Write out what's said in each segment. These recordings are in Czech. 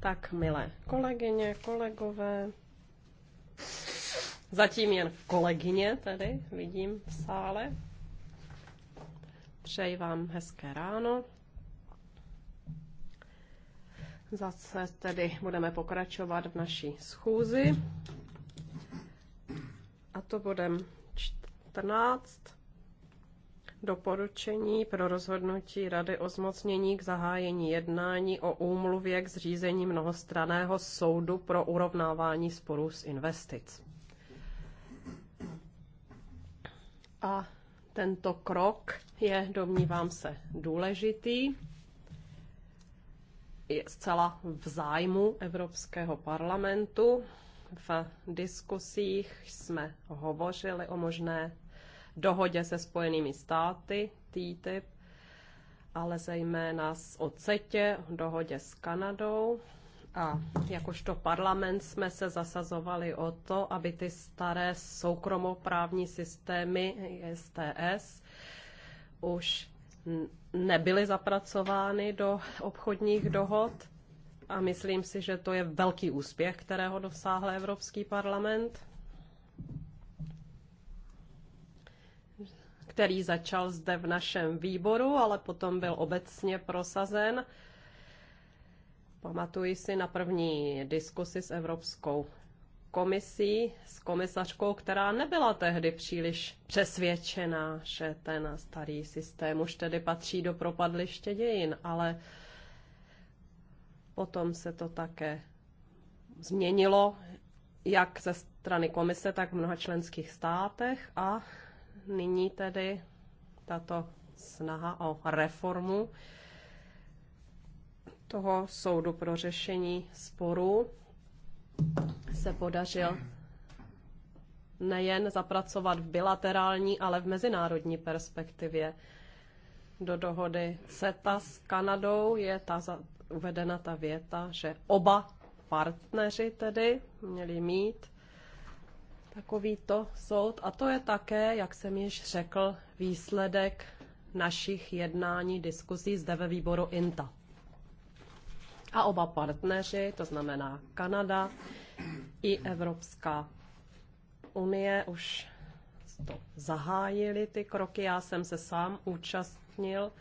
tak, milé kolegyně, kolegové, zatím jen kolegyně tady vidím v sále. Přeji vám hezké ráno. Zase tedy budeme pokračovat v naší schůzi. A to bodem 14. Doporučení pro rozhodnutí Rady o zmocnění k zahájení jednání o úmluvě k zřízení mnohostraného soudu pro urovnávání sporů z investic. A tento krok je, domnívám se, důležitý. Je zcela v zájmu Evropského parlamentu. V diskusích jsme hovořili o možné dohodě se Spojenými státy, TTIP, ale zejména s OCETě, dohodě s Kanadou. A jakožto parlament jsme se zasazovali o to, aby ty staré soukromoprávní systémy STS už nebyly zapracovány do obchodních dohod. A myslím si, že to je velký úspěch, kterého dosáhl Evropský parlament. který začal zde v našem výboru, ale potom byl obecně prosazen. Pamatuji si na první diskusi s Evropskou komisí, s komisařkou, která nebyla tehdy příliš přesvědčená, že ten starý systém už tedy patří do propadliště dějin, ale potom se to také změnilo, jak ze strany komise, tak v mnoha členských státech a nyní tedy tato snaha o reformu toho soudu pro řešení sporů se podařil nejen zapracovat v bilaterální, ale v mezinárodní perspektivě. Do dohody CETA s Kanadou je ta za, uvedena ta věta, že oba partneři tedy měli mít takovýto soud a to je také, jak jsem již řekl, výsledek našich jednání, diskuzí zde ve výboru INTA. A oba partneři, to znamená Kanada i Evropská unie, už to zahájili ty kroky. Já jsem se sám účastnil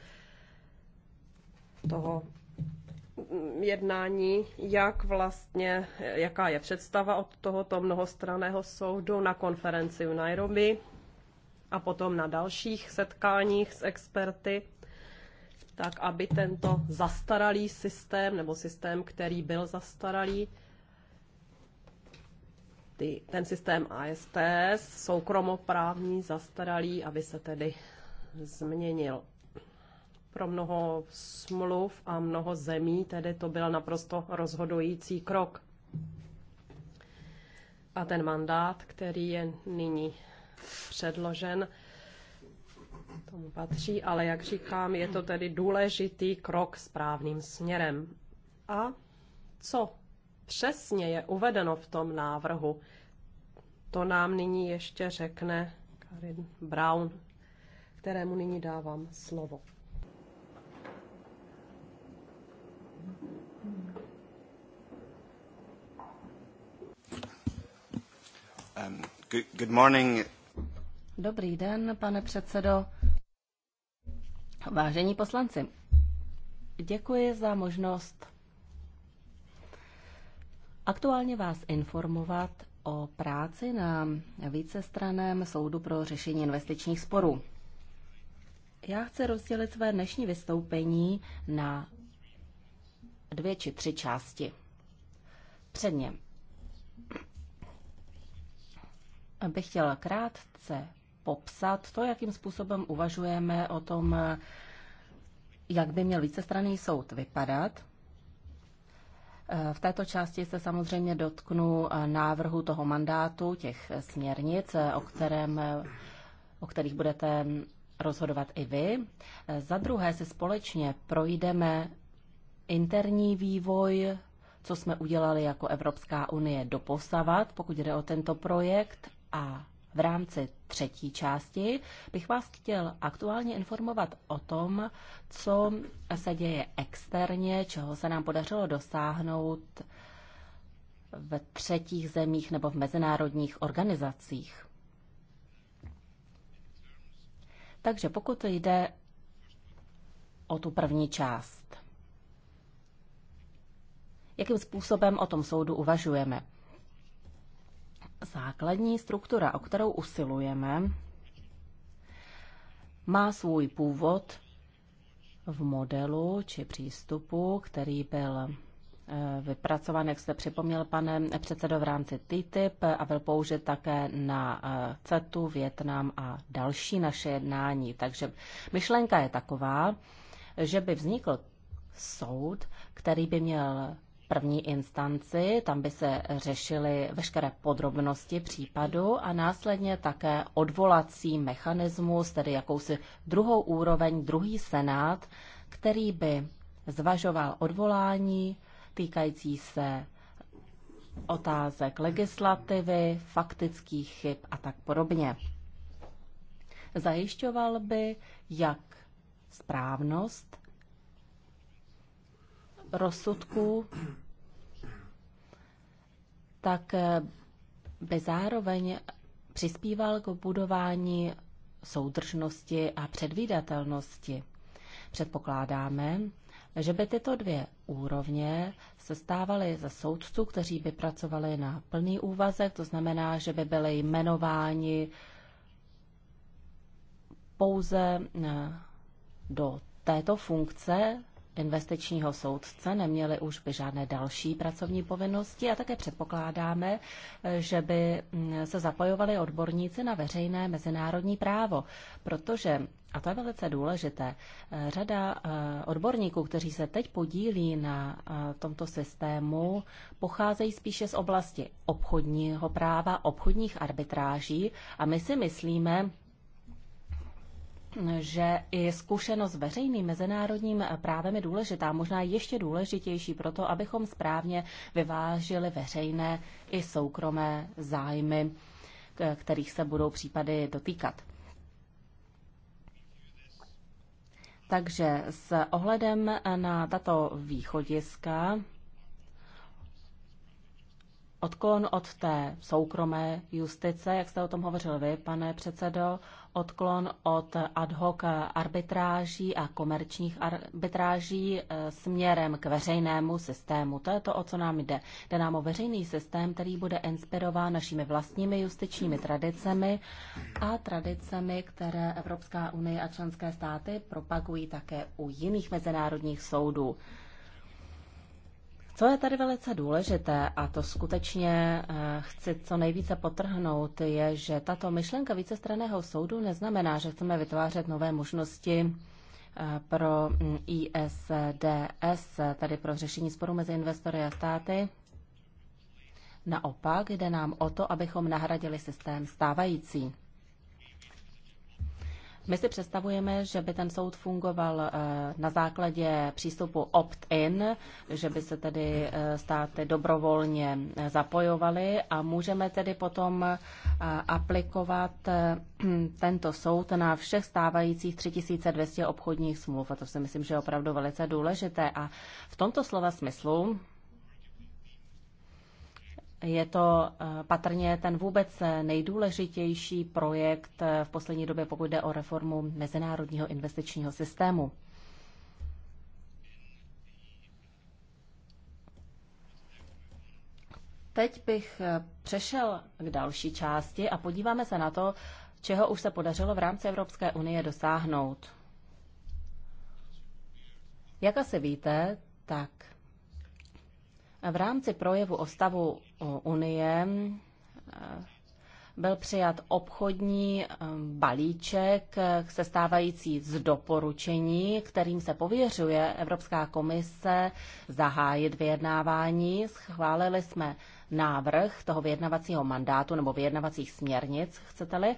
toho jednání, jak vlastně, jaká je představa od tohoto mnohostraného soudu na konferenci v Nairobi a potom na dalších setkáních s experty, tak aby tento zastaralý systém, nebo systém, který byl zastaralý, ty, ten systém ASTS, soukromoprávní, zastaralý, aby se tedy změnil pro mnoho smluv a mnoho zemí, tedy to byl naprosto rozhodující krok. A ten mandát, který je nyní předložen, tomu patří, ale jak říkám, je to tedy důležitý krok správným směrem. A co přesně je uvedeno v tom návrhu, to nám nyní ještě řekne Karin Brown, kterému nyní dávám slovo. Um, good morning. Dobrý den, pane předsedo. Vážení poslanci, děkuji za možnost aktuálně vás informovat o práci na vícestraném soudu pro řešení investičních sporů. Já chci rozdělit své dnešní vystoupení na dvě či tři části. Předně bych chtěla krátce popsat to, jakým způsobem uvažujeme o tom, jak by měl vícestranný soud vypadat. V této části se samozřejmě dotknu návrhu toho mandátu, těch směrnic, o, kterém, o kterých budete rozhodovat i vy. Za druhé si společně projdeme interní vývoj, co jsme udělali jako Evropská unie doposavat, pokud jde o tento projekt a v rámci třetí části bych vás chtěl aktuálně informovat o tom, co se děje externě, čeho se nám podařilo dosáhnout ve třetích zemích nebo v mezinárodních organizacích. Takže pokud jde o tu první část jakým způsobem o tom soudu uvažujeme. Základní struktura, o kterou usilujeme, má svůj původ v modelu či přístupu, který byl eh, vypracován, jak jste připomněl, pane předsedo, v rámci TTIP a byl použit také na eh, CETu, Větnam a další naše jednání. Takže myšlenka je taková, že by vznikl soud, který by měl první instanci, tam by se řešily veškeré podrobnosti případu a následně také odvolací mechanismus, tedy jakousi druhou úroveň, druhý senát, který by zvažoval odvolání týkající se otázek legislativy, faktických chyb a tak podobně. Zajišťoval by jak správnost rozsudků, tak eh, by zároveň přispíval k budování soudržnosti a předvídatelnosti. Předpokládáme, že by tyto dvě úrovně se stávaly ze soudců, kteří by pracovali na plný úvazek, to znamená, že by byli jmenováni pouze eh, do této funkce investičního soudce neměli už by žádné další pracovní povinnosti a také předpokládáme, že by mm, se zapojovali odborníci na veřejné mezinárodní právo, protože, a to je velice důležité, eh, řada eh, odborníků, kteří se teď podílí na eh, tomto systému, pocházejí spíše z oblasti obchodního práva, obchodních arbitráží a my si myslíme, že i zkušenost s veřejným mezinárodním právem je důležitá, možná ještě důležitější proto, abychom správně vyvážili veřejné i soukromé zájmy, kterých se budou případy dotýkat. Takže s ohledem na tato východiska odklon od té soukromé justice, jak jste o tom hovořil vy, pane předsedo, odklon od ad hoc arbitráží a komerčních arbitráží e, směrem k veřejnému systému. To je to, o co nám jde. Jde nám o veřejný systém, který bude inspirován našimi vlastními justičními tradicemi a tradicemi, které Evropská unie a členské státy propagují také u jiných mezinárodních soudů. Co je tady velice důležité, a to skutečně eh, chci co nejvíce potrhnout, je, že tato myšlenka vícestraného soudu neznamená, že chceme vytvářet nové možnosti eh, pro mm, ISDS, tedy pro řešení sporu mezi investory a státy. Naopak jde nám o to, abychom nahradili systém stávající. My si představujeme, že by ten soud fungoval eh, na základě přístupu opt-in, že by se tedy eh, státy dobrovolně eh, zapojovaly a můžeme tedy potom aplikovat tento soud na všech stávajících 3200 obchodních smluv. A to si myslím, že je opravdu velice důležité. A v tomto slova smyslu je to eh, patrně ten vůbec nejdůležitější projekt eh, v poslední době, pokud jde o reformu mezinárodního investičního systému. Teď bych eh, přešel k další části a podíváme se na to, čeho už se podařilo v rámci Evropské unie dosáhnout. Jak asi víte, tak v rámci projevu o stavu Unie eh, byl přijat obchodní eh, balíček eh, sestávající z doporučení, kterým se pověřuje Evropská komise zahájit vyjednávání. Schválili jsme návrh toho vyjednavacího mandátu nebo vyjednavacích směrnic, chcete-li.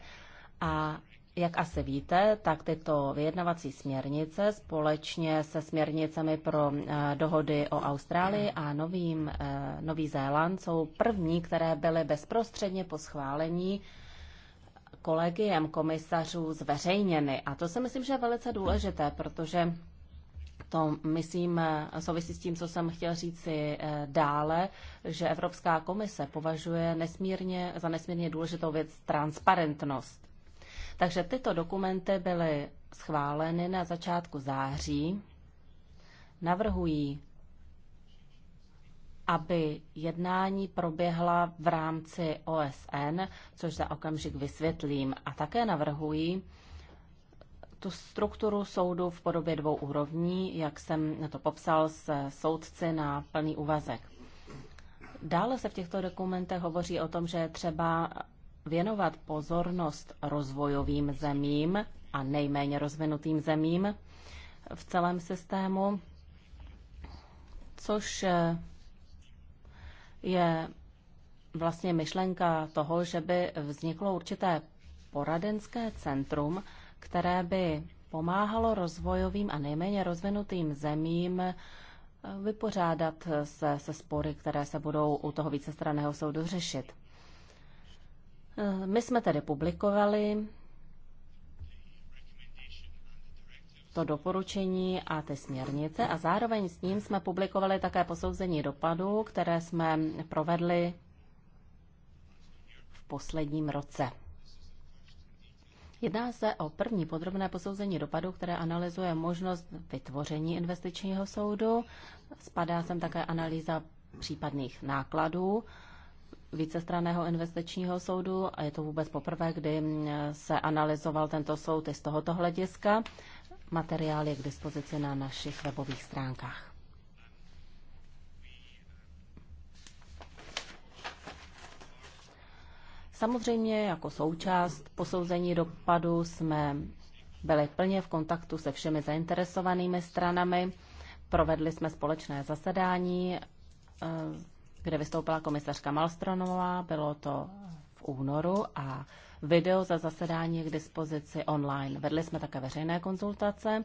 A jak asi víte, tak tyto vyjednavací směrnice společně se směrnicemi pro eh, dohody o Austrálii a novým, eh, Nový Zéland jsou první, které byly bezprostředně po schválení kolegiem komisařů zveřejněny. A to si myslím, že je velice důležité, protože to, myslím, eh, souvisí s tím, co jsem chtěl říci dále, že Evropská komise považuje nesmírně, za nesmírně důležitou věc transparentnost. Takže tyto dokumenty byly schváleny na začátku září. Navrhují, aby jednání proběhla v rámci OSN, což za okamžik vysvětlím, a také navrhují, tu strukturu soudu v podobě dvou úrovní, jak jsem to popsal s soudci na plný úvazek. Dále se v těchto dokumentech hovoří o tom, že je třeba věnovat pozornost rozvojovým zemím a nejméně rozvinutým zemím v celém systému, což eh, je vlastně myšlenka toho, že by vzniklo určité poradenské centrum, které by pomáhalo rozvojovým a nejméně rozvinutým zemím eh, vypořádat se, se spory, které se budou u toho vícestranného soudu řešit. Eh, my jsme tedy publikovali to doporučení a ty směrnice a zároveň s ním jsme publikovali také posouzení dopadu, které jsme provedli v posledním roce. Jedná se o první podrobné posouzení dopadu, které analyzuje možnost vytvoření investičního soudu. Spadá sem také analýza případných nákladů vícestraného investičního soudu a je to vůbec poprvé, kdy se analyzoval tento soud i z tohoto hlediska. Materiál je k dispozici na našich webových stránkách. Samozřejmě jako součást posouzení dopadu jsme byli plně v kontaktu se všemi zainteresovanými stranami, provedli jsme společné zasedání eh, kde vystoupila komisařka Malstronová, bylo to v únoru a video za zasedání je k dispozici online. Vedli jsme také veřejné konzultace,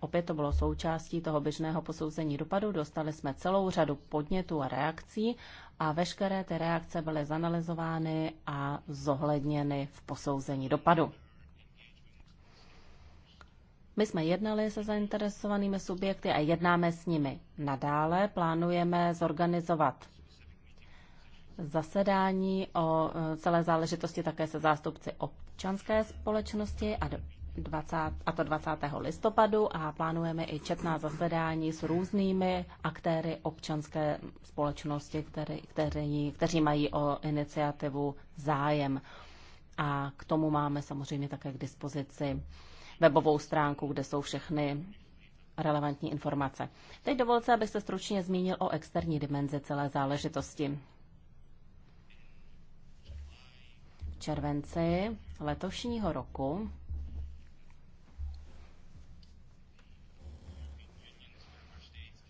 opět to bylo součástí toho běžného posouzení dopadu, dostali jsme celou řadu podnětů a reakcí a veškeré ty reakce byly zanalizovány a zohledněny v posouzení dopadu. My jsme jednali se zainteresovanými subjekty a jednáme s nimi. Nadále plánujeme zorganizovat zasedání o e, celé záležitosti také se zástupci občanské společnosti a 20, a to 20. listopadu a plánujeme i četná zasedání s různými aktéry občanské společnosti, který, který, kteří mají o iniciativu zájem. A k tomu máme samozřejmě také k dispozici webovou stránku, kde jsou všechny relevantní informace. Teď dovolte, abych se stručně zmínil o externí dimenzi celé záležitosti. červenci letošního roku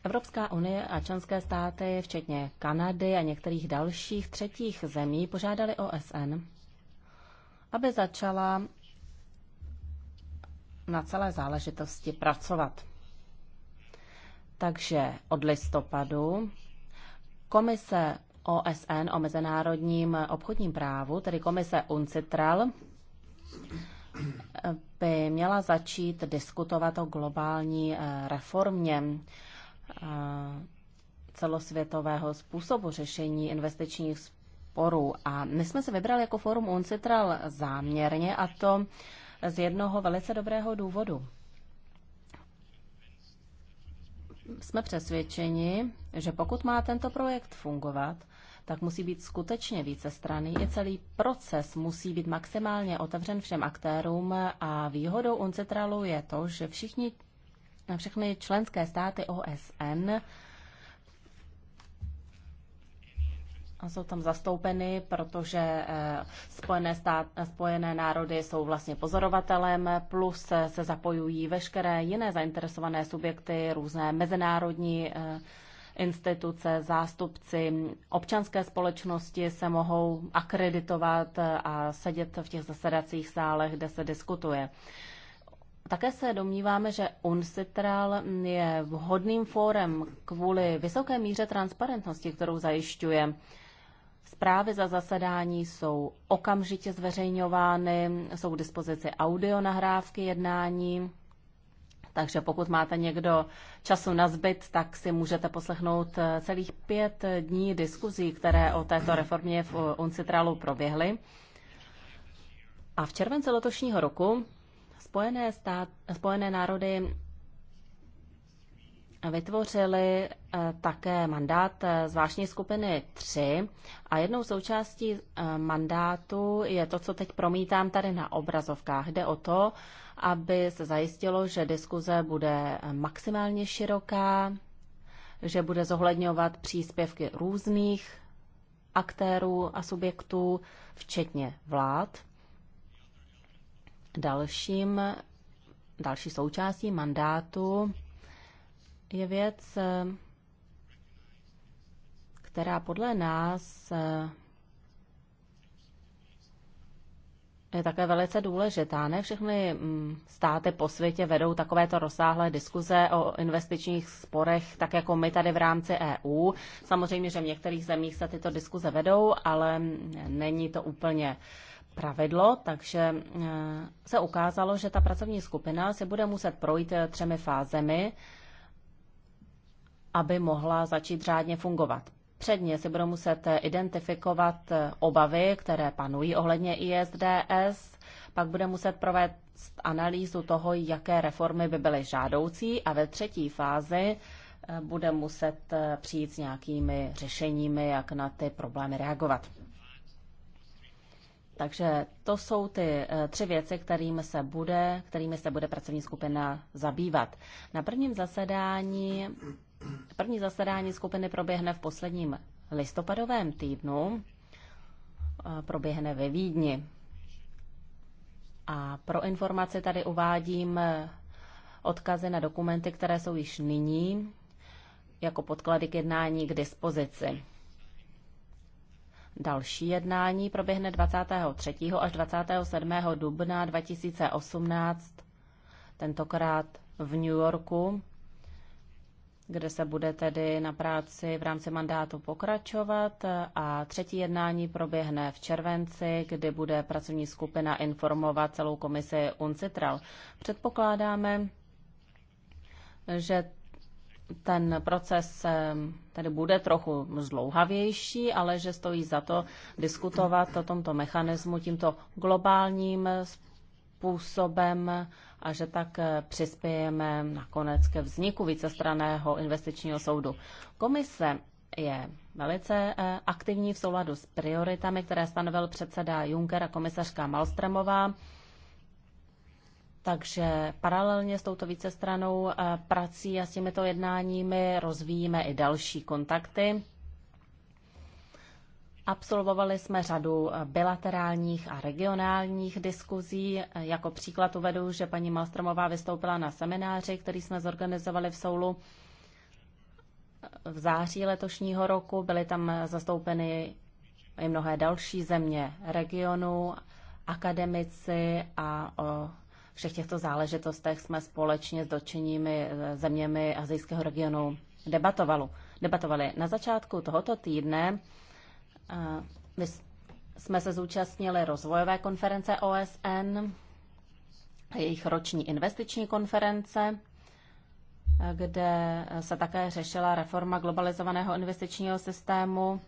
Evropská unie a členské státy, včetně Kanady a některých dalších třetích zemí, požádali OSN, aby začala na celé záležitosti pracovat. Takže od listopadu komise OSN o mezinárodním obchodním právu, tedy komise UNCITRAL, by měla začít diskutovat o globální eh, reformě eh, celosvětového způsobu řešení investičních sporů. A my jsme se vybrali jako forum UNCITRAL záměrně a to z jednoho velice dobrého důvodu. Jsme přesvědčeni, že pokud má tento projekt fungovat, tak musí být skutečně strany. I celý proces musí být maximálně otevřen všem aktérům a výhodou UNCITRALu je to, že všichni, všechny členské státy OSN A jsou tam zastoupeny, protože eh, Spojené, stát, Spojené národy jsou vlastně pozorovatelem, plus se zapojují veškeré jiné zainteresované subjekty, různé mezinárodní eh, instituce, zástupci občanské společnosti se mohou akreditovat a sedět v těch zasedacích sálech, kde se diskutuje. Také se domníváme, že UNCITRAL je vhodným fórem kvůli vysoké míře transparentnosti, kterou zajišťuje. Zprávy za zasedání jsou okamžitě zveřejňovány, jsou k dispozici audio nahrávky jednání takže pokud máte někdo času na zbyt, tak si můžete poslechnout eh, celých pět dní diskuzí, které o této reformě v Uncitralu proběhly. A v červenci letošního roku Spojené, stát, Spojené národy vytvořili eh, také mandát eh, zvláštní skupiny 3 a jednou součástí mandátu je to, co teď promítám tady na obrazovkách. Jde o to, aby se zajistilo, že diskuze bude maximálně široká, že bude zohledňovat příspěvky různých aktérů a subjektů, včetně vlád. Dalším, další součástí mandátu je věc, která podle nás je také velice důležitá. Ne všechny mm, státy po světě vedou takovéto rozsáhlé diskuze o investičních sporech, tak jako my tady v rámci EU. Samozřejmě, že v některých zemích se tyto diskuze vedou, ale mm, není to úplně pravidlo, takže mm, se ukázalo, že ta pracovní skupina se bude muset projít eh, třemi fázemi, aby mohla začít řádně fungovat. Předně si budou muset identifikovat obavy, které panují ohledně ISDS, pak bude muset provést analýzu toho, jaké reformy by byly žádoucí a ve třetí fázi eh, bude muset eh, přijít s nějakými řešeními, jak na ty problémy reagovat. Takže to jsou ty eh, tři věci, kterými se bude, kterými se bude pracovní skupina zabývat. Na prvním zasedání První zasedání skupiny proběhne v posledním listopadovém týdnu, proběhne ve Vídni. A pro informaci tady uvádím odkazy na dokumenty, které jsou již nyní jako podklady k jednání k dispozici. Další jednání proběhne 23. až 27. dubna 2018, tentokrát v New Yorku kde se bude tedy na práci v rámci mandátu pokračovat a třetí jednání proběhne v červenci, kdy bude pracovní skupina informovat celou komisi UNCITRAL. Předpokládáme, že ten proces ehm, tedy bude trochu zdlouhavější, ale že stojí za to diskutovat o tomto mechanismu tímto globálním způsobem a že tak eh, přispějeme nakonec ke vzniku vícestraného investičního soudu. Komise je velice eh, aktivní v souladu s prioritami, které stanovil předseda Juncker a komisařka Malstremová. Takže paralelně s touto vícestranou eh, prací a s těmito jednáními rozvíjíme i další kontakty Absolvovali jsme řadu eh, bilaterálních a regionálních diskuzí. Eh, jako příklad uvedu, že paní Malstromová vystoupila na semináři, který jsme zorganizovali v Soulu eh, v září letošního roku. Byly tam zastoupeny i mnohé další země regionu, akademici a o všech těchto záležitostech jsme společně s dotčenými zeměmi azijského regionu debatovali. Na začátku tohoto týdne my jsme se zúčastnili rozvojové konference OSN a jejich roční investiční konference, kde se také řešila reforma globalizovaného investičního systému.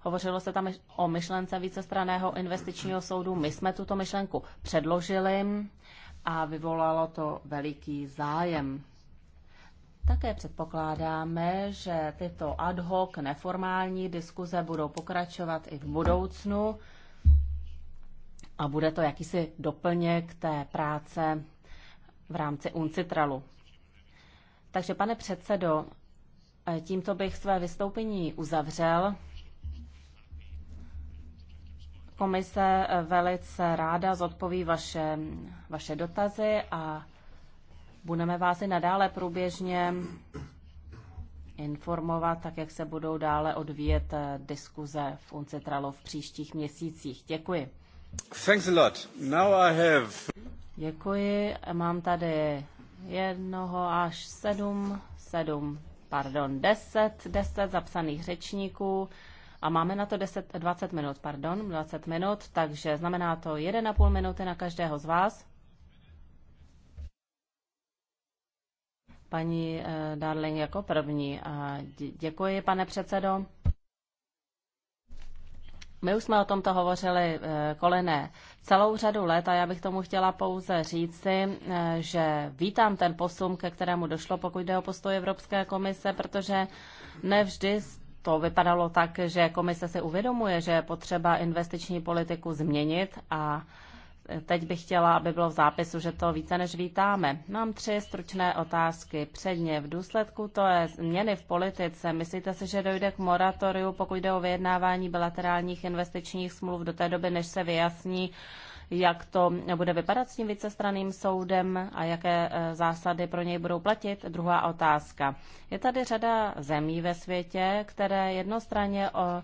Hovořilo se tam o myšlence vícestraného investičního soudu. My jsme tuto myšlenku předložili a vyvolalo to veliký zájem. Také předpokládáme, že tyto ad hoc neformální diskuze budou pokračovat i v budoucnu a bude to jakýsi doplněk té práce v rámci UNCITRALu. Takže pane předsedo, tímto bych své vystoupení uzavřel. Komise velice ráda zodpoví vaše, vaše dotazy a Budeme vás i nadále průběžně informovat, tak jak se budou dále odvíjet eh, diskuze v Uncitralu v příštích měsících. Děkuji. Thanks a lot. Now I have... Děkuji. Mám tady jednoho až sedm, sedm, pardon, deset, deset zapsaných řečníků a máme na to 10, 20 minut, pardon, 20 minut, takže znamená to 1,5 minuty na každého z vás. Paní eh, Darling jako první. A děkuji, pane předsedo. My už jsme o tomto hovořili, eh, Koliné, celou řadu let a já bych tomu chtěla pouze říci, eh, že vítám ten posun, ke kterému došlo, pokud jde o postoj Evropské komise, protože nevždy to vypadalo tak, že komise si uvědomuje, že je potřeba investiční politiku změnit a teď bych chtěla, aby bylo v zápisu, že to více než vítáme. Mám tři stručné otázky. Předně v důsledku to je změny v politice. Myslíte si, že dojde k moratoriu, pokud jde o vyjednávání bilaterálních investičních smluv do té doby, než se vyjasní, jak to bude vypadat s tím vícestraným soudem a jaké eh, zásady pro něj budou platit? Druhá otázka. Je tady řada zemí ve světě, které jednostranně o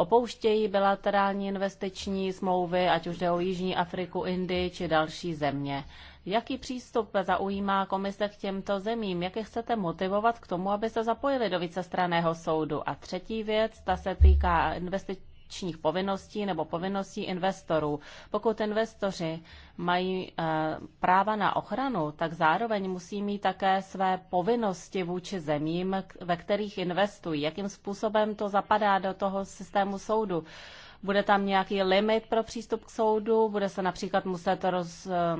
opouštějí bilaterální investiční smlouvy, ať už jde o Jižní Afriku, Indii či další země. Jaký přístup zaujímá komise k těmto zemím? Jak je chcete motivovat k tomu, aby se zapojili do vícestraného soudu? A třetí věc, ta se týká investiční investičních povinností nebo povinností investorů. Pokud investoři mají eh, práva na ochranu, tak zároveň musí mít také své povinnosti vůči zemím, ve kterých investují. Jakým způsobem to zapadá do toho systému soudu? Bude tam nějaký limit pro přístup k soudu? Bude se například muset roz, eh,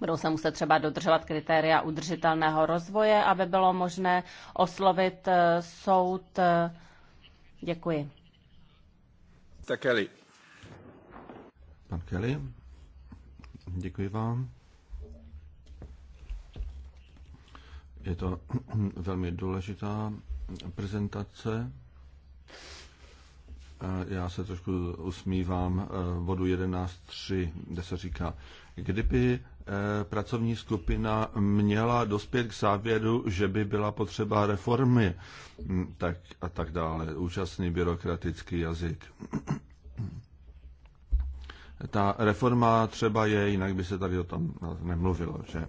Budou se muset třeba dodržovat kritéria udržitelného rozvoje, aby bylo možné oslovit eh, soud. Děkuji. Mr. Kelly. Pan Kelly, děkuji vám. Je to velmi důležitá prezentace. Já se trošku usmívám eh, bodu 11.3, kde se říká, kdyby Eh, pracovní skupina měla dospět k závěru, že by byla potřeba reformy mm, tak a tak dále. Účastný byrokratický jazyk. Ta reforma třeba je, jinak by se tady o tom nemluvilo. Že?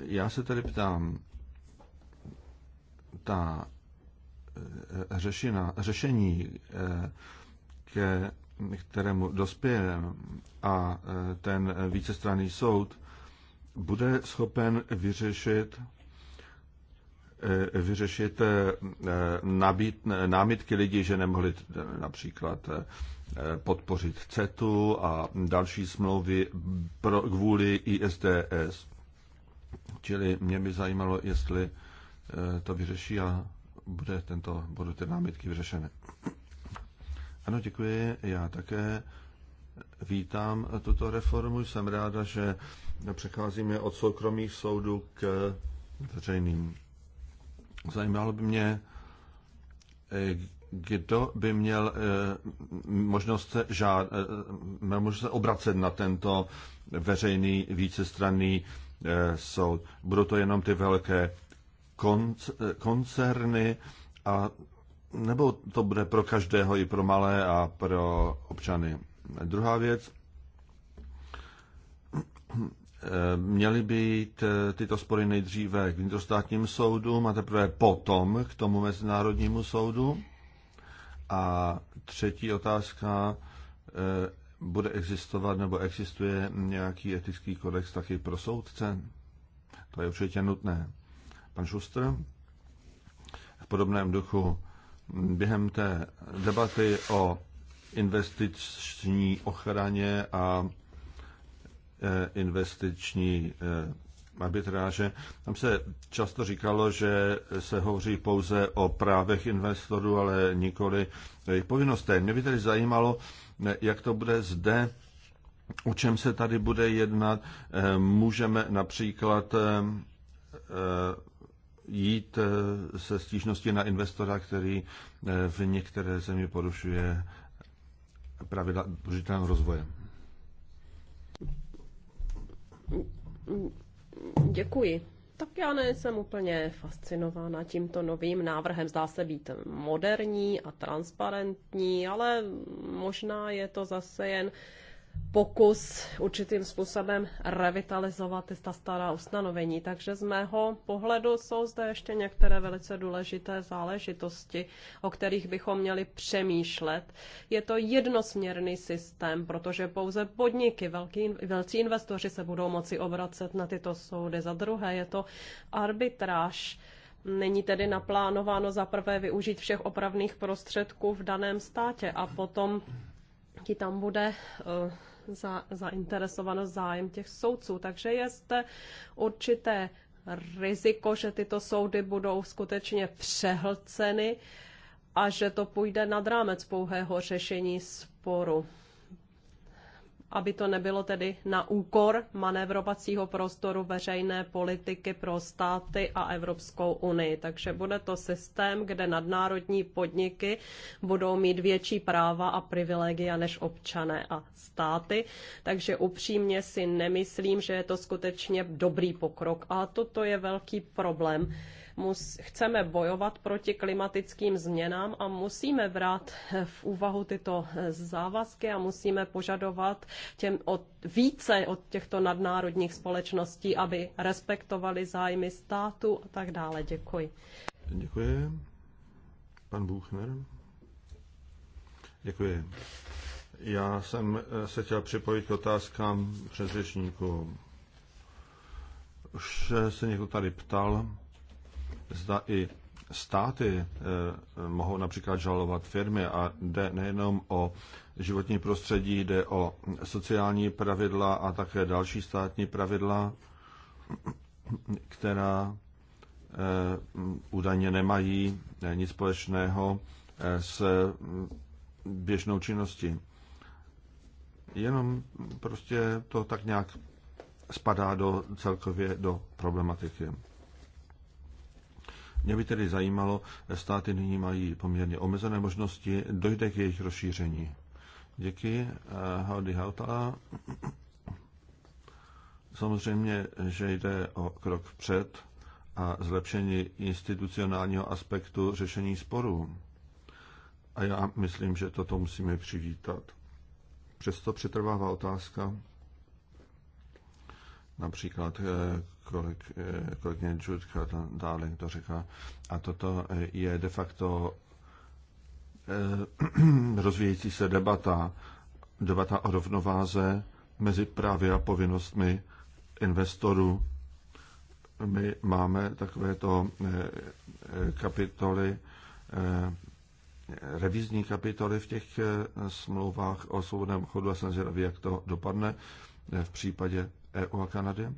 Já se tady ptám, ta eh, řešina, řešení eh, ke kterému dospějeme a e, ten vícestranný soud bude schopen vyřešit e, vyřešit e, nabít, námitky lidí, že nemohli například podpořit CETu a další smlouvy pro, kvůli ISDS. Čili mě by zajímalo, jestli to vyřeší a bude tento, budou ty námitky vyřešeny. Ano, děkuji. Já také vítám tuto reformu. Jsem ráda, že přecházíme od soukromých soudů k veřejným. Zajímalo by mě, kdo by měl eh, možnost se, žád, eh, možnost se obracet na tento veřejný vícestranný eh, soud. Budou to jenom ty velké koncerny a nebo to bude pro každého, i pro malé a pro občany? Druhá věc, měly být eh, tyto spory nejdříve k vnitrostátním soudům a teprve potom k tomu mezinárodnímu soudu. A třetí otázka, eh, bude existovat nebo existuje nějaký etický kodex taky pro soudce? To je určitě nutné. Pan Šustr? V podobném duchu během té debaty o investiční ochraně a e, investiční e, arbitráže. Tam se často říkalo, že se hovoří pouze o právech investorů, ale nikoli jejich povinnostech. Mě by tedy zajímalo, jak to bude zde, o čem se tady bude jednat. E, můžeme například jít eh, se stížností na investora, který eh, v některé zemi porušuje pravidla udržitelného rozvoje. Děkuji. Tak já nejsem úplně fascinována tímto novým návrhem. Zdá se být moderní a transparentní, ale možná je to zase jen uh, pokus určitým způsobem revitalizovat ta stará ustanovení. Takže z mého pohledu jsou zde ještě některé velice důležité záležitosti, o kterých bychom měli přemýšlet. Je to jednosměrný systém, protože pouze podniky, velký, velcí investoři se budou moci obracet na tyto soudy. Za druhé je to arbitráž. Není tedy naplánováno za prvé využít všech opravných prostředků v daném státě a potom jaký tam bude eh, za, zainteresovanost zájem těch soudců. Takže je zde určité riziko, že tyto soudy budou skutečně přehlceny a že to půjde nad rámec pouhého řešení sporu aby to nebylo tedy na úkor manévrovacího prostoru veřejné politiky pro státy a Evropskou unii. Takže bude to systém, kde nadnárodní podniky budou mít větší práva a privilegia než občané a státy. Takže upřímně si nemyslím, že je to skutečně dobrý pokrok. A toto je velký problém. Mus, chceme bojovat proti klimatickým změnám a musíme brát v úvahu tyto závazky a musíme požadovat těm od, více od těchto nadnárodních společností, aby respektovali zájmy státu a tak dále. Děkuji. Děkuji. Pan Buchner. Děkuji. Já jsem eh, se chtěl připojit k otázkám předřečníků. Už se někdo tady ptal zda i státy eh, mohou například žalovat firmy a jde nejenom o životní prostředí, jde o sociální pravidla a také další státní pravidla, která eh, údajně nemají eh, nic společného s mm, běžnou činností. Jenom prostě to tak nějak spadá do celkově do problematiky. Mě by tedy zajímalo, státy nyní mají poměrně omezené možnosti, dojde k jejich rozšíření. Děkuji. Howdy eh, Hautala. Samozřejmě, že jde o krok před a zlepšení institucionálního aspektu řešení sporů. A já myslím, že toto musíme přivítat. Přesto přetrvává otázka, například eh, kolik, eh, kolik kolegyně Jude Darling to říká. A toto eh, je de facto eh, rozvíjející se debata, debata o rovnováze mezi právy a povinnostmi investorů. My máme takovéto kapitoly, revizní kapitoly v těch smlouvách o svobodném chodu a jsem zvědavý, jak to dopadne v případě EU a Kanady.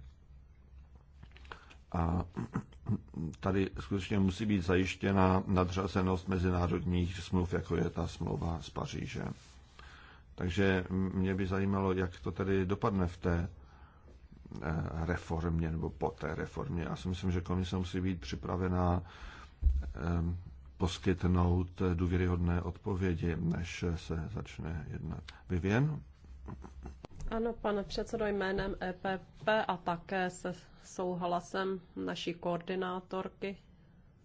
A tady skutečně musí být zajištěna nadřazenost mezinárodních smluv, jako je ta smlouva z Paříže. Takže mě by zajímalo, jak to tedy dopadne v té eh, reformě nebo po té reformě. Já si myslím, že komise musí být připravená ehm, poskytnout důvěryhodné odpovědi, než se začne jednat. Vivien? Ano, pane předsedo, jménem EPP a také se souhlasem naší koordinátorky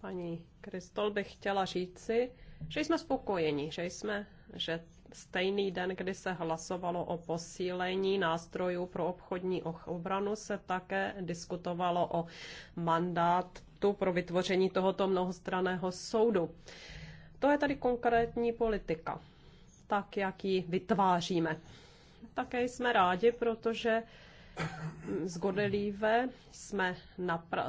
paní Kristol bych chtěla říci, že jsme spokojeni, že jsme, že stejný den, kdy se hlasovalo o posílení nástrojů pro obchodní obranu, se také diskutovalo o mandátu pro vytvoření tohoto mnohostraného soudu. To je tady konkrétní politika, tak jak ji vytváříme. Také jsme rádi, protože z Godelíve jsme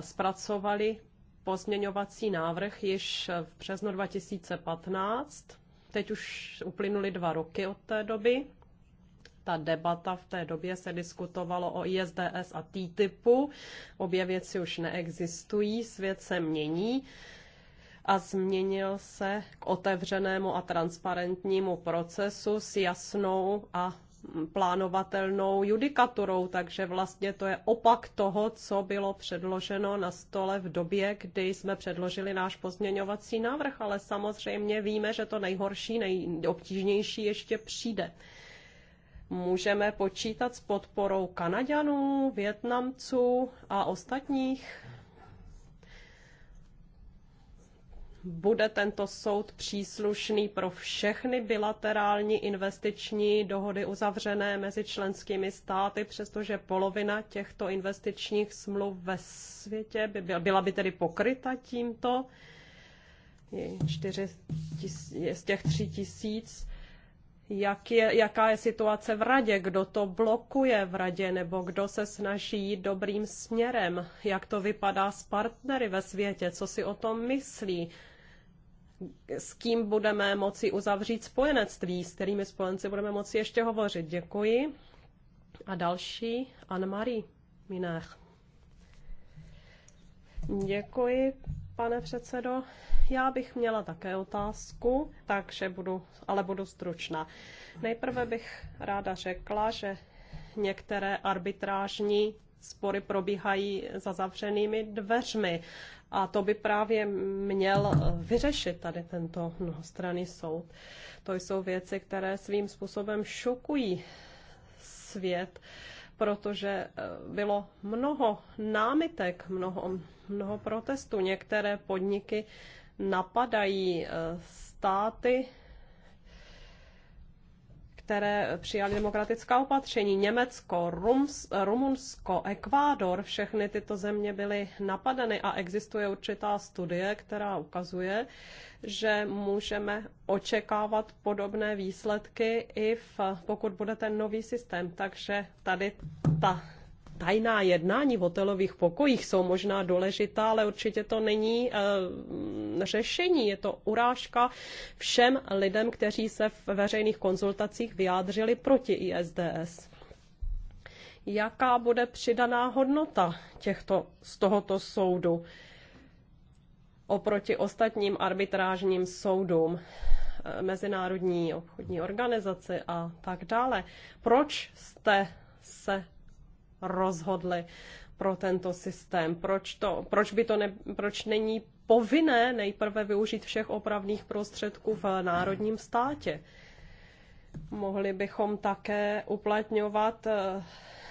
zpracovali pozměňovací návrh již v březnu 2015. Teď už uplynuly dva roky od té doby. Ta debata v té době se diskutovalo o ISDS a T-typu. Obě věci už neexistují, svět se mění a změnil se k otevřenému a transparentnímu procesu s jasnou a plánovatelnou judikaturou, takže vlastně to je opak toho, co bylo předloženo na stole v době, kdy jsme předložili náš pozměňovací návrh, ale samozřejmě víme, že to nejhorší, nejobtížnější ještě přijde. Můžeme počítat s podporou Kanaďanů, Větnamců a ostatních bude tento soud příslušný pro všechny bilaterální investiční dohody uzavřené mezi členskými státy, přestože polovina těchto investičních smluv ve světě by byla, byla by tedy pokryta tímto. Je, čtyři tisíc, je z těch tří tisíc. Jak je, jaká je situace v radě, kdo to blokuje v radě, nebo kdo se snaží jít dobrým směrem, jak to vypadá s partnery ve světě, co si o tom myslí s kým budeme moci uzavřít spojenectví, s kterými spojenci budeme moci ještě hovořit. Děkuji. A další, Anne-Marie Minách. Děkuji, pane předsedo. Já bych měla také otázku, takže budu, ale budu stručná. Nejprve bych ráda řekla, že některé arbitrážní spory probíhají za zavřenými dveřmi a to by právě měl eh, vyřešit tady tento mnohostranný soud. To jsou věci, které svým způsobem šokují svět, protože eh, bylo mnoho námitek, mnoho, mnoho protestů. Některé podniky napadají eh, státy které přijaly demokratická opatření. Německo, Rums, Rumunsko, Ekvádor, všechny tyto země byly napadeny a existuje určitá studie, která ukazuje, že můžeme očekávat podobné výsledky i v, pokud bude ten nový systém. Takže tady ta tajná jednání v hotelových pokojích jsou možná důležitá, ale určitě to není eh, řešení. Je to urážka všem lidem, kteří se v veřejných konzultacích vyjádřili proti ISDS jaká bude přidaná hodnota těchto, z tohoto soudu oproti ostatním arbitrážním soudům eh, Mezinárodní obchodní organizace a tak dále. Proč jste se rozhodli pro tento systém? Proč, to, proč, by to ne, proč není povinné nejprve využít všech opravných prostředků v národním státě? Mohli bychom také uplatňovat eh,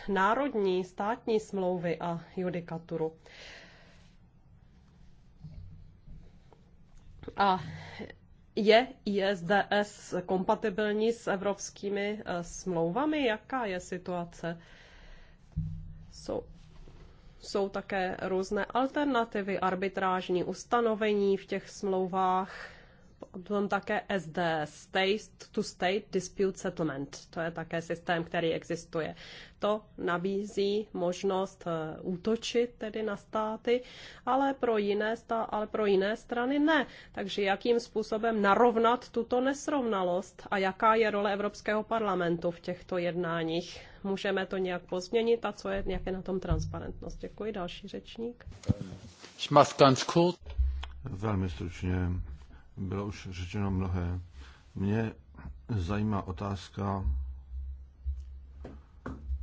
národní státní smlouvy a judikaturu. A je ISDS kompatibilní s evropskými eh, smlouvami? Jaká je situace? jsou, jsou také různé alternativy, arbitrážní ustanovení v těch smlouvách, Potom také SD, State to State Dispute Settlement. To je také systém, který existuje. To nabízí možnost eh, útočit tedy na státy, ale pro jiné, stá, ale pro jiné strany ne. Takže jakým způsobem narovnat tuto nesrovnalost a jaká je role Evropského parlamentu v těchto jednáních? Můžeme to nějak pozměnit a co je, jak je na tom transparentnost? Děkuji. Další řečník. Ich ganz kurz. Velmi stručně bylo už řečeno mnohé. Mě zajímá otázka,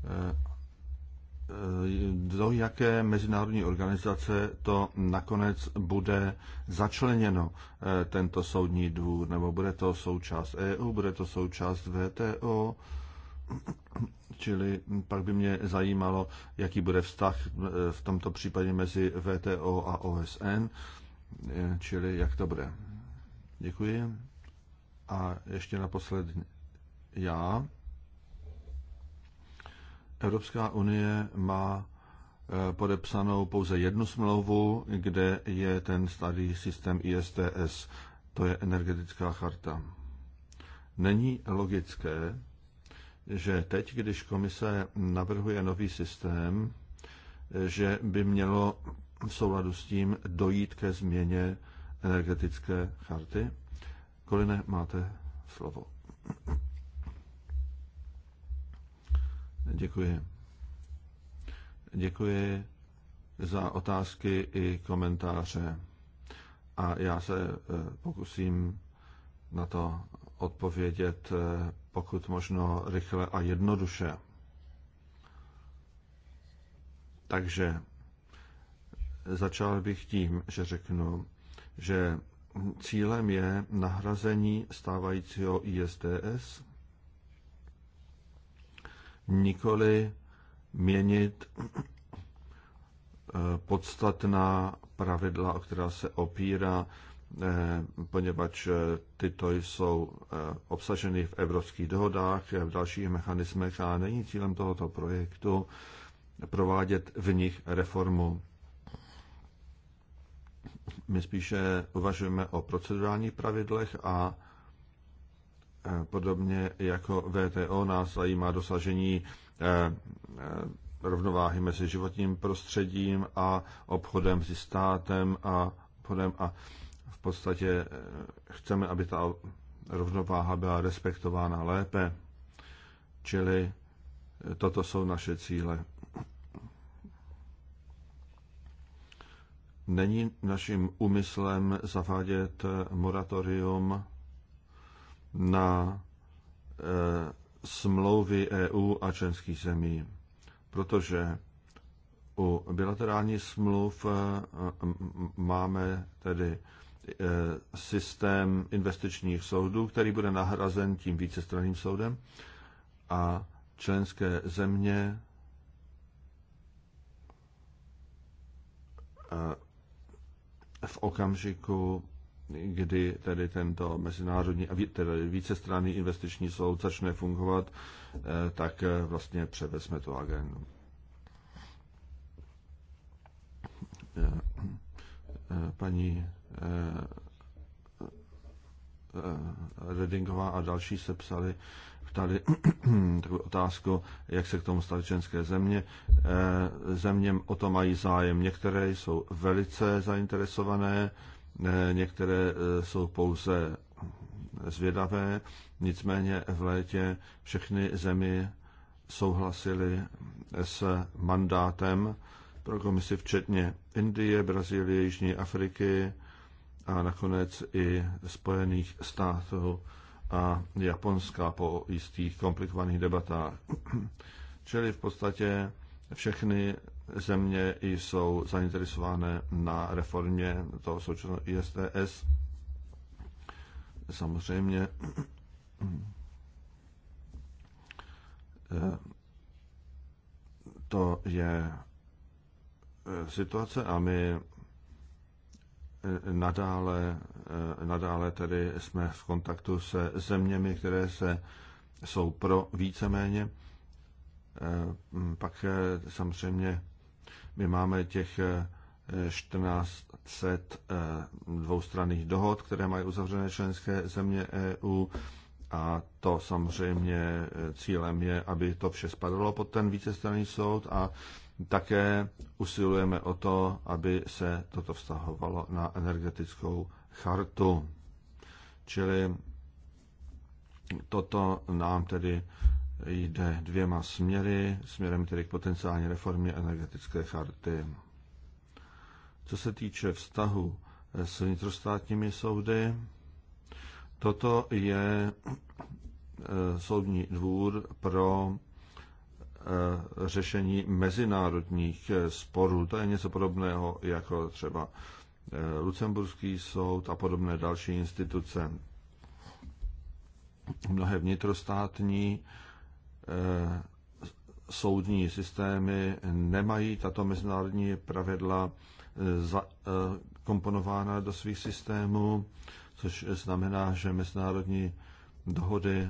eh, do jaké mezinárodní organizace to nakonec bude začleněno, eh, tento soudní dvůr, nebo bude to součást EU, bude to součást VTO, čili pak by mě zajímalo, jaký bude vztah eh, v tomto případě mezi VTO a OSN, čili jak to bude. Děkuji. A ještě naposled já. Evropská unie má e, podepsanou pouze jednu smlouvu, kde je ten starý systém ISTS, to je energetická charta. Není logické, že teď, když komise navrhuje nový systém, e, že by mělo v souladu s tím dojít ke změně energetické charty. Koline, máte slovo. Děkuji. Děkuji za otázky i komentáře. A já se eh, pokusím na to odpovědět eh, pokud možno rychle a jednoduše. Takže začal bych tím, že řeknu, že cílem je nahrazení stávajícího ISDS, nikoli měnit eh, podstatná pravidla, o která se opírá, eh, poněvadž eh, tyto jsou obsaženy v evropských dohodách, v dalších mechanismech a není cílem tohoto projektu provádět v nich reformu. My spíše uvažujeme o procedurálních pravidlech a e, podobně jako VTO nás zajímá dosažení e, e, rovnováhy mezi životním prostředím a obchodem s státem a obchodem a v podstatě chceme, aby ta rovnováha byla respektována lépe. Čili toto jsou naše cíle. Není naším úmyslem zavádět moratorium na eh, smlouvy EU a členských zemí, protože u bilaterálních smluv eh, máme tedy eh, systém investičních soudů, který bude nahrazen tím vícestranným soudem a členské země v okamžiku, kdy tedy tento mezinárodní, tedy vícestranný investiční soud začne fungovat, eh, tak eh, vlastně převezme tu agendu. Eh, paní Redingová a další se psali ptali takovou otázku, jak se k tomu staly členské země. Eh, země o to mají zájem. Některé jsou velice zainteresované, eh, některé eh, jsou pouze zvědavé, nicméně v létě všechny země souhlasily s mandátem pro komisi, včetně Indie, Brazílie, Jižní Afriky a nakonec i Spojených států a Japonska po jistých komplikovaných debatách. Čili v podstatě všechny země jsou zainteresované na reformě toho současného ISTS. Samozřejmě eh, to je eh, situace a my nadále, nadále tedy jsme v kontaktu se zeměmi, které se jsou pro víceméně. Pak eh, samozřejmě my máme těch 1400 eh, eh, dvoustranných dohod, které mají uzavřené členské země EU a to samozřejmě cílem je, aby to vše spadalo pod ten vícestranný soud a také usilujeme o to, aby se toto vztahovalo na energetickou chartu. Čili toto nám tedy jde dvěma směry, směrem tedy k potenciální reformě energetické charty. Co se týče vztahu s vnitrostátními soudy, toto je eh, soudní dvůr pro řešení mezinárodních eh, sporů. To je něco podobného jako třeba eh, Lucemburský soud a podobné další instituce. Mnohé vnitrostátní eh, soudní systémy nemají tato mezinárodní pravidla komponována do svých systémů, což znamená, že mezinárodní dohody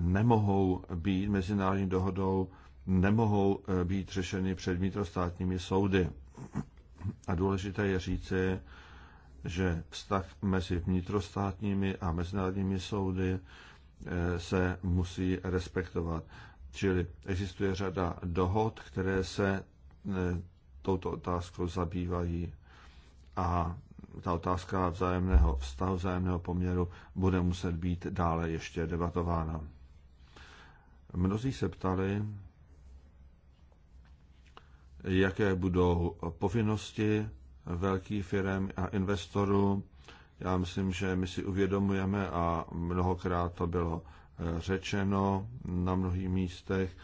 nemohou být mezinárodní dohodou nemohou eh, být řešeny před vnitrostátními soudy. A důležité je říci, že vztah mezi vnitrostátními a mezinárodními soudy eh, se musí respektovat. Čili existuje řada dohod, které se eh, touto otázkou zabývají a ta otázka vzájemného vztahu, vzájemného poměru bude muset být dále ještě debatována. Mnozí se ptali, jaké budou povinnosti velkých firm a investorů. Já myslím, že my si uvědomujeme a mnohokrát to bylo eh, řečeno na mnohých místech.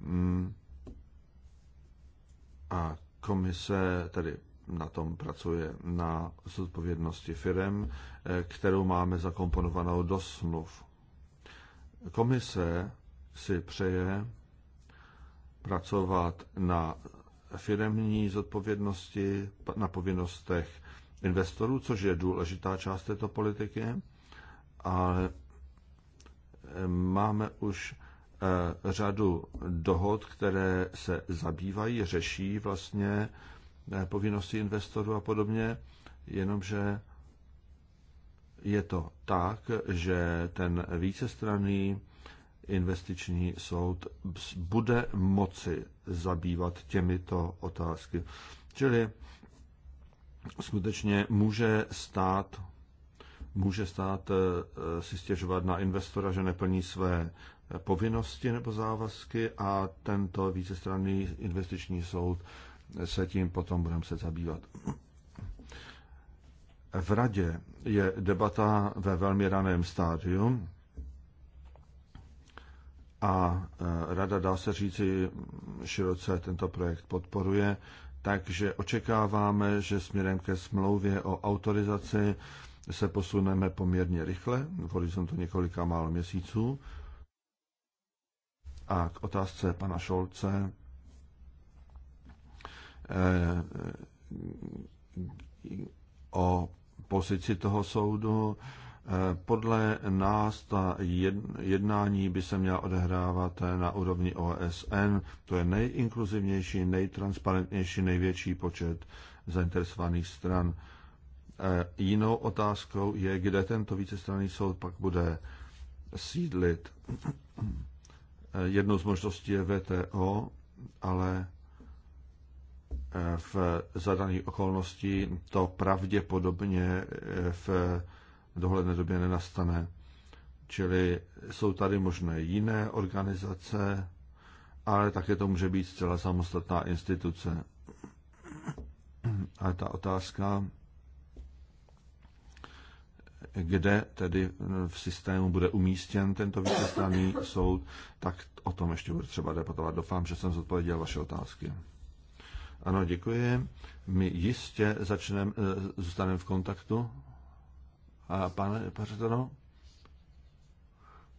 Mm, a komise tedy na tom pracuje na zodpovědnosti firm, eh, kterou máme zakomponovanou do smluv. Komise si přeje pracovat na firemní zodpovědnosti na povinnostech investorů, což je důležitá část této politiky, ale máme už e, řadu dohod, které se zabývají, řeší vlastně e, povinnosti investorů a podobně, jenomže je to tak, že ten vícestranný investiční soud bude moci zabývat těmito otázky. Čili skutečně může stát může stát eh, si stěžovat na investora, že neplní své povinnosti nebo závazky a tento vícestranný investiční soud se tím potom budeme se zabývat. V radě je debata ve velmi raném stádiu a e, rada, dá se říci, široce tento projekt podporuje, takže očekáváme, že směrem ke smlouvě o autorizaci se posuneme poměrně rychle, v horizontu několika málo měsíců. A k otázce pana Šolce, e, e, o pozici toho soudu, podle nás ta jednání by se měla odehrávat na úrovni OSN. To je nejinkluzivnější, nejtransparentnější, největší počet zainteresovaných stran. E, jinou otázkou je, kde tento vícestranný soud pak bude sídlit. E, jednou z možností je VTO, ale e, v zadaných okolností to pravděpodobně v dohledné době nenastane. Čili jsou tady možné jiné organizace, ale také to může být zcela samostatná instituce. A ta otázka, kde tedy v systému bude umístěn tento vyšetřený soud, tak o tom ještě bude třeba debatovat. Doufám, že jsem zodpověděl vaše otázky. Ano, děkuji. My jistě začneme, eh, zůstaneme v kontaktu. A pane Pařetano,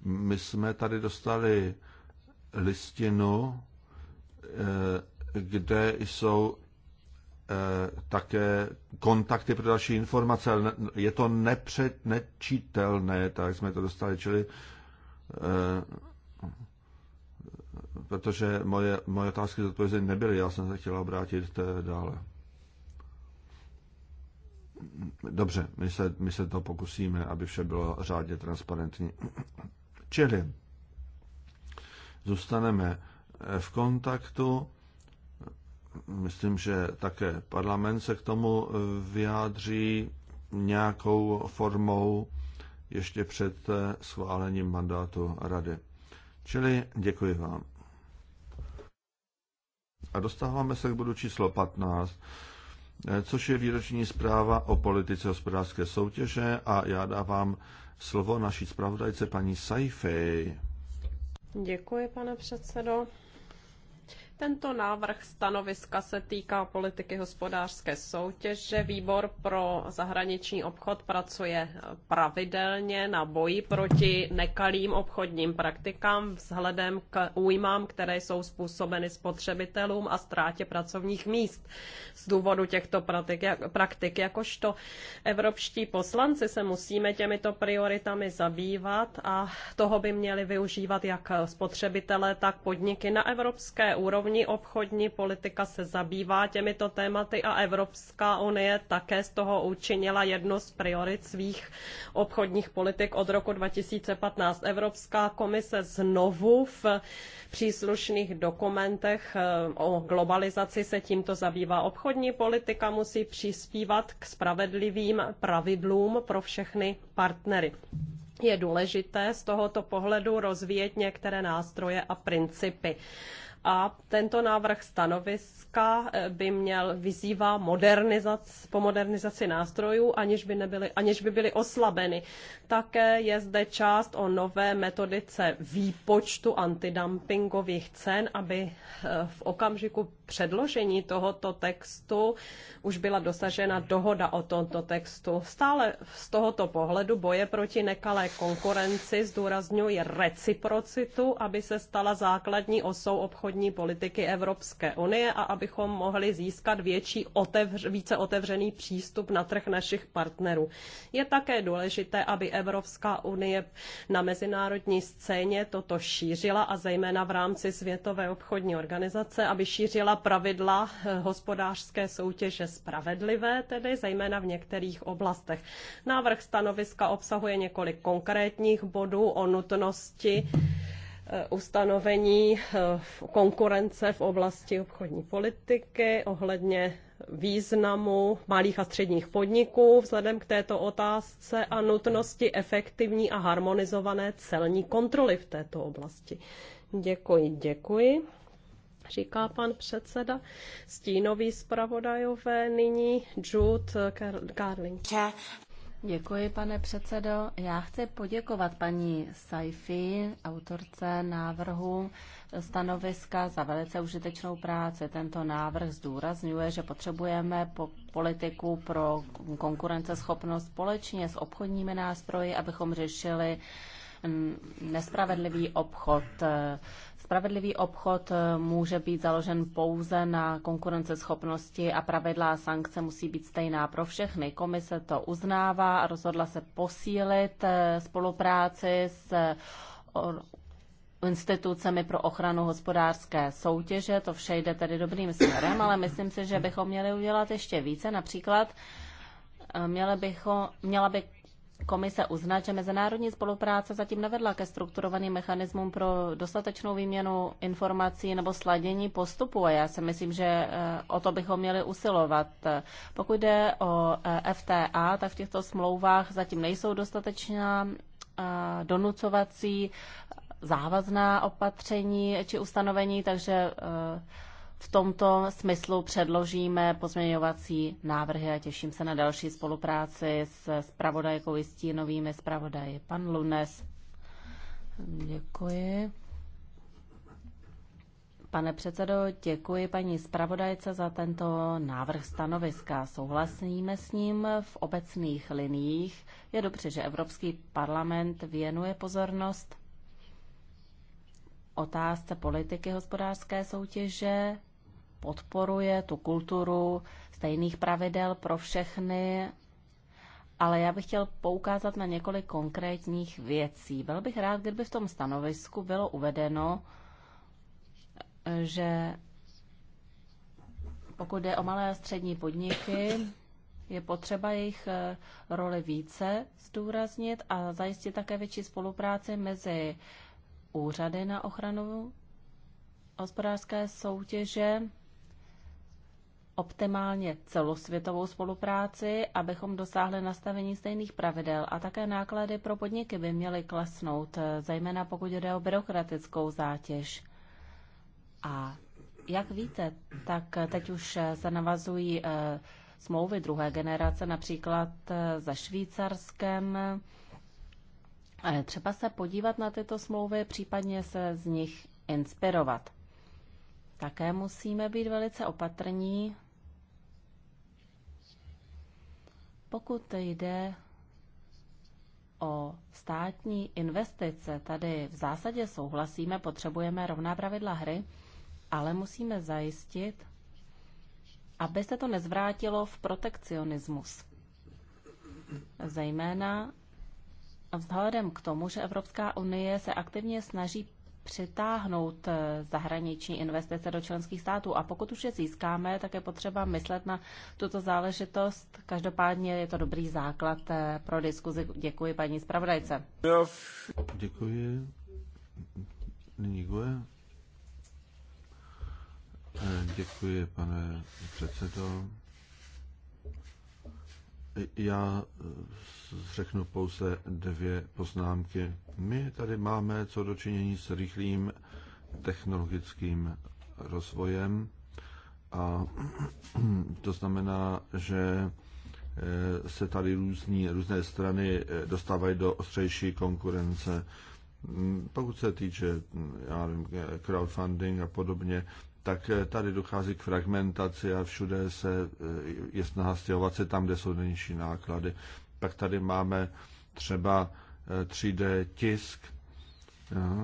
my jsme tady dostali listinu, eh, kde jsou eh, také kontakty pro další informace, ale je to nepřed, nečítelné, tak jsme to dostali, čili eh, protože moje, moje otázky zodpovězeny nebyly, já jsem se chtěl obrátit dále dobře, my se, my se to pokusíme, aby vše bylo řádně transparentní. Čili zůstaneme eh, v kontaktu. Myslím, že také parlament se k tomu eh, vyjádří nějakou formou ještě před eh, schválením mandátu rady. Čili děkuji vám. A dostáváme se k bodu číslo 15 Eh, což je výroční zpráva o politice hospodářské soutěže a já dávám slovo naší zpravodajce paní Saifej. Děkuji, pane předsedo. Tento návrh stanoviska se týká politiky hospodářské soutěže. Výbor pro zahraniční obchod pracuje pravidelně na boji proti nekalým obchodním praktikám vzhledem k újmám, které jsou způsobeny spotřebitelům a ztrátě pracovních míst z důvodu těchto praktik. praktik. Jakožto evropští poslanci se musíme těmito prioritami zabývat a toho by měli využívat jak spotřebitelé, tak podniky na evropské úrovni hlavní obchodní politika se zabývá těmito tématy a Evropská unie také z toho učinila jedno z priorit svých obchodních politik od roku 2015. Evropská komise znovu v příslušných dokumentech eh, o globalizaci se tímto zabývá. Obchodní politika musí přispívat k spravedlivým pravidlům pro všechny partnery je důležité z tohoto pohledu rozvíjet některé nástroje a principy. A tento návrh stanoviska eh, by měl vyzývá modernizac, po modernizaci nástrojů, aniž by, nebyly, aniž by byly oslabeny. Také je zde část o nové metodice výpočtu antidumpingových cen, aby eh, v okamžiku předložení tohoto textu už byla dosažena dohoda o tomto textu. Stále z tohoto pohledu boje proti nekalé konkurenci zdůrazňuje reciprocitu, aby se stala základní osou obchodu obchodní politiky Evropské unie a abychom mohli získat větší otevř, více otevřený přístup na trh našich partnerů. Je také důležité, aby Evropská unie na mezinárodní scéně toto šířila a zejména v rámci Světové obchodní organizace, aby šířila pravidla eh, hospodářské soutěže spravedlivé, tedy zejména v některých oblastech. Návrh stanoviska obsahuje několik konkrétních bodů o nutnosti Eh, ustanovení eh, konkurence v oblasti obchodní politiky ohledně významu malých a středních podniků vzhledem k této otázce a nutnosti efektivní a harmonizované celní kontroly v této oblasti. Děkuji, děkuji, říká pan předseda. Stínový zpravodajové nyní Jude Carling. Děkuji, pane předsedo. Já chci poděkovat paní Saifi, autorce návrhu stanoviska, za velice užitečnou práci. Tento návrh zdůrazňuje, že potřebujeme po politiku pro konkurenceschopnost společně s obchodními nástroji, abychom řešili nespravedlivý obchod. Spravedlivý obchod eh, může být založen pouze na konkurenceschopnosti a pravidla a sankce musí být stejná pro všechny. Komise to uznává a rozhodla se posílit eh, spolupráci s eh, institucemi pro ochranu hospodářské soutěže. To vše jde tedy dobrým směrem, ale myslím si, že bychom měli udělat ještě více. Například měli bychom, měla by Komise uzná, že mezinárodní spolupráce zatím nevedla ke strukturovaným mechanismům pro dostatečnou výměnu informací nebo sladění postupu a já si myslím, že eh, o to bychom měli usilovat. Pokud jde o eh, FTA, tak v těchto smlouvách zatím nejsou dostatečná eh, donucovací závazná opatření či ustanovení, takže v tomto smyslu předložíme pozměňovací návrhy a těším se na další spolupráci s spravodajkou i stínovými zpravodaji. Pan Lunes. Děkuji. Pane předsedo, děkuji paní zpravodajce za tento návrh stanoviska. Souhlasíme s ním v obecných liniích. Je dobře, že Evropský parlament věnuje pozornost otázce politiky hospodářské soutěže podporuje tu kulturu stejných pravidel pro všechny, ale já bych chtěl poukázat na několik konkrétních věcí. Byl bych rád, kdyby v tom stanovisku bylo uvedeno, že pokud jde o malé a střední podniky, je potřeba jejich eh, roli více zdůraznit a zajistit také větší spolupráci mezi úřady na ochranu hospodářské soutěže optimálně celosvětovou spolupráci, abychom dosáhli nastavení stejných pravidel a také náklady pro podniky by měly klesnout, eh, zejména pokud jde o byrokratickou zátěž. A jak víte, tak teď už eh, se navazují eh, smlouvy druhé generace, například za Švýcarskem. Třeba se podívat na tyto smlouvy, případně se z nich inspirovat. Také musíme být velice opatrní Pokud jde o státní investice, tady v zásadě souhlasíme, potřebujeme rovná pravidla hry, ale musíme zajistit, aby se to nezvrátilo v protekcionismus. Zejména vzhledem k tomu, že Evropská unie se aktivně snaží přitáhnout eh, zahraniční investice do členských států. A pokud už je získáme, tak je potřeba myslet na tuto záležitost. Každopádně je to dobrý základ eh, pro diskuzi. Děkuji paní zpravodajce. Děkuji. Nyní Gue. Eh, děkuji, pane předsedo. Já eh, řeknu pouze dvě poznámky. My tady máme co dočinění s rychlým technologickým rozvojem a to znamená, že eh, se tady různí, různé strany eh, dostávají do ostřejší konkurence. Mm, pokud se týče mm, já nevím, crowdfunding a podobně, tak eh, tady dochází k fragmentaci a všude se eh, je snaha stěhovat se tam, kde jsou nejnižší náklady. Pak tady máme třeba 3D eh, tisk,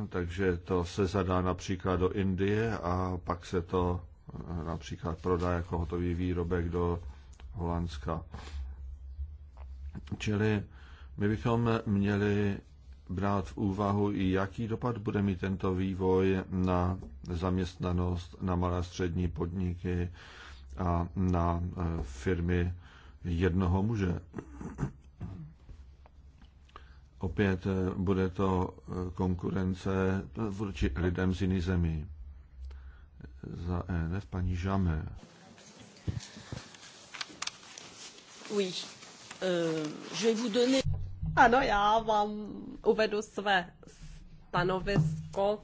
takže to se zadá například do Indie a pak se to například prodá jako hotový výrobek do Holandska. Čili my bychom měli brát v úvahu, i jaký dopad bude mít tento vývoj na zaměstnanost, na malé střední podniky a na e, firmy jednoho muže. Opět e, bude to e, konkurence vůči lidem z jiných zemí. Za ENF paní Žame. Oui. Euh, je vais vous donner... Ano, já vám uvedu své stanovisko.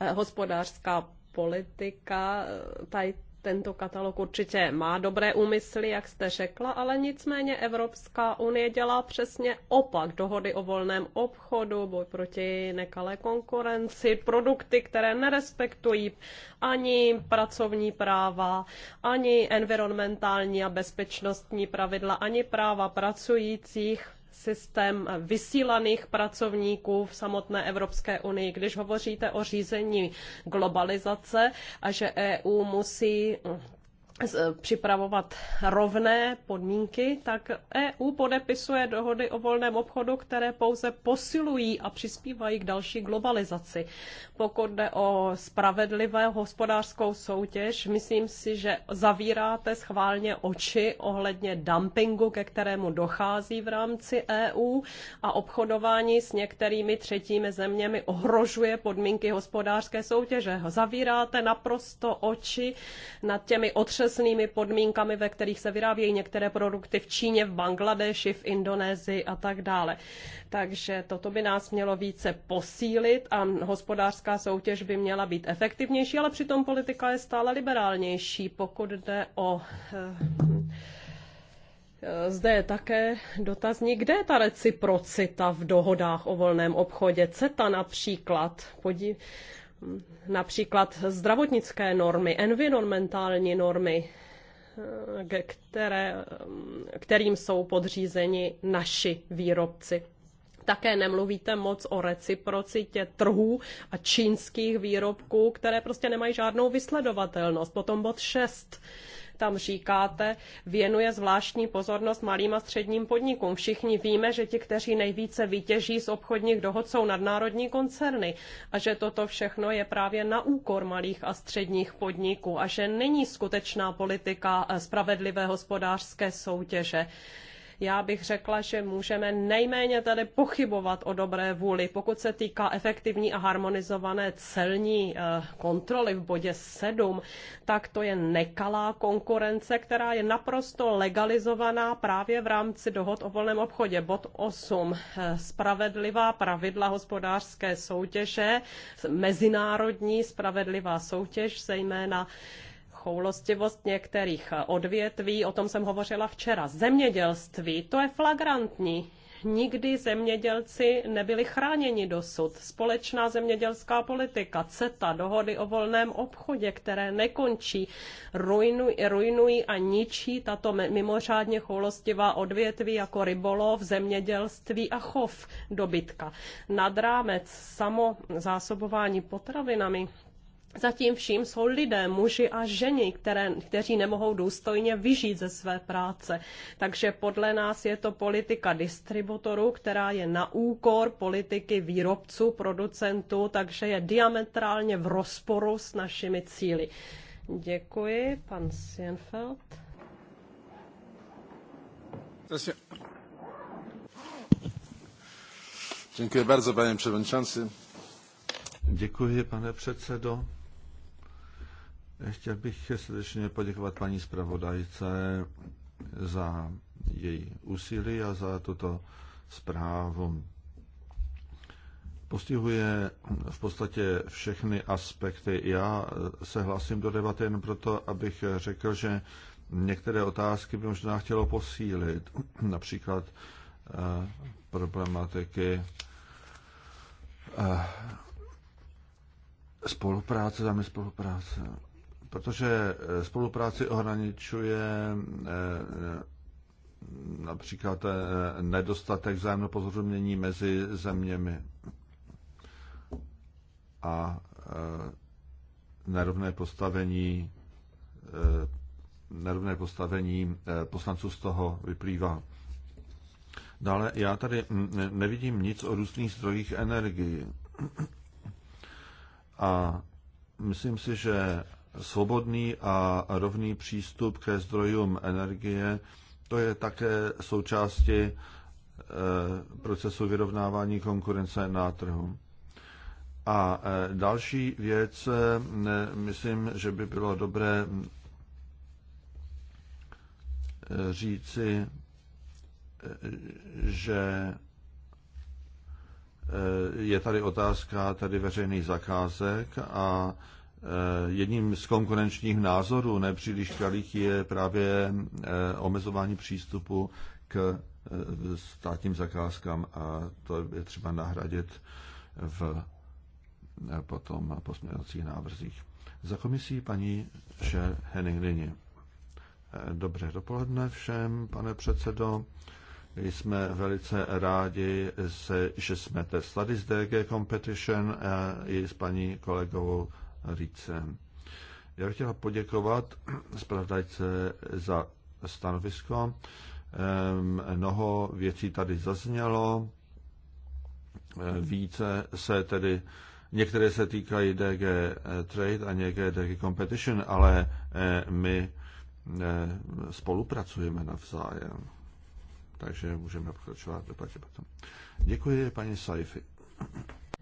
Eh, hospodářská politika, eh, tady tento katalog určitě má dobré úmysly, jak jste řekla, ale nicméně Evropská unie dělá přesně opak. Dohody o volném obchodu, boj proti nekalé konkurenci, produkty, které nerespektují ani pracovní práva, ani environmentální a bezpečnostní pravidla, ani práva pracujících systém vysílaných pracovníků v samotné Evropské unii, když hovoříte o řízení globalizace a že EU musí Eh, připravovat rovné podmínky, tak EU podepisuje dohody o volném obchodu, které pouze posilují a přispívají k další globalizaci. Pokud jde o spravedlivé hospodářskou soutěž, myslím si, že zavíráte schválně oči ohledně dumpingu, ke kterému dochází v rámci EU a obchodování s některými třetími zeměmi ohrožuje podmínky hospodářské soutěže. Zavíráte naprosto oči nad těmi otřesnými otřesnými podmínkami, ve kterých se vyrábějí některé produkty v Číně, v Bangladeši, v Indonésii a tak dále. Takže toto by nás mělo více posílit a hospodářská soutěž by měla být efektivnější, ale přitom politika je stále liberálnější, pokud jde o eh, zde je také dotazník, kde je ta reciprocita v dohodách o volném obchodě. CETA například. Podívejte například zdravotnické normy, environmentální normy, eh, které, eh, kterým jsou podřízeni naši výrobci. Také nemluvíte moc o reciprocitě trhů a čínských výrobků, které prostě nemají žádnou vysledovatelnost. Potom bod 6 tam říkáte, věnuje zvláštní pozornost malým a středním podnikům. Všichni víme, že ti, kteří nejvíce vytěží z obchodních dohod, jsou nadnárodní koncerny a že toto všechno je právě na úkor malých a středních podniků a že není skutečná politika eh, spravedlivé hospodářské soutěže. Já bych řekla, že můžeme nejméně tady pochybovat o dobré vůli. Pokud se týká efektivní a harmonizované celní eh, kontroly v bodě 7, tak to je nekalá konkurence, která je naprosto legalizovaná právě v rámci dohod o volném obchodě. Bod 8. Eh, spravedlivá pravidla hospodářské soutěže, mezinárodní spravedlivá soutěž, zejména choulostivost některých eh, odvětví, o tom jsem hovořila včera. Zemědělství, to je flagrantní. Nikdy zemědělci nebyli chráněni dosud. Společná zemědělská politika, CETA, dohody o volném obchodě, které nekončí, ruinují, ruinují a ničí tato mimořádně choulostivá odvětví jako rybolov, zemědělství a chov dobytka. Nad rámec samozásobování potravinami Zatím vším jsou lidé, muži a ženy, které, kteří nemohou důstojně vyžít ze své práce. Takže podle nás je to politika distributorů, která je na úkor politiky výrobců, producentů, takže je diametrálně v rozporu s našimi cíly. Děkuji, pan Sienfeld. Děkuji bardzo, pane předsedající. Děkuji, pane předsedo. Chtěl bych srdečně poděkovat paní zpravodajce za její úsilí a za tuto zprávu. Postihuje v podstatě všechny aspekty. Já se hlásím do debaty jen proto, abych řekl, že některé otázky by možná chtělo posílit. Například eh, problematiky eh, spolupráce, dáme spolupráce protože eh, spolupráci ohraničuje eh, například eh, nedostatek vzájemného pozorumění mezi zeměmi a nerovné postavení nerovné postavení poslanců z toho vyplývá. Dále já tady mm, nevidím nic o různých zdrojích energii. A myslím si, že Svobodný a rovný přístup ke zdrojům energie, to je také součástí eh, procesu vyrovnávání konkurence na trhu. A eh, další věc, eh, myslím, že by bylo dobré hm, říci, že je tady otázka tady veřejných zakázek a Eh, jedním z konkurenčních názorů nepříliš kalých je právě eh, omezování přístupu k eh, státním zakázkám a to je třeba nahradit v potom posměrnacích návrzích. Za komisí paní Vše Henning Dobré dopoledne všem, pane předsedo. Jsme velice rádi, že jsme tady s DG Competition i s paní kolegovou Rice. Já bych chtěla poděkovat zpravodajce za stanovisko. Mnoho věcí tady zaznělo. Více se tedy Některé se týkají DG eh, Trade a některé DG Competition, ale eh, my eh, spolupracujeme navzájem. Takže můžeme pokračovat do potom. Děkuji, paní Saifi.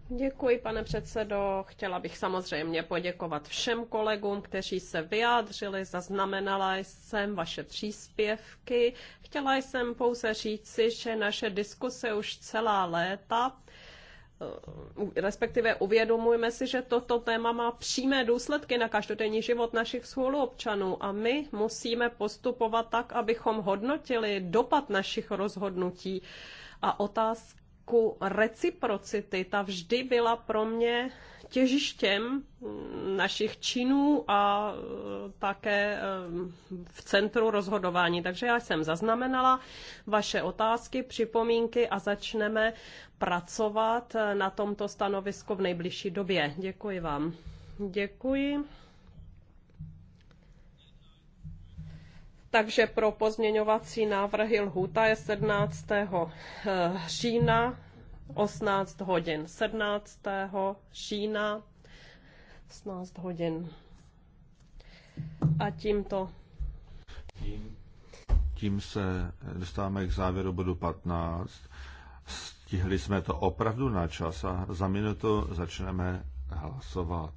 Děkuji, pane předsedo. Chtěla bych samozřejmě poděkovat všem kolegům, kteří se vyjádřili, zaznamenala jsem vaše příspěvky. Chtěla jsem pouze říci, že naše diskuse už celá léta eh, respektive uvědomujeme si, že toto téma má přímé důsledky na každodenní život našich spoluobčanů a my musíme postupovat tak, abychom hodnotili dopad našich rozhodnutí. A otázky prvku reciprocity, ta vždy byla pro mě těžištěm mm, našich činů a e, také e, v centru rozhodování. Takže já jsem zaznamenala vaše otázky, připomínky a začneme pracovat e, na tomto stanovisku v nejbližší době. Děkuji vám. Děkuji. Takže pro pozměňovací návrhy lhůta je 17. Eh, října 18 hodin. 17. října 16 hodin. A tímto. Tím, tím se dostáváme k závěru bodu 15. Stihli jsme to opravdu na čas a za minutu začneme hlasovat.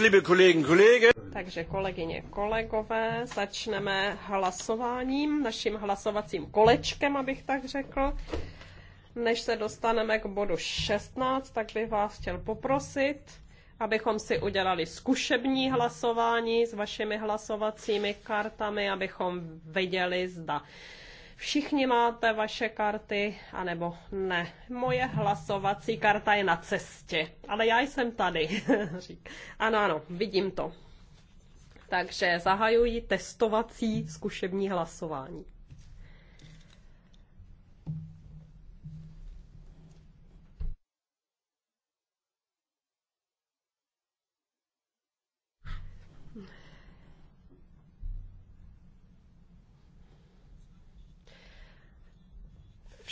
liebe Kollegen. Takže kolegyně, kolegové, začneme hlasováním, naším hlasovacím kolečkem, abych tak řekl. Než se dostaneme k bodu 16, tak bych vás chtěl poprosit, abychom si udělali zkušební hlasování s vašimi hlasovacími kartami, abychom viděli, zda Všichni máte vaše karty, anebo ne. Moje hlasovací karta je na cestě, ale já jsem tady. ano, ano, vidím to. Takže zahajuji testovací zkušební hlasování.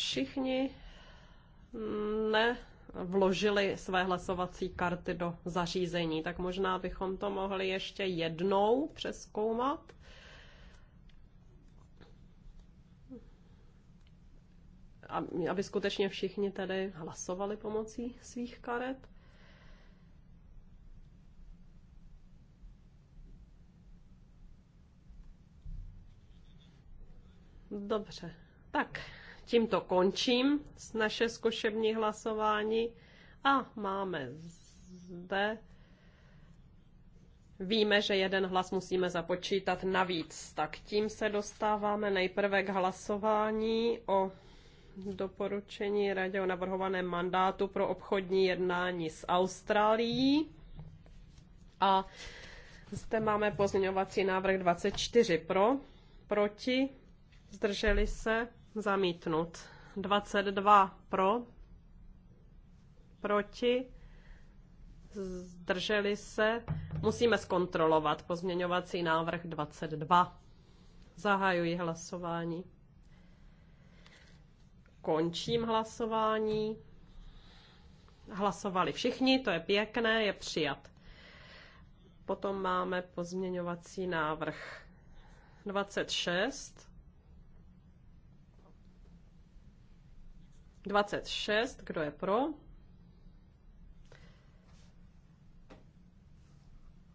všichni mm, ne vložili své hlasovací karty do zařízení, tak možná bychom to mohli ještě jednou přeskoumat. Aby skutečně všichni tedy hlasovali pomocí svých karet. Dobře, tak Tímto končím s naše zkušební hlasování a máme zde. Víme, že jeden hlas musíme započítat navíc, tak tím se dostáváme nejprve k hlasování o doporučení radě o navrhovaném mandátu pro obchodní jednání s Austrálií. A zde máme pozměňovací návrh 24 pro, proti, zdrželi se, zamítnut. 22 pro, proti, zdrželi se. Musíme zkontrolovat pozměňovací návrh 22. Zahajuji hlasování. Končím hlasování. Hlasovali všichni, to je pěkné, je přijat. Potom máme pozměňovací návrh 26 26, kdo je pro?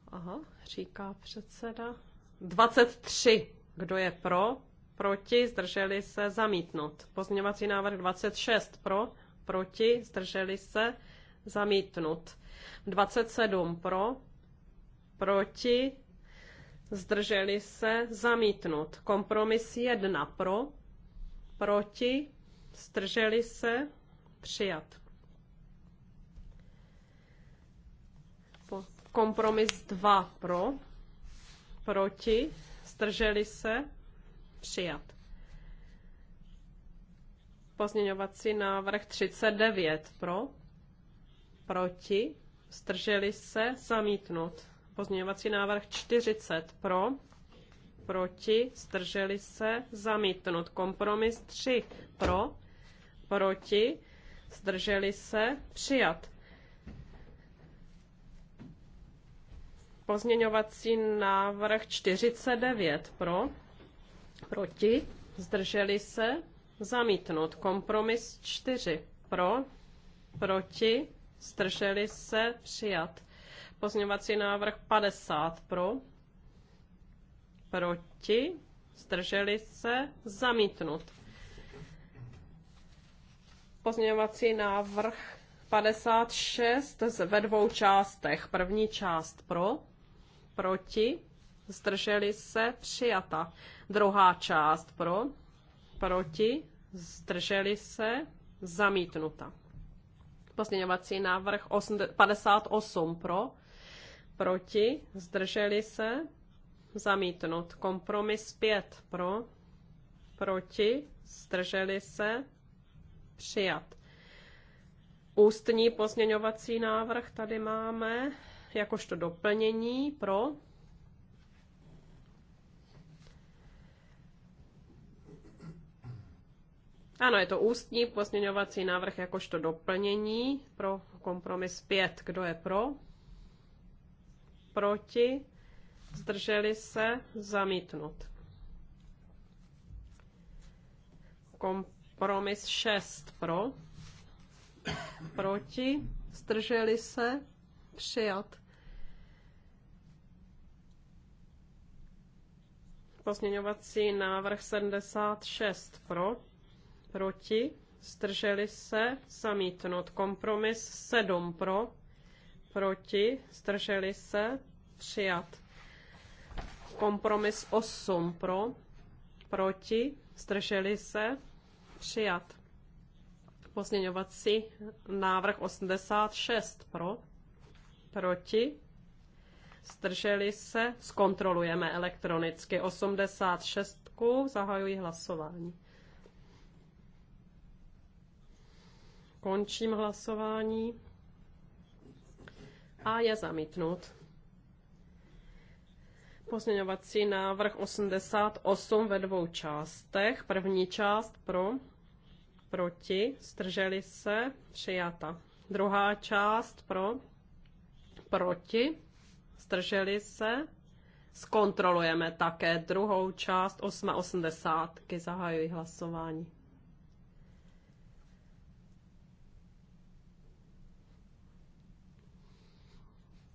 Aha, říká předseda. 23, kdo je pro? Proti, zdrželi se, zamítnout. Pozměňovací návrh 26, pro? Proti, zdrželi se, zamítnout. 27 pro, proti, zdrželi se, zamítnout. Kompromis 1 pro, proti, Strželi se? Přijat. Kompromis 2 pro, proti, strželi se, přijat. Pozměňovací návrh 39 pro, proti, strželi se, zamítnut. Pozměňovací návrh 40 pro, proti, strželi se, zamítnut. Kompromis 3 pro, proti, zdrželi se, přijat. Pozměňovací návrh 49 pro, proti, zdrželi se, zamítnut. Kompromis 4 pro, proti, zdrželi se, přijat. Pozměňovací návrh 50 pro, proti, zdrželi se, zamítnut. Pozměňovací návrh 56 ve dvou částech. První část pro, proti, zdrželi se, přijata. Druhá část pro, proti, zdrželi se, zamítnuta. Pozměňovací návrh 58 pro, proti, zdrželi se, zamítnut. Kompromis 5 pro, proti, zdrželi se, Přijat. Ústní pozměňovací návrh tady máme jakožto doplnění pro. Ano, je to ústní pozměňovací návrh jakožto doplnění pro kompromis 5. Kdo je pro? Proti? Zdrželi se? Zamítnut. Kom- Promis 6 pro, proti, zdrželi se, přijat. Pozměňovací návrh 76 pro, proti, zdrželi se, zamítnout. Kompromis 7 pro, proti, zdrželi se, přijat. Kompromis 8 pro, proti, zdrželi se, přijat. Pozměňovací návrh 86 pro, proti, zdrželi se, zkontrolujeme elektronicky 86, zahajuji hlasování. Končím hlasování a je zamítnut. Pozměňovací návrh 88 ve dvou částech. První část pro proti, strželi se, přijata. Druhá část pro, proti, strželi se, zkontrolujeme také druhou část 880. zahajují hlasování.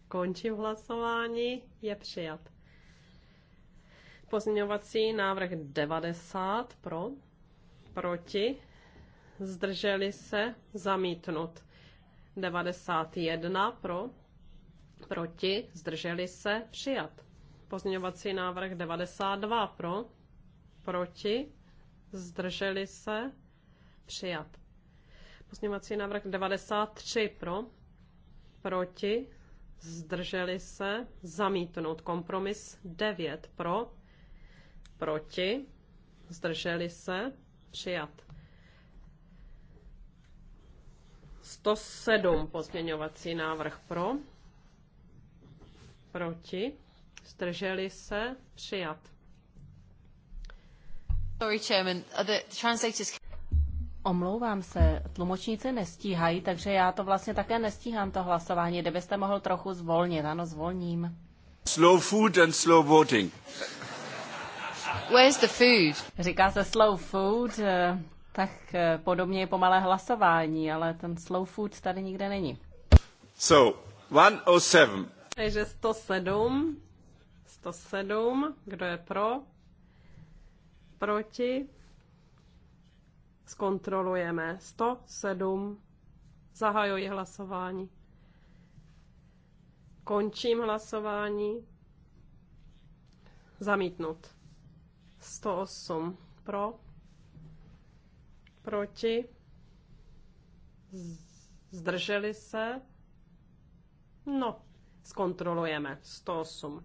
Končím hlasování, je přijat. Pozměňovací návrh 90 pro, proti, zdrželi se, zamítnut. 91 pro, proti, zdrželi se, přijat. Pozměňovací návrh 92 pro, proti, zdrželi se, přijat. Pozměňovací návrh 93 pro, proti, zdrželi se, zamítnout. Kompromis 9 pro, proti, zdrželi se, přijat. 107 pozměňovací návrh pro, proti, zdrželi se, přijat. Sorry, Chairman, the translators... Omlouvám se, tlumočníci nestíhají, takže já to vlastně také nestíhám, to hlasování. Kdybyste mohl trochu zvolnit, ano, zvolním. Slow food and slow voting. Where's the food? Říká se slow food, tak eh, podobně je pomalé hlasování, ale ten slow food tady nikde není. So, 107. Takže 107. 107. Kdo je pro? Proti? Zkontrolujeme. 107. Zahajuji hlasování. Končím hlasování. Zamítnut. 108 pro proti, zdrželi se, no, zkontrolujeme, 108.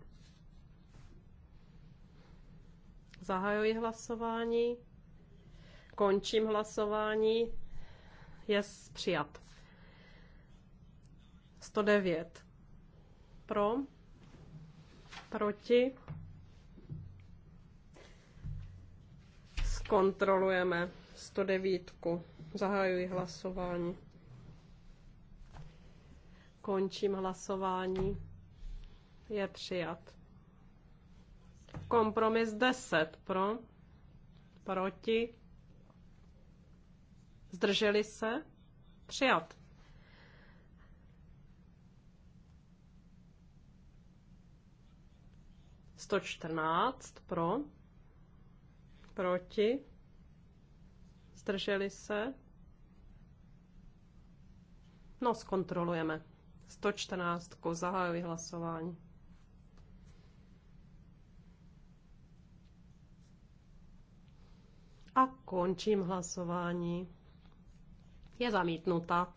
Zahajuji hlasování, končím hlasování, je přijat. 109 pro, proti, zkontrolujeme. 109. Zahajuji hlasování. Končím hlasování. Je přijat. Kompromis 10 pro, proti, zdrželi se, přijat. Sto čtrnáct pro, proti, Zdrželi se? No, zkontrolujeme. 114. Zahajuji hlasování. A končím hlasování. Je zamítnuta.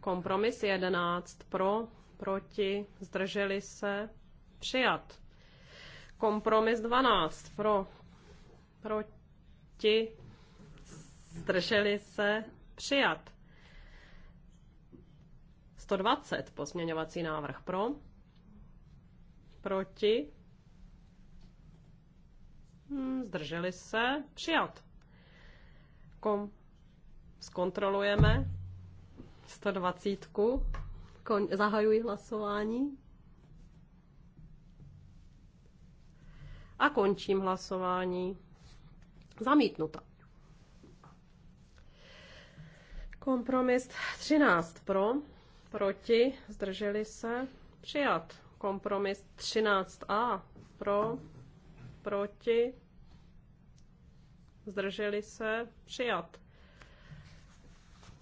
Kompromis 11 pro, proti, zdrželi se, přijat. Kompromis 12 pro, proti, zdrželi se, přijat. 120 pozměňovací návrh pro, proti, hm, zdrželi se, přijat. Kom, zkontrolujeme 120. Kon, zahajuji hlasování. A končím hlasování. Zamítnuta. Kompromis 13 pro, proti, zdrželi se, přijat. Kompromis 13a pro, proti, zdrželi se, přijat.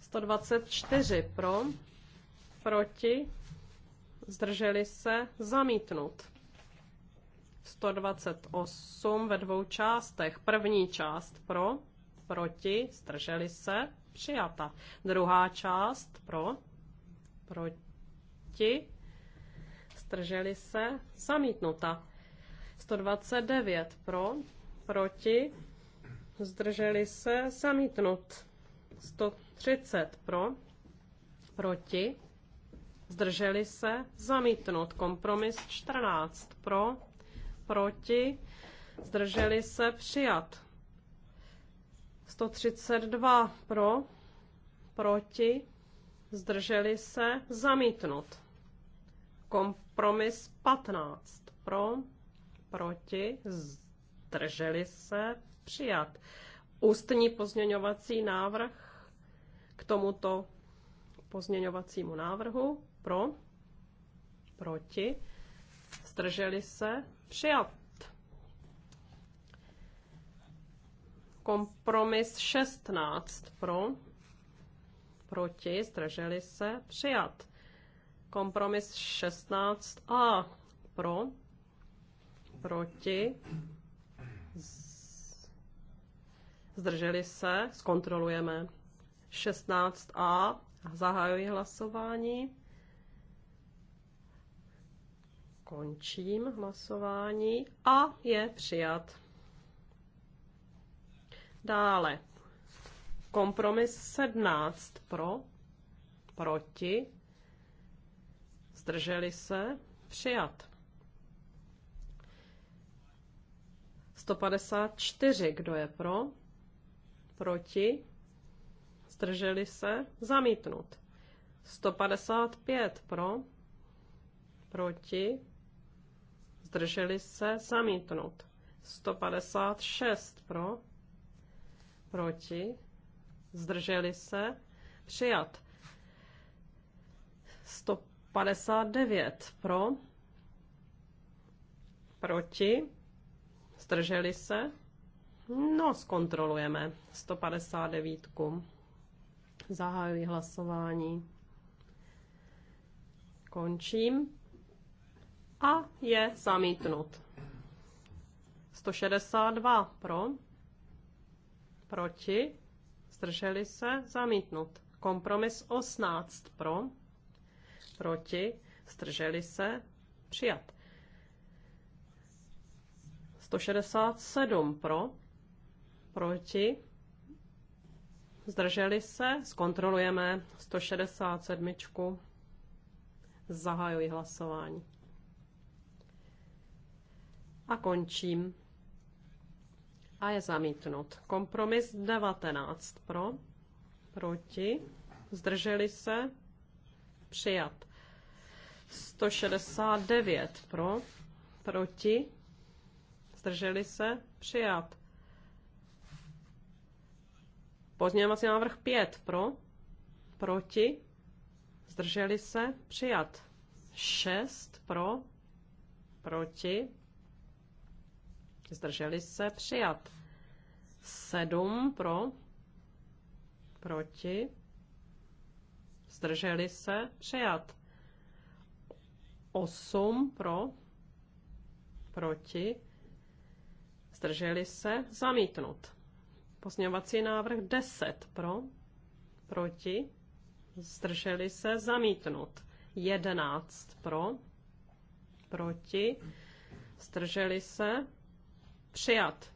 124 pro, proti, zdrželi se, zamítnut. 128 ve dvou částech. První část pro, proti, zdrželi se, Přijata. Druhá část pro, proti, zdrželi se, zamítnuta. 129 pro, proti, zdrželi se, zamítnut. 130 pro, proti, zdrželi se, zamítnut. Kompromis 14 pro, proti, zdrželi se, přijat. 132 pro, proti, zdrželi se, zamítnut. Kompromis 15 pro, proti, zdrželi se, přijat. Ústní pozměňovací návrh k tomuto pozměňovacímu návrhu pro, proti, zdrželi se, přijat. Kompromis 16 pro, proti, zdrželi se, přijat. Kompromis 16a pro, proti, zdrželi se, zkontrolujeme. 16a, zahajuji hlasování. Končím hlasování a je přijat. Dále kompromis 17 pro, proti, zdrželi se, přijat. 154, kdo je pro, proti, zdrželi se, zamítnut. 155 pro, proti, zdrželi se, zamítnut. 156 pro, proti, zdrželi se, přijat. 159 pro, proti, zdrželi se, no zkontrolujeme 159. Zahajuji hlasování. Končím. A je zamítnut. 162 pro proti, zdrželi se, zamítnut. Kompromis 18 pro, proti, zdrželi se, přijat. 167 pro, proti, zdrželi se, zkontrolujeme 167. Zahajuji hlasování. A končím a je zamítnut. Kompromis 19 pro, proti, zdrželi se, přijat. 169 pro, proti, zdrželi se, přijat. Pozměňovací návrh 5 pro, proti, zdrželi se, přijat. 6 pro, proti, zdrželi se, přijat. 7 pro, proti, zdrželi se, přijat. 8 pro, proti, zdrželi se, zamítnut. Pozměňovací návrh 10 pro, proti, zdrželi se, zamítnut. 11 pro, proti, zdrželi se, Přijat.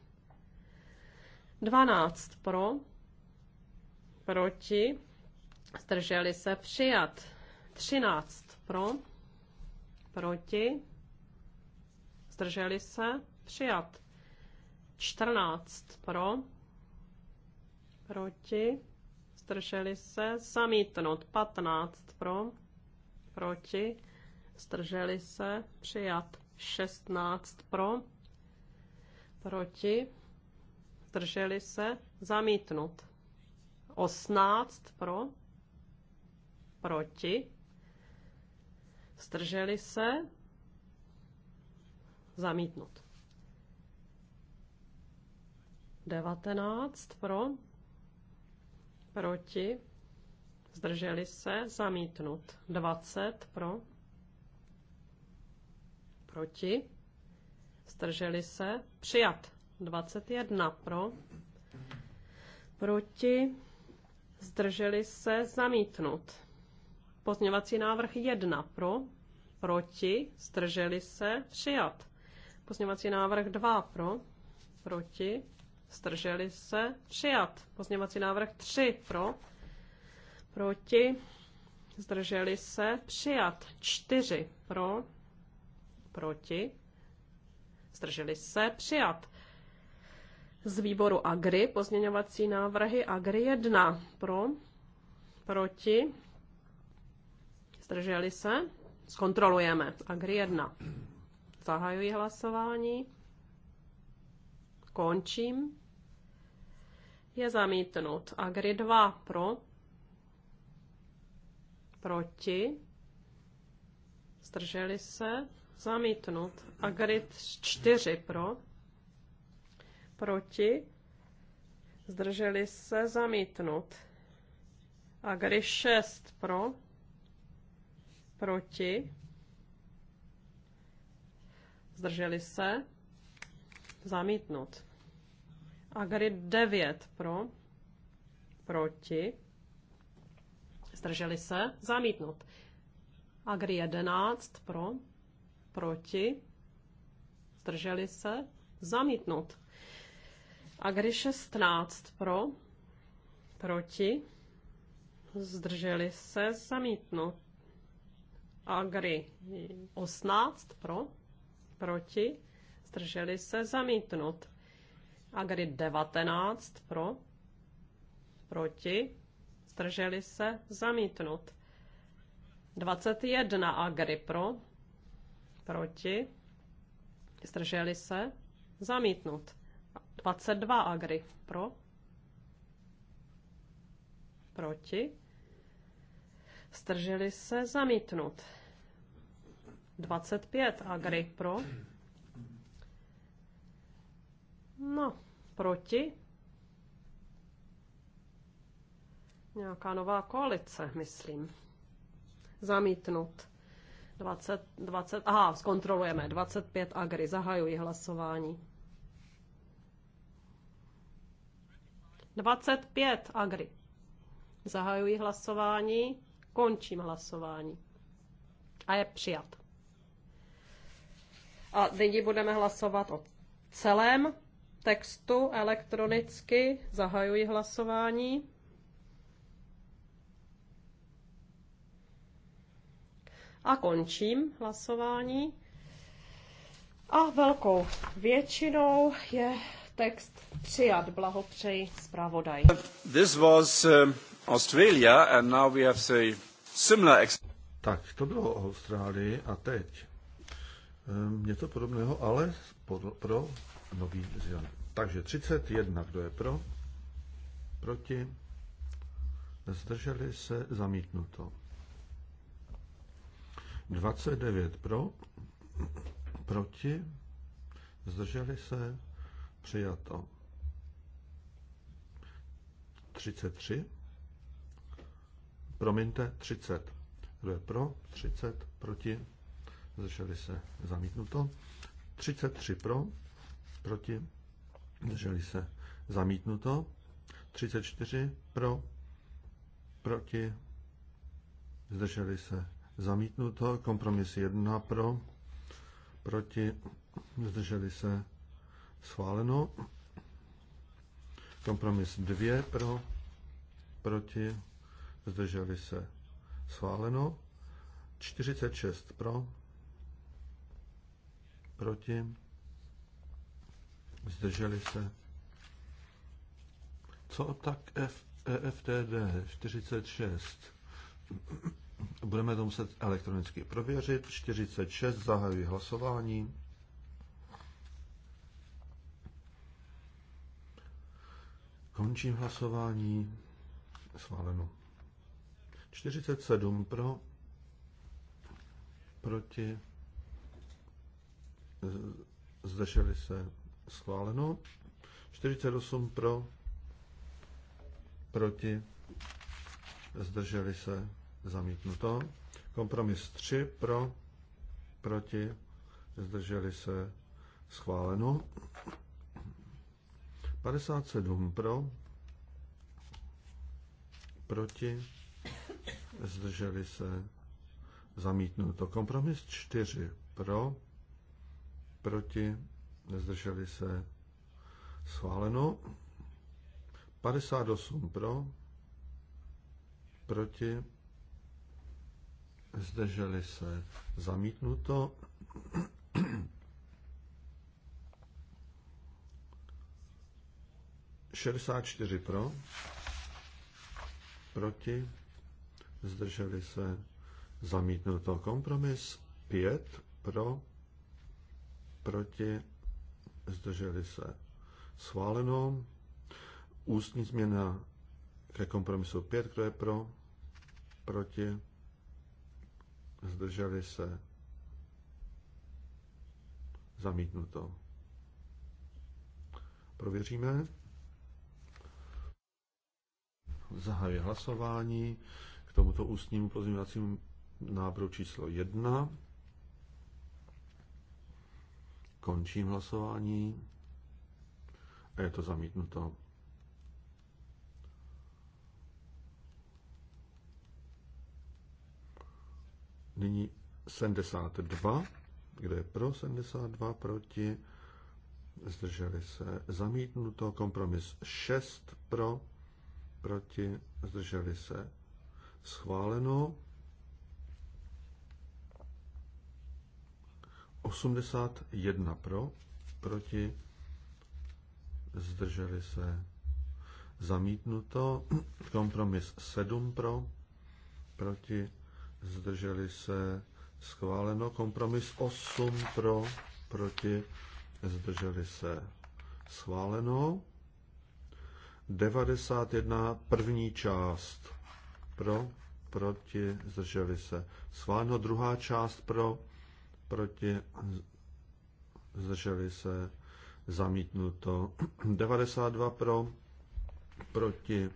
12 pro, proti, zdrželi se přijat. 13 pro, proti, zdrželi se přijat. 14 pro, proti, zdrželi se zamítnout. 15 pro, proti, zdrželi se přijat. 16 pro, proti, zdrželi se, zamítnut. 18 pro, proti, zdrželi se, zamítnut. 19 pro, proti, zdrželi se, zamítnut. 20 pro, proti, Zdrželi se? Přijat. 21 pro. Proti. Zdrželi se? Zamítnut. Pozměňovací návrh 1 pro. Proti. Zdrželi se? Přijat. Pozměňovací návrh 2 pro. Proti. Zdrželi se? Přijat. Pozměňovací návrh 3 pro. Proti. Zdrželi se? Přijat. 4 pro. Proti zdrželi se, přijat. Z výboru Agri pozměňovací návrhy Agri 1 pro, proti, zdrželi se, zkontrolujeme. Agri 1. Zahajuji hlasování. Končím. Je zamítnut. Agri 2 pro. Proti. Zdrželi se zamítnut. Agrit 4 pro, proti, zdrželi se zamítnut. Agri 6 pro, proti, zdrželi se zamítnut. Agri 9 pro, proti, zdrželi se zamítnut. Agri 11 pro, proti, zdrželi se, zamítnut. A Agri 16 pro, proti, zdrželi se, zamítnut. A kdy 18 pro, proti, zdrželi se, zamítnut. kdy 19 pro, proti, zdrželi se, zamítnut. 21 agri pro, proti, zdrželi se, zamítnut. 22 agry pro, proti, zdrželi se, zamítnut. 25 agry pro, no, proti, nějaká nová koalice, myslím. Zamítnut. 20, 20, aha, zkontrolujeme. 25 agry, zahajuji hlasování. 25 agry. Zahajuji hlasování, končím hlasování. A je přijat. A nyní budeme hlasovat o celém textu elektronicky. Zahajuji hlasování. A končím hlasování. A velkou většinou je text přijat. Blahopřeji zpravodaj. This was um, Australia and now we have say similar tak, to bylo o Austrálii a teď. Um, něco podobného, ale pro, pro Nový Zéland. Takže 31, kdo je pro? Proti? Zdrželi se zamítnuto. 29 pro, proti, zdrželi se, přijato. 33, promiňte, 30. Kdo je pro? 30, proti, zdrželi se, zamítnuto. 33 pro, proti, zdrželi se, zamítnuto. 34 pro, proti, zdrželi se, zamítnuto, kompromis 1 pro, proti, zdrželi se, schváleno, kompromis 2 pro, proti, zdrželi se, schváleno, 46 pro, proti, zdrželi se. Co tak F, EFTD 46? Budeme to muset elektronicky prověřit. 46 zahajuji hlasování. Končím hlasování. Sváleno. 47 pro, proti, zdrželi se schváleno. 48 pro, proti, zdrželi se zamítnuto. Kompromis 3 pro, proti, zdrželi se, schváleno. 57 pro, proti, zdrželi se, zamítnuto. Kompromis 4 pro, proti, zdrželi se, schváleno. 58 pro, proti, zdrželi se, zamítnuto. šedesát čtyři pro, proti, zdrželi se, zamítnuto. Kompromis pět pro, proti, zdrželi se. Schváleno. Ústní změna ke kompromisu pět kdo je pro, proti, zdrželi se, zamítnuto. Prověříme. Zahajuji hlasování k tomuto ústnímu pozměňovacímu návrhu číslo 1. Končím hlasování a je to zamítnuto. Nyní 72. Kdo je pro 72? Proti? Zdrželi se. Zamítnuto. Kompromis 6 pro. Proti? Zdrželi se. Schváleno. 81 pro. Proti? Zdrželi se. Zamítnuto. Kompromis 7 pro. Proti? zdrželi se schváleno. Kompromis 8 pro, proti, zdrželi se schváleno. 91 první část pro, proti, zdrželi se. Schváleno druhá část pro, proti, zdrželi se, zamítnuto. 92 pro, proti,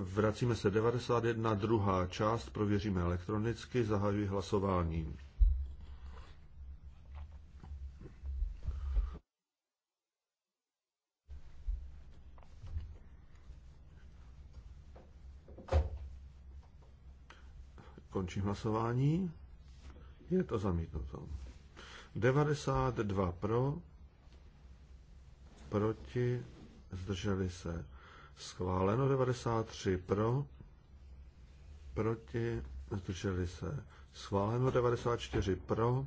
Vracíme se 91, druhá část, prověříme elektronicky, zahajuji hlasování. Končím hlasování. Je to zamítnuto. 92 pro, proti, zdrželi se Schváleno 93 pro, proti, zdrželi se. Schváleno 94 pro,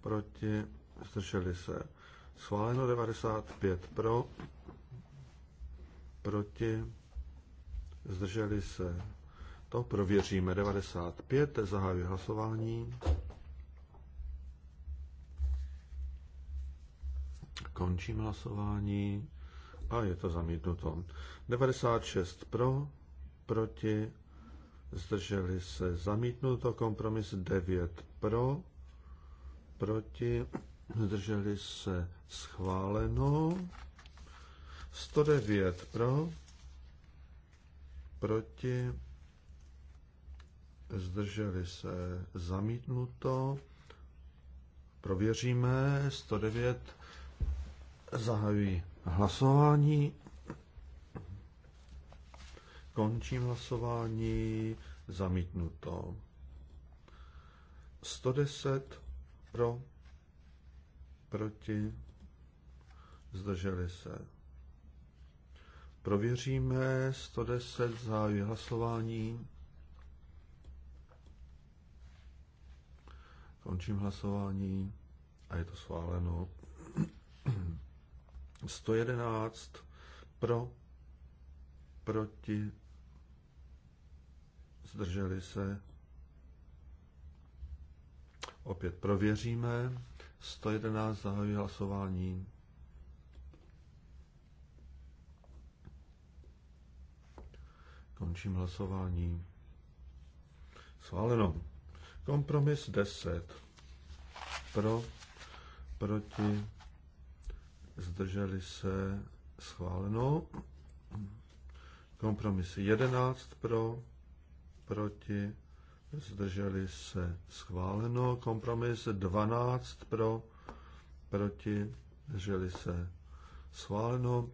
proti, zdrželi se. Schváleno 95 pro, proti, zdrželi se. To prověříme. 95, zahájí hlasování. Končím hlasování a je to zamítnuto. 96 pro, proti, zdrželi se zamítnuto. Kompromis 9 pro, proti, zdrželi se schváleno. 109 pro, proti, zdrželi se zamítnuto. Prověříme 109 zahajují hlasování. Končím hlasování. Zamítnuto. 110 pro, proti, zdrželi se. Prověříme 110 za hlasování. Končím hlasování a je to schváleno. 111 pro, proti, zdrželi se. Opět prověříme. 111 zahajuje hlasování. Končím hlasování. Schváleno. Kompromis 10. Pro, proti, zdrželi se schváleno. Kompromis 11 pro, proti, zdrželi se schváleno. Kompromis 12 pro, proti, zdrželi se schváleno.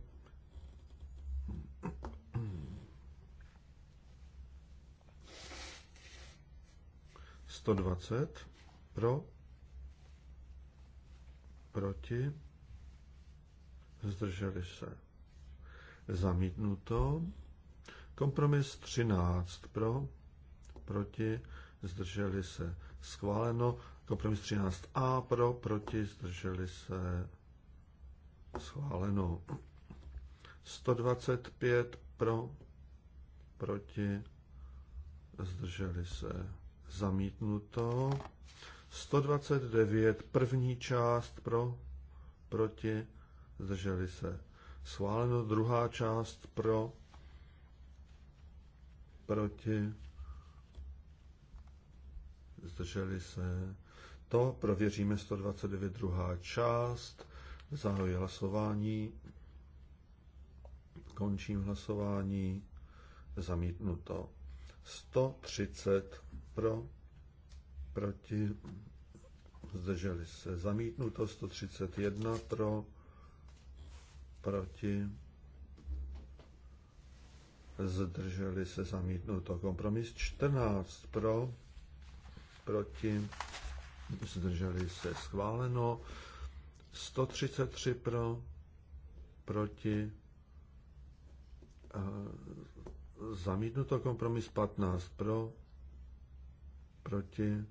Sto dvacet pro, proti, zdrželi se. Zamítnuto. Kompromis 13 pro, proti, zdrželi se. Schváleno. Kompromis 13a pro, proti, zdrželi se. Schváleno. 125 pro, proti, zdrželi se. Zamítnuto. 129 první část pro, proti, zdrželi se. Sváleno druhá část pro, proti, zdrželi se. To prověříme 129 druhá část, zahajuji hlasování, končím hlasování, zamítnuto. 130 pro, proti, zdrželi se. Zamítnuto 131 pro, proti, zdrželi se zamítnuto. Kompromis 14 pro, proti, zdrželi se schváleno. 133 pro, proti, zamítnuto kompromis 15 pro, proti,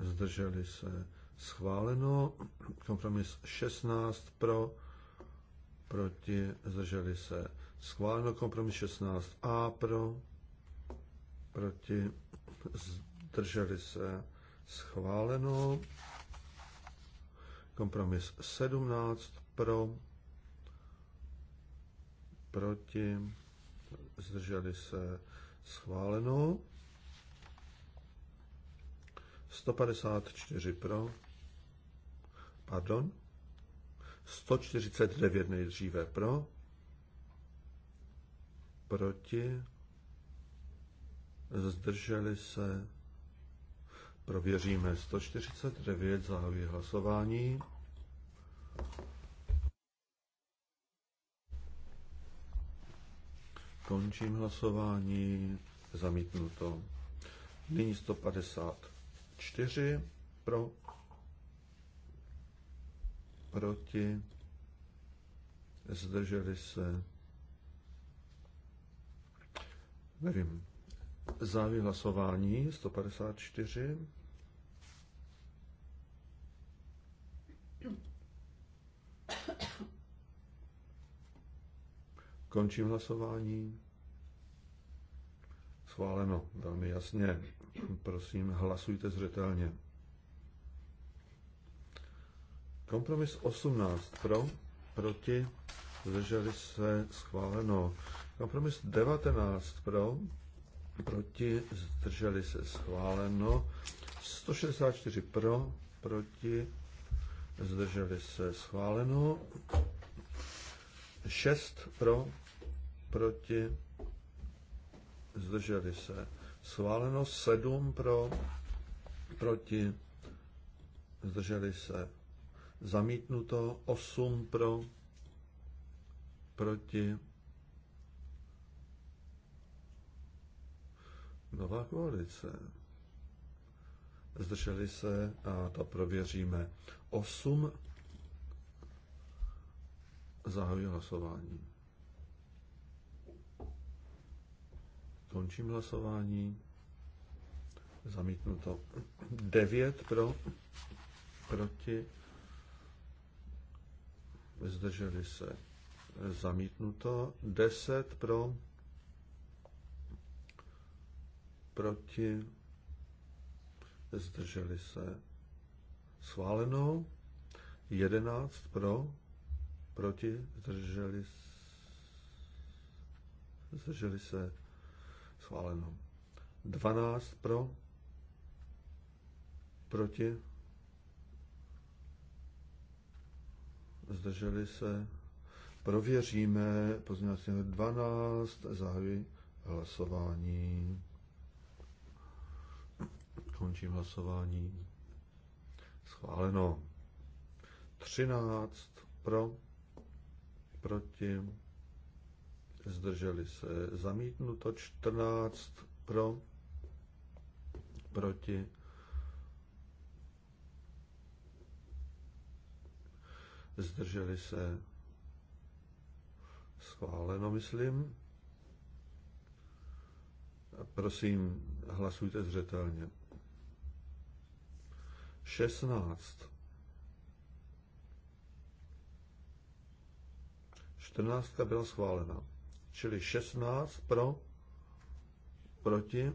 zdrželi se schváleno, kompromis 16 pro, proti, zdrželi se. Schváleno kompromis 16a pro, proti, zdrželi se. Schváleno kompromis 17 pro, proti, zdrželi se. Schváleno 154 pro, pardon, 149 nejdříve pro, proti, zdrželi se, prověříme 149, zahajuji hlasování. Končím hlasování, zamítnuto. Nyní 154 pro, proti, zdrželi se, nevím, závěr hlasování 154. Končím hlasování. Schváleno, velmi jasně. Prosím, hlasujte zřetelně. Kompromis 18 pro, proti, zdrželi se schváleno. Kompromis 19 pro, proti, zdrželi se schváleno. 164 pro, proti, zdrželi se schváleno. 6 pro, proti, zdrželi se schváleno. 7 pro, proti, zdrželi se zamítnuto, 8 pro, proti, nová koalice. Zdrželi se a to prověříme. 8 zahajuji hlasování. Končím hlasování. Zamítnuto. 9 pro, proti zdrželi se zamítnuto, 10 pro, proti, zdrželi se schváleno, 11 pro, proti, zdrželi se, zdrželi se schváleno, 12 pro, proti, zdrželi se. Prověříme pozměňovací 12, zahajuji hlasování. Končím hlasování. Schváleno. 13 pro, proti, zdrželi se. Zamítnuto 14 pro, proti, zdrželi se schváleno, myslím. Prosím, hlasujte zřetelně. 16. 14 byla schválena. Čili 16 pro, proti,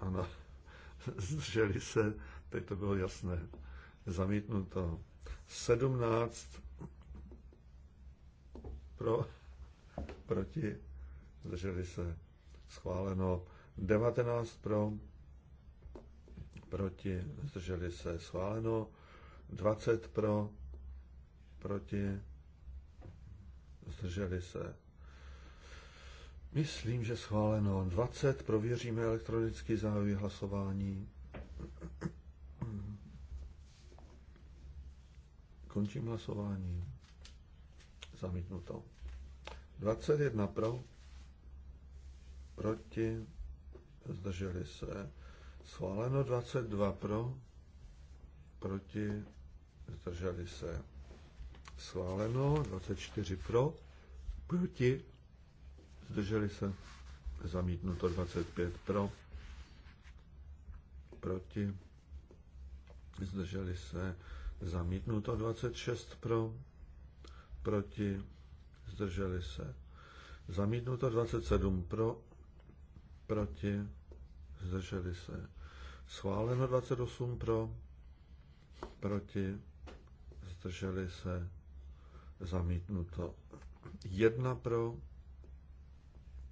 ano, zdrželi se, teď to bylo jasné, zamítnuto. 17 pro, proti, zdrželi se, schváleno 19 pro, proti, zdrželi se, schváleno 20 pro, proti, zdrželi se. Myslím, že schváleno 20, prověříme elektronický závěr hlasování. Končím hlasování. Zamítnuto. 21 pro, proti, zdrželi se. Schváleno 22 pro, proti, zdrželi se. Schváleno 24 pro, proti, zdrželi se. Zamítnuto 25 pro, proti, zdrželi se Zamítnuto 26 pro, proti, zdrželi se. Zamítnuto 27 pro, proti, zdrželi se. Schváleno 28 pro, proti, zdrželi se. Zamítnuto 1 pro,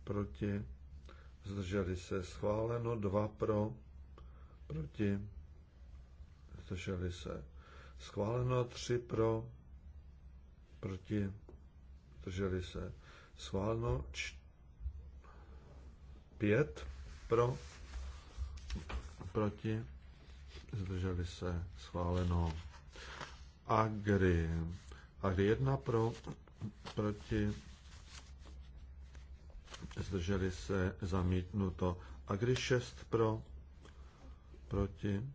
proti, zdrželi se. Schváleno 2 pro, proti, zdrželi se Schváleno 3 pro, proti, drželi se. Schváleno 5 pro, proti, zdrželi se. Schváleno Agri. Agri jedna pro, proti, zdrželi se. Zamítnuto. Agri šest pro, proti,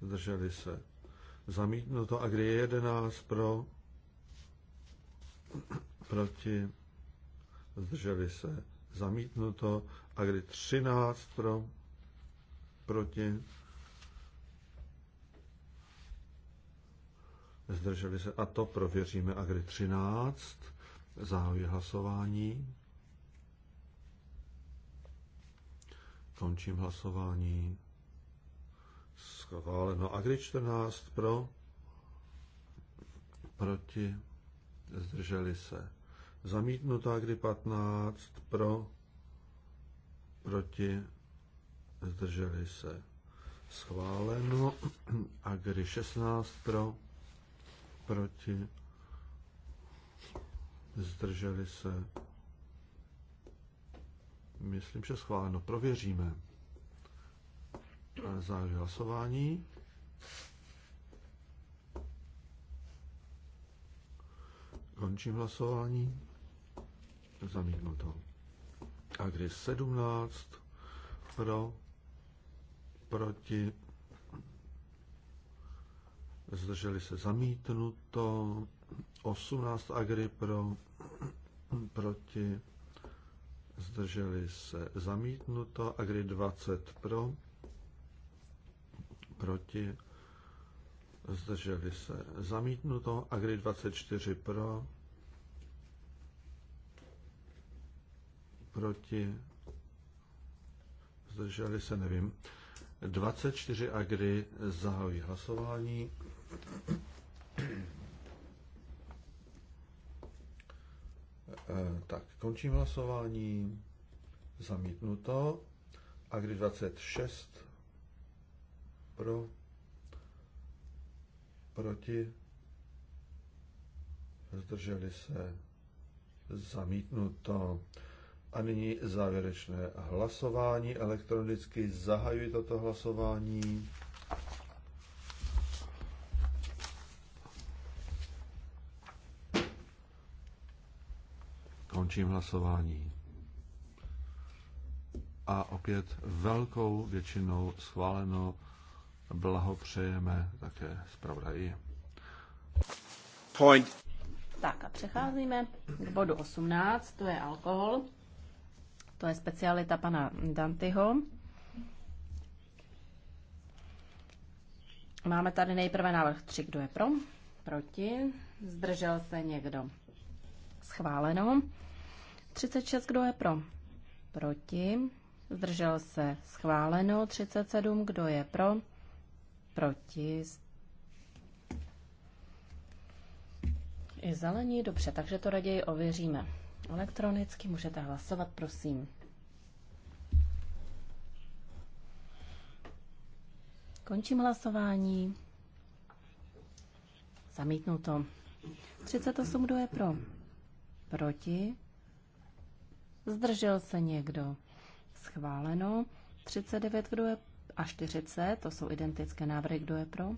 zdrželi se Zamítnuto. A kdy je 11 pro? Proti? Zdrželi se. Zamítnuto. A kdy 13 pro? Proti? Zdrželi se. A to prověříme. A kdy 13? Zahajuji hlasování. Končím hlasování schváleno. Agri 14 pro, proti, zdrželi se. Zamítnuto Agri 15 pro, proti, zdrželi se. Schváleno Agri 16 pro, proti, zdrželi se. Myslím, že schváleno. Prověříme. Zahajuji hlasování. Končím hlasování. Zamítnu to. A kdy 17 pro, proti, zdrželi se zamítnuto, 18 agri pro, proti, zdrželi se zamítnuto, agri 20 pro, proti, zdrželi se. Zamítnuto, Agri 24 pro, proti, zdrželi se, nevím. 24 Agri zahájí hlasování. Eh, tak, končím hlasování. Zamítnuto. Agri 26 pro, proti, zdrželi se, zamítnuto. A nyní závěrečné hlasování. Elektronicky zahajuji toto hlasování. Končím hlasování. A opět velkou většinou schváleno blahopřejeme také zpravodaji. Point. Tak a přecházíme k bodu 18, to je alkohol. To je specialita pana Dantyho. Máme tady nejprve návrh 3, kdo je pro, proti, zdržel se někdo. Schváleno. 36, kdo je pro, proti, zdržel se. Schváleno. 37, kdo je pro, proti. I zelení, dobře, takže to raději ověříme. Elektronicky můžete hlasovat, prosím. Končím hlasování. Zamítnu to. 38, kdo je pro? Proti? Zdržel se někdo? Schváleno. 39, kdo je a 40, to jsou identické návrhy. Kdo je pro?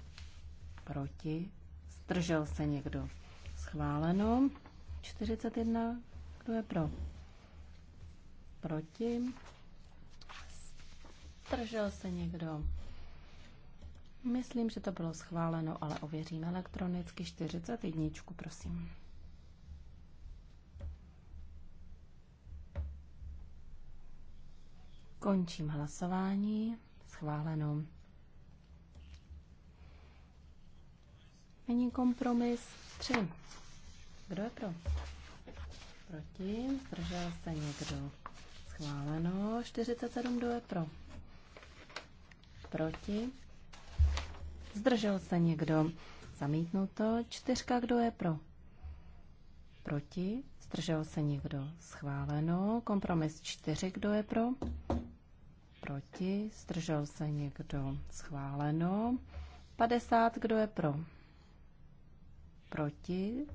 Proti. Zdržel se někdo? Schváleno. 41. Kdo je pro? Proti. Zdržel se někdo? Myslím, že to bylo schváleno, ale ověřím elektronicky 41, prosím. Končím hlasování schváleno. Není kompromis 3. Kdo je pro? Proti. Zdržel se někdo. Schváleno. 47. Kdo je pro? Proti. Zdržel se někdo. Zamítnuto. Čtyřka. Kdo je pro? Proti. Zdržel se někdo. Schváleno. Kompromis 4. Kdo je pro? proti, zdržel se někdo, schváleno. 50, kdo je pro, proti,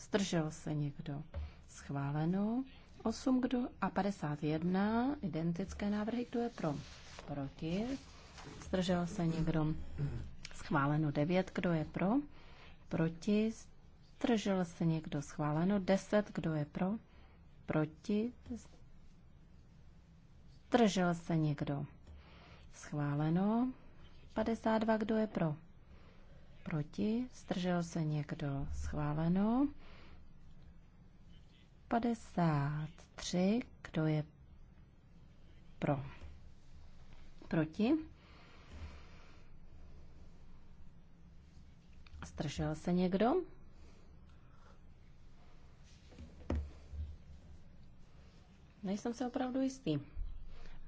zdržel se někdo, schváleno. 8 kdo, a 51, identické návrhy, kdo je pro, proti, zdržel se někdo, schváleno. 9, kdo je pro, proti, zdržel se někdo, schváleno. 10, kdo je pro, proti, Zdržel se někdo? Schváleno. 52, kdo je pro? Proti. Zdržel se někdo? Schváleno. 53, kdo je pro? Proti. Zdržel se někdo? Nejsem se opravdu jistý.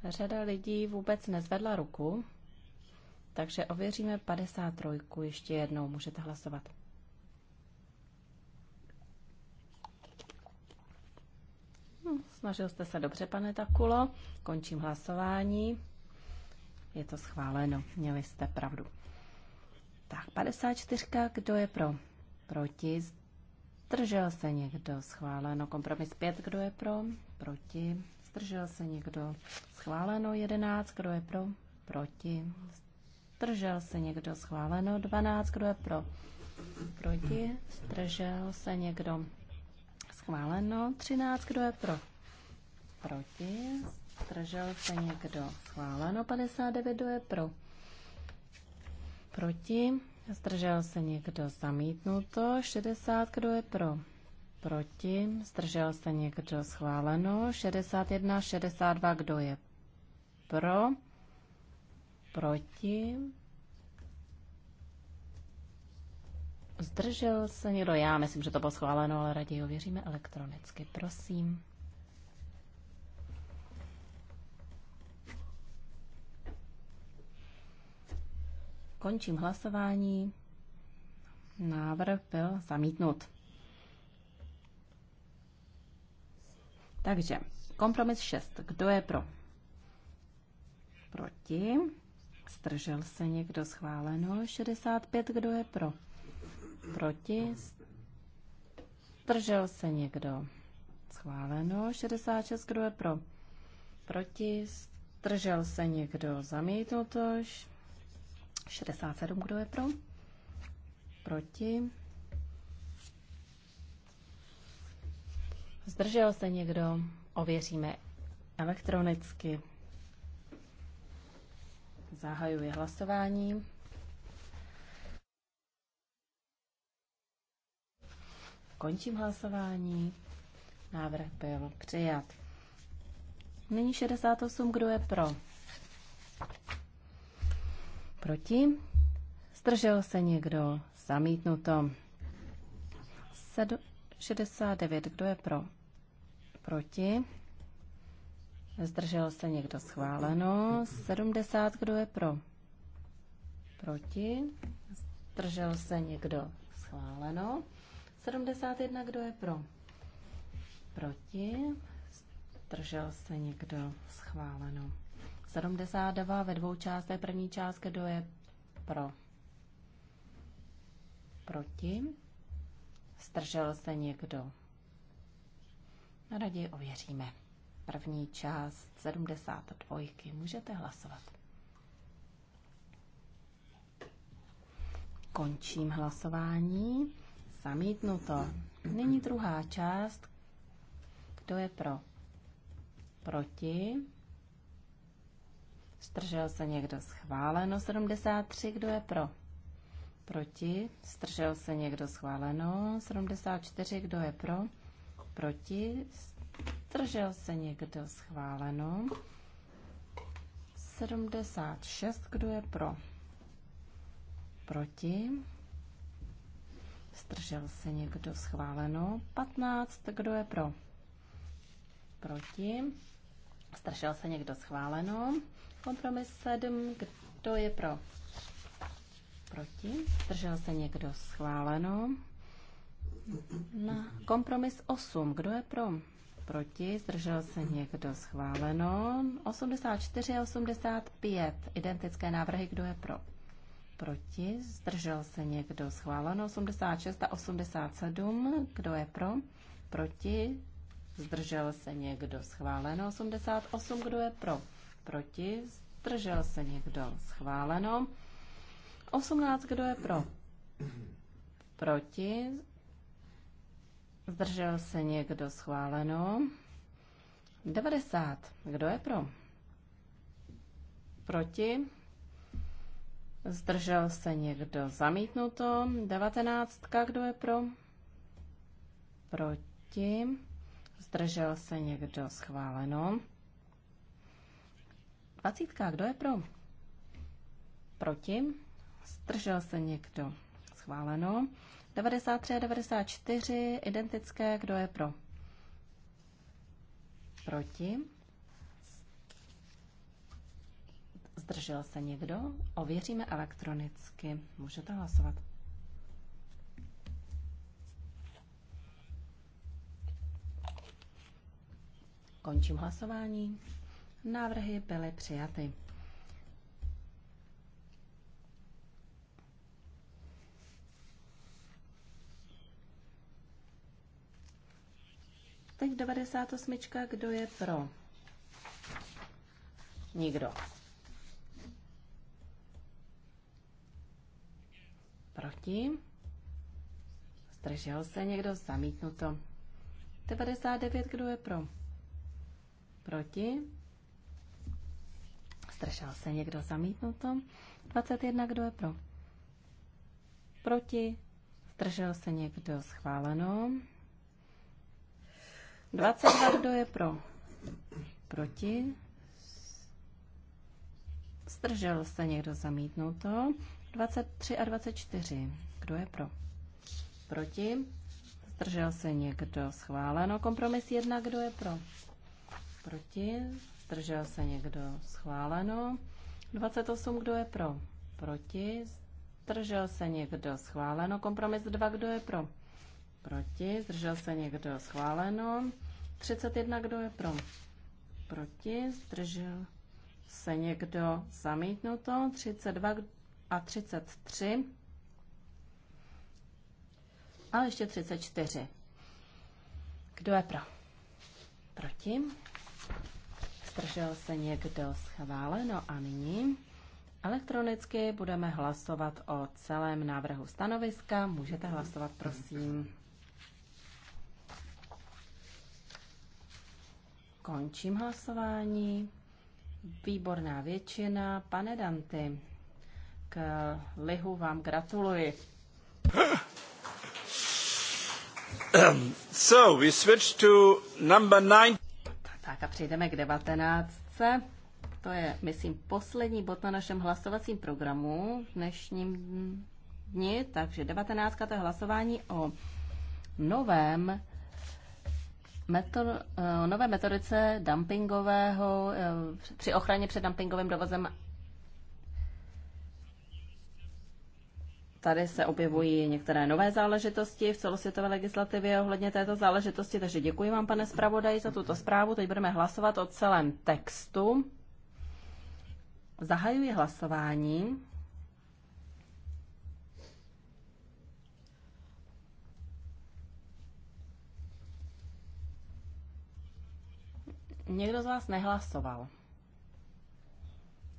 Řada lidí vůbec nezvedla ruku, takže ověříme 53. Ještě jednou můžete hlasovat. Hm, snažil jste se dobře, pane Takulo. Končím hlasování. Je to schváleno. Měli jste pravdu. Tak, 54. Kdo je pro? Proti. Zdržel se někdo? Schváleno. Kompromis 5. Kdo je pro? Proti. Zdržel se někdo? Schváleno 11. Kdo je pro? Proti. Zdržel se někdo? Schváleno 12. Kdo je pro? Proti. Zdržel se někdo? Schváleno 13. Kdo je pro? Proti. Zdržel se někdo? Schváleno 59. Kdo je pro? Proti. Zdržel se někdo? Zamítnuto 60. Kdo je pro? Proti? Zdržel se někdo? Schváleno. 61, 62. Kdo je pro? Proti? Zdržel se někdo? Já myslím, že to bylo schváleno, ale raději ověříme elektronicky. Prosím. Končím hlasování. Návrh byl zamítnut. Takže kompromis 6. Kdo je pro? Proti. Stržel se někdo schváleno? 65. Kdo je pro? Proti. Stržel se někdo? Schváleno. 66. Kdo je pro? Proti. Stržel se někdo? Zamítnuto. 67. Kdo je pro? Proti. Zdržel se někdo? Ověříme elektronicky. Zahajuji hlasování. Končím hlasování. Návrh byl přijat. Nyní 68, kdo je pro? Proti? Zdržel se někdo? Zamítnuto. Sedu- 69. Kdo je pro? Proti? Zdržel se někdo schváleno. 70. Kdo je pro? Proti? Zdržel se někdo schváleno. 71. Kdo je pro? Proti? Zdržel se někdo schváleno. 72 ve dvou částech. První část, kdo je pro? Proti? Zdržel se někdo? Raději ověříme. První část 72. Můžete hlasovat. Končím hlasování. Zamítnuto. Nyní druhá část. Kdo je pro? Proti? Zdržel se někdo schváleno 73, kdo je pro? Proti? Zdržel se někdo schváleno? 74. Kdo je pro? Proti? Zdržel se někdo schváleno? 76. Kdo je pro? Proti? Zdržel se někdo schváleno? 15. Kdo je pro? Proti? Zdržel se někdo schváleno? Kompromis 7. Kdo je pro? Proti? Zdržel se někdo? Schváleno. Na kompromis 8. Kdo je pro? Proti? Zdržel se někdo? Schváleno. 84 a 85. Identické návrhy. Kdo je pro? Proti? Zdržel se někdo? Schváleno. 86 a 87. Kdo je pro? Proti? Zdržel se někdo? Schváleno. 88. Kdo je pro? Proti? Zdržel se někdo? Schváleno. 18, kdo je pro? Proti? Zdržel se někdo schváleno? 90, kdo je pro? Proti? Zdržel se někdo zamítnuto? 19, kdo je pro? Proti? Zdržel se někdo schváleno? 20, kdo je pro? Proti? Zdržel se někdo? Schváleno. 93 a 94 identické. Kdo je pro? Proti. Zdržel se někdo? Ověříme elektronicky. Můžete hlasovat. Končím hlasování. Návrhy byly přijaty. Teď 98. Kdo je pro? Nikdo. Proti? Zdržel se někdo? Zamítnuto. 99. Kdo je pro? Proti? Zdržel se někdo? Zamítnuto. 21. Kdo je pro? Proti? Zdržel se někdo? Schváleno. 22, kdo je pro? Proti? Zdržel se někdo to? 23 a 24, kdo je pro? Proti? Zdržel se někdo schváleno? Kompromis 1, kdo je pro? Proti? Zdržel se někdo schváleno? 28, kdo je pro? Proti? Zdržel se někdo schváleno? Kompromis 2, kdo je pro? Proti. Zdržel se někdo? Schváleno. 31. Kdo je pro? Proti. Zdržel se někdo? Zamítnuto. 32 a 33. A ještě 34. Kdo je pro? Proti. Zdržel se někdo? Schváleno. A nyní Elektronicky budeme hlasovat o celém návrhu stanoviska. Můžete hlasovat, prosím. Končím hlasování. Výborná většina. Pane Danty, k lihu vám gratuluji. So, we switch to number nine. Tak a přejdeme k devatenáctce. To je, myslím, poslední bod na našem hlasovacím programu v dnešním dni. Takže devatenáctka to je hlasování o novém Metod, eh, nové metodice dumpingového eh, při ochraně před dumpingovým dovozem Tady se objevují některé nové záležitosti v celosvětové legislativě ohledně této záležitosti, takže děkuji vám, pane zpravodaj, za tuto zprávu. Teď budeme hlasovat o celém textu. Zahajuji hlasování. Někdo z vás nehlasoval.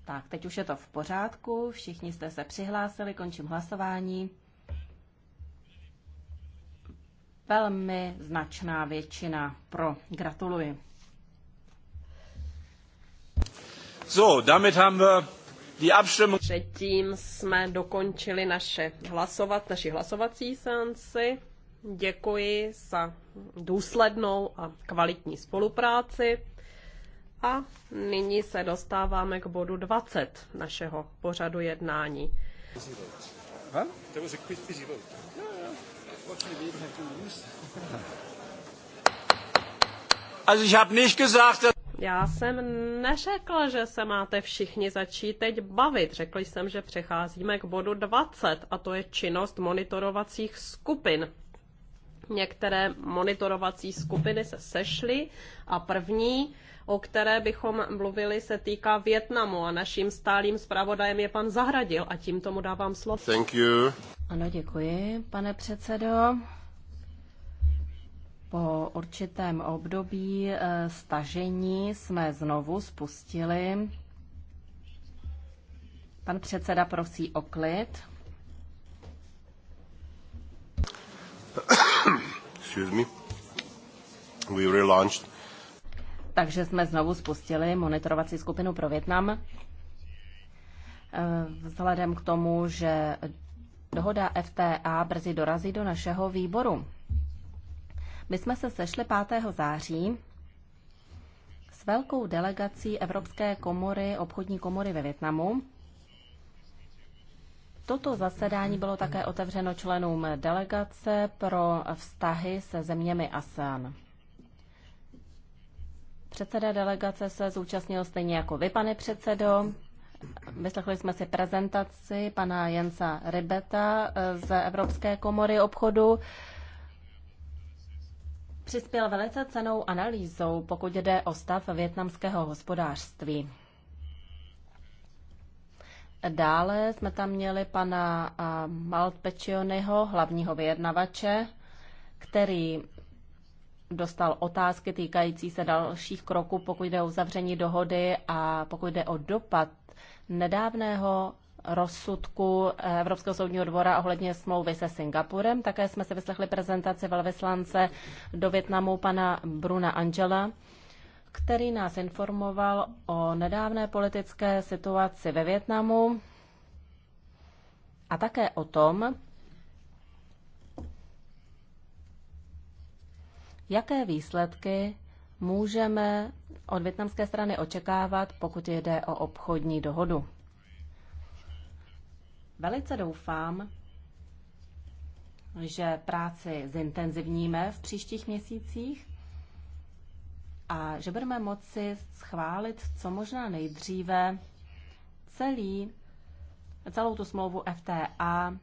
Tak, teď už je to v pořádku, všichni jste se přihlásili, končím hlasování. Velmi značná většina pro. Gratuluji. So, damit haben wir die Abstimmung. Předtím jsme dokončili naše hlasovat, naši hlasovací seanci. Děkuji za důslednou a kvalitní spolupráci. A nyní se dostáváme k bodu 20 našeho pořadu jednání. Já jsem neřekl, že se máte všichni začít teď bavit. Řekl jsem, že přecházíme k bodu 20 a to je činnost monitorovacích skupin. Některé monitorovací skupiny se sešly a první o které bychom mluvili, se týká Větnamu a naším stálým zpravodajem je pan Zahradil a tím tomu dávám slovo. Thank you. Ano, děkuji, pane předsedo. Po určitém období eh, stažení jsme znovu spustili. Pan předseda prosí o klid. Excuse me. We relaunched takže jsme znovu spustili monitorovací skupinu pro Větnam. Eh, vzhledem k tomu, že dohoda FTA brzy dorazí do našeho výboru. My jsme se sešli 5. září s velkou delegací Evropské komory, obchodní komory ve Větnamu. Toto zasedání bylo také otevřeno členům delegace pro vztahy se zeměmi ASEAN. Předseda delegace se zúčastnil stejně jako vy, pane předsedo. Vyslechli jsme si prezentaci pana Jensa Ribeta eh, z Evropské komory obchodu. Přispěl velice cenou analýzou, pokud jde o stav větnamského hospodářství. Dále jsme tam měli pana eh, Maltpečionyho, hlavního vyjednavače, který dostal otázky týkající se dalších kroků, pokud jde o uzavření dohody a pokud jde o dopad nedávného rozsudku Evropského soudního dvora ohledně smlouvy se Singapurem. Také jsme se vyslechli prezentaci velvyslance do Větnamu pana Bruna Angela, který nás informoval o nedávné politické situaci ve Větnamu a také o tom, Jaké výsledky můžeme od větnamské strany očekávat, pokud jde o obchodní dohodu? Velice doufám, že práci zintenzivníme v příštích měsících a že budeme moci schválit co možná nejdříve celý, celou tu smlouvu FTA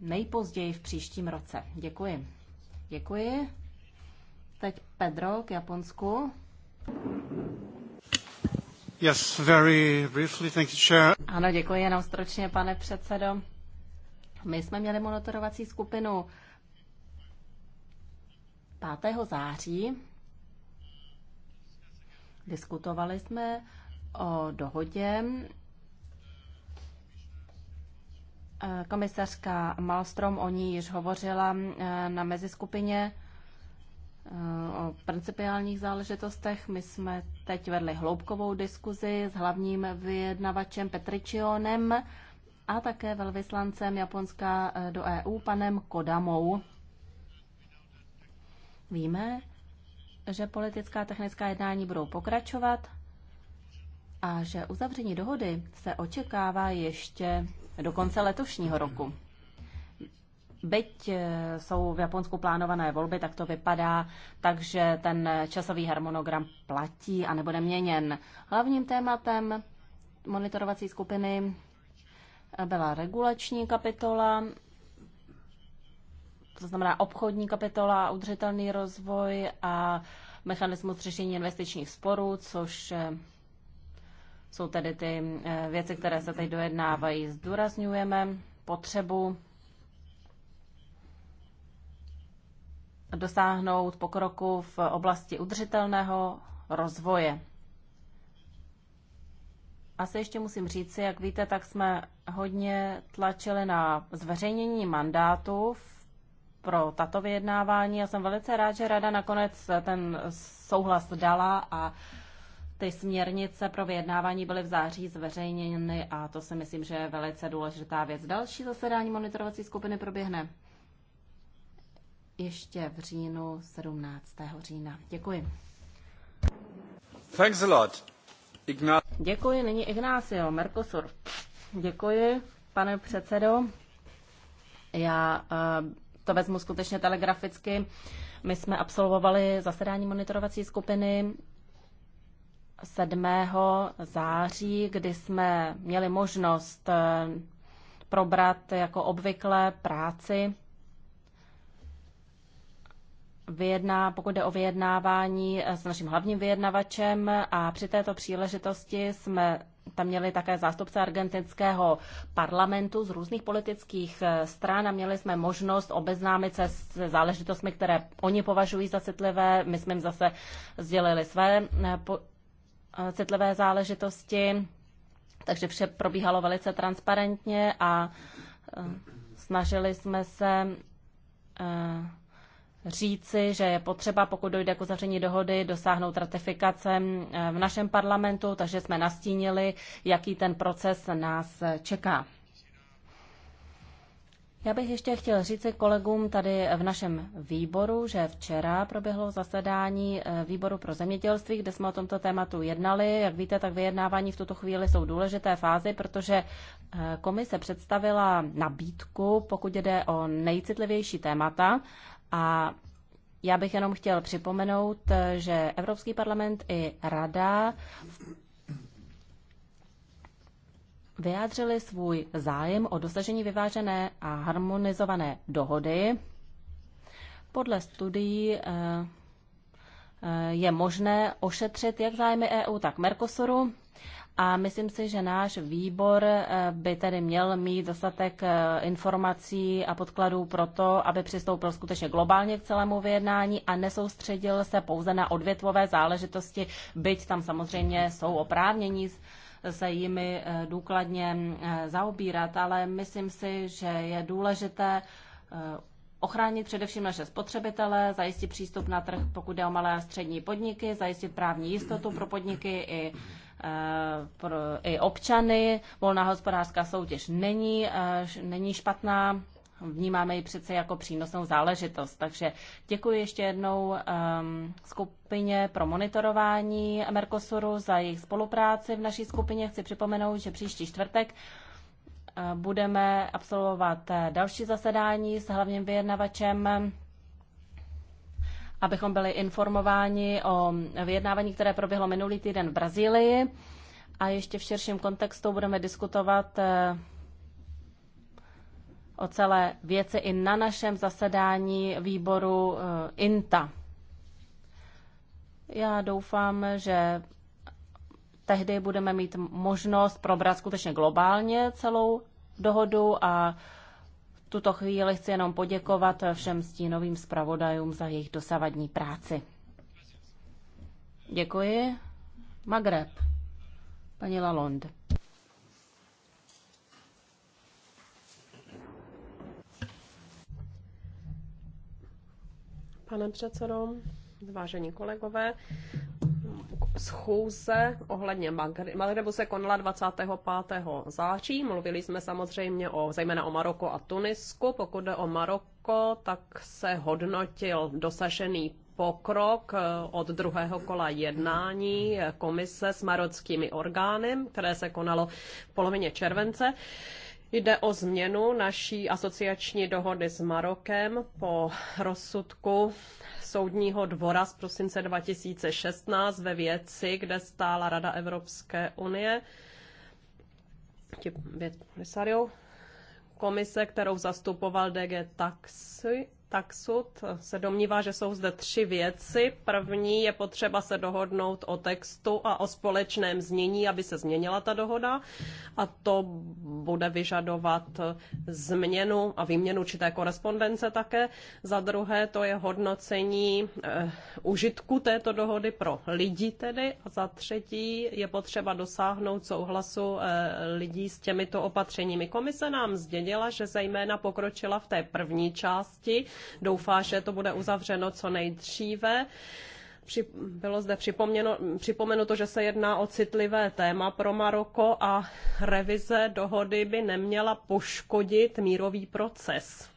nejpozději v příštím roce. Děkuji. Děkuji. Pedro k Japonsku. Yes, very briefly, thank you, chair. Ano, děkuji jenom stručně, pane předsedo. My jsme měli monitorovací skupinu 5. září. Diskutovali jsme o dohodě. Komisařka Malstrom o ní již hovořila eh, na meziskupině Eh, o principiálních záležitostech. My jsme teď vedli hloubkovou diskuzi s hlavním vyjednavačem Petričionem a také velvyslancem Japonska eh, do EU, panem Kodamou. Víme, že politická technická jednání budou pokračovat a že uzavření dohody se očekává ještě do konce letošního roku byť eh, jsou v Japonsku plánované volby, tak to vypadá, takže ten časový harmonogram platí a nebude měněn. Hlavním tématem monitorovací skupiny byla regulační kapitola, to znamená obchodní kapitola, udržitelný rozvoj a mechanismus řešení investičních sporů, což eh, jsou tedy ty eh, věci, které se teď dojednávají. Zdůrazňujeme potřebu dosáhnout pokroku v oblasti udržitelného rozvoje. se ještě musím říci, jak víte, tak jsme hodně tlačili na zveřejnění mandátu pro tato vyjednávání. Já jsem velice rád, že Rada nakonec ten souhlas dala a ty směrnice pro vyjednávání byly v září zveřejněny a to si myslím, že je velice důležitá věc. Další zasedání monitorovací skupiny proběhne ještě v říjnu 17. října. Děkuji. Thanks a lot. Igna- Děkuji, nyní Ignacio, Mercosur. Děkuji, pane předsedo. Já eh, to vezmu skutečně telegraficky. My jsme absolvovali zasedání monitorovací skupiny 7. září, kdy jsme měli možnost eh, probrat jako obvykle práci vyjedná, pokud jde o vyjednávání eh, s naším hlavním vyjednavačem a při této příležitosti jsme tam měli také zástupce argentinského parlamentu z různých politických eh, stran a měli jsme možnost obeznámit se s záležitostmi, které oni považují za citlivé. My jsme jim zase sdělili své eh, citlivé záležitosti, takže vše probíhalo velice transparentně a snažili jsme se říci, že je potřeba, pokud dojde k uzavření dohody, dosáhnout ratifikace eh, v našem parlamentu, takže jsme nastínili, jaký ten proces nás čeká. Já bych ještě chtěl říci kolegům tady v našem výboru, že včera proběhlo zasedání eh, výboru pro zemědělství, kde jsme o tomto tématu jednali. Jak víte, tak vyjednávání v tuto chvíli jsou důležité fázy, protože eh, komise představila nabídku, pokud jde o nejcitlivější témata. A já bych jenom chtěl připomenout, že Evropský parlament i Rada vyjádřili svůj zájem o dosažení vyvážené a harmonizované dohody. Podle studií eh, eh, je možné ošetřit jak zájmy EU, tak Mercosuru a myslím si, že náš výbor eh, by tedy měl mít dostatek eh, informací a podkladů pro to, aby přistoupil skutečně globálně k celému vyjednání a nesoustředil se pouze na odvětvové záležitosti, byť tam samozřejmě jsou oprávnění se jimi eh, důkladně zaobírat, ale myslím si, že je důležité ochránit především naše spotřebitele, zajistit přístup na trh, pokud jde o malé a střední podniky, zajistit právní jistotu pro podniky i Eh, pro i občany. Volná hospodářská soutěž není, eh, není špatná, vnímáme ji přece jako přínosnou záležitost. Takže děkuji ještě jednou ehm, skupině pro monitorování Mercosuru za jejich spolupráci v naší skupině. Chci připomenout, že příští čtvrtek eh, budeme absolvovat další zasedání s hlavním vyjednavačem abychom byli informováni o vyjednávání, které proběhlo minulý týden v Brazílii. A ještě v širším kontextu budeme diskutovat eh, o celé věci i na našem zasedání výboru eh, INTA. Já doufám, že tehdy budeme mít možnost probrat skutečně globálně celou dohodu a tuto chvíli chci jenom poděkovat všem stínovým zpravodajům za jejich dosavadní práci. Děkuji. Magreb. Paní Lalonde. Pane předsedo, vážení kolegové, schůze ohledně Magrebu se konala 25. září. Mluvili jsme samozřejmě o, zejména o Maroko a Tunisku. Pokud jde o Maroko, tak se hodnotil dosažený pokrok eh, od druhého kola jednání komise s marockými orgány, které se konalo v polovině července. Jde o změnu naší asociační dohody s Marokem po rozsudku soudního dvora z prosince 2016 ve věci, kde stála Rada Evropské unie. Komise, kterou zastupoval DG Taxi, tak sud se domnívá, že jsou zde tři věci. První je potřeba se dohodnout o textu a o společném znění, aby se změnila ta dohoda a to bude vyžadovat změnu a výměnu určité korespondence také. Za druhé to je hodnocení eh, užitku této dohody pro lidi tedy a za třetí je potřeba dosáhnout souhlasu eh, lidí s těmito opatřeními. Komise nám zdědila, že zejména pokročila v té první části, doufá, že to bude uzavřeno co nejdříve. bylo zde připomenuto, že se jedná o citlivé téma pro Maroko a revize dohody by neměla poškodit mírový proces,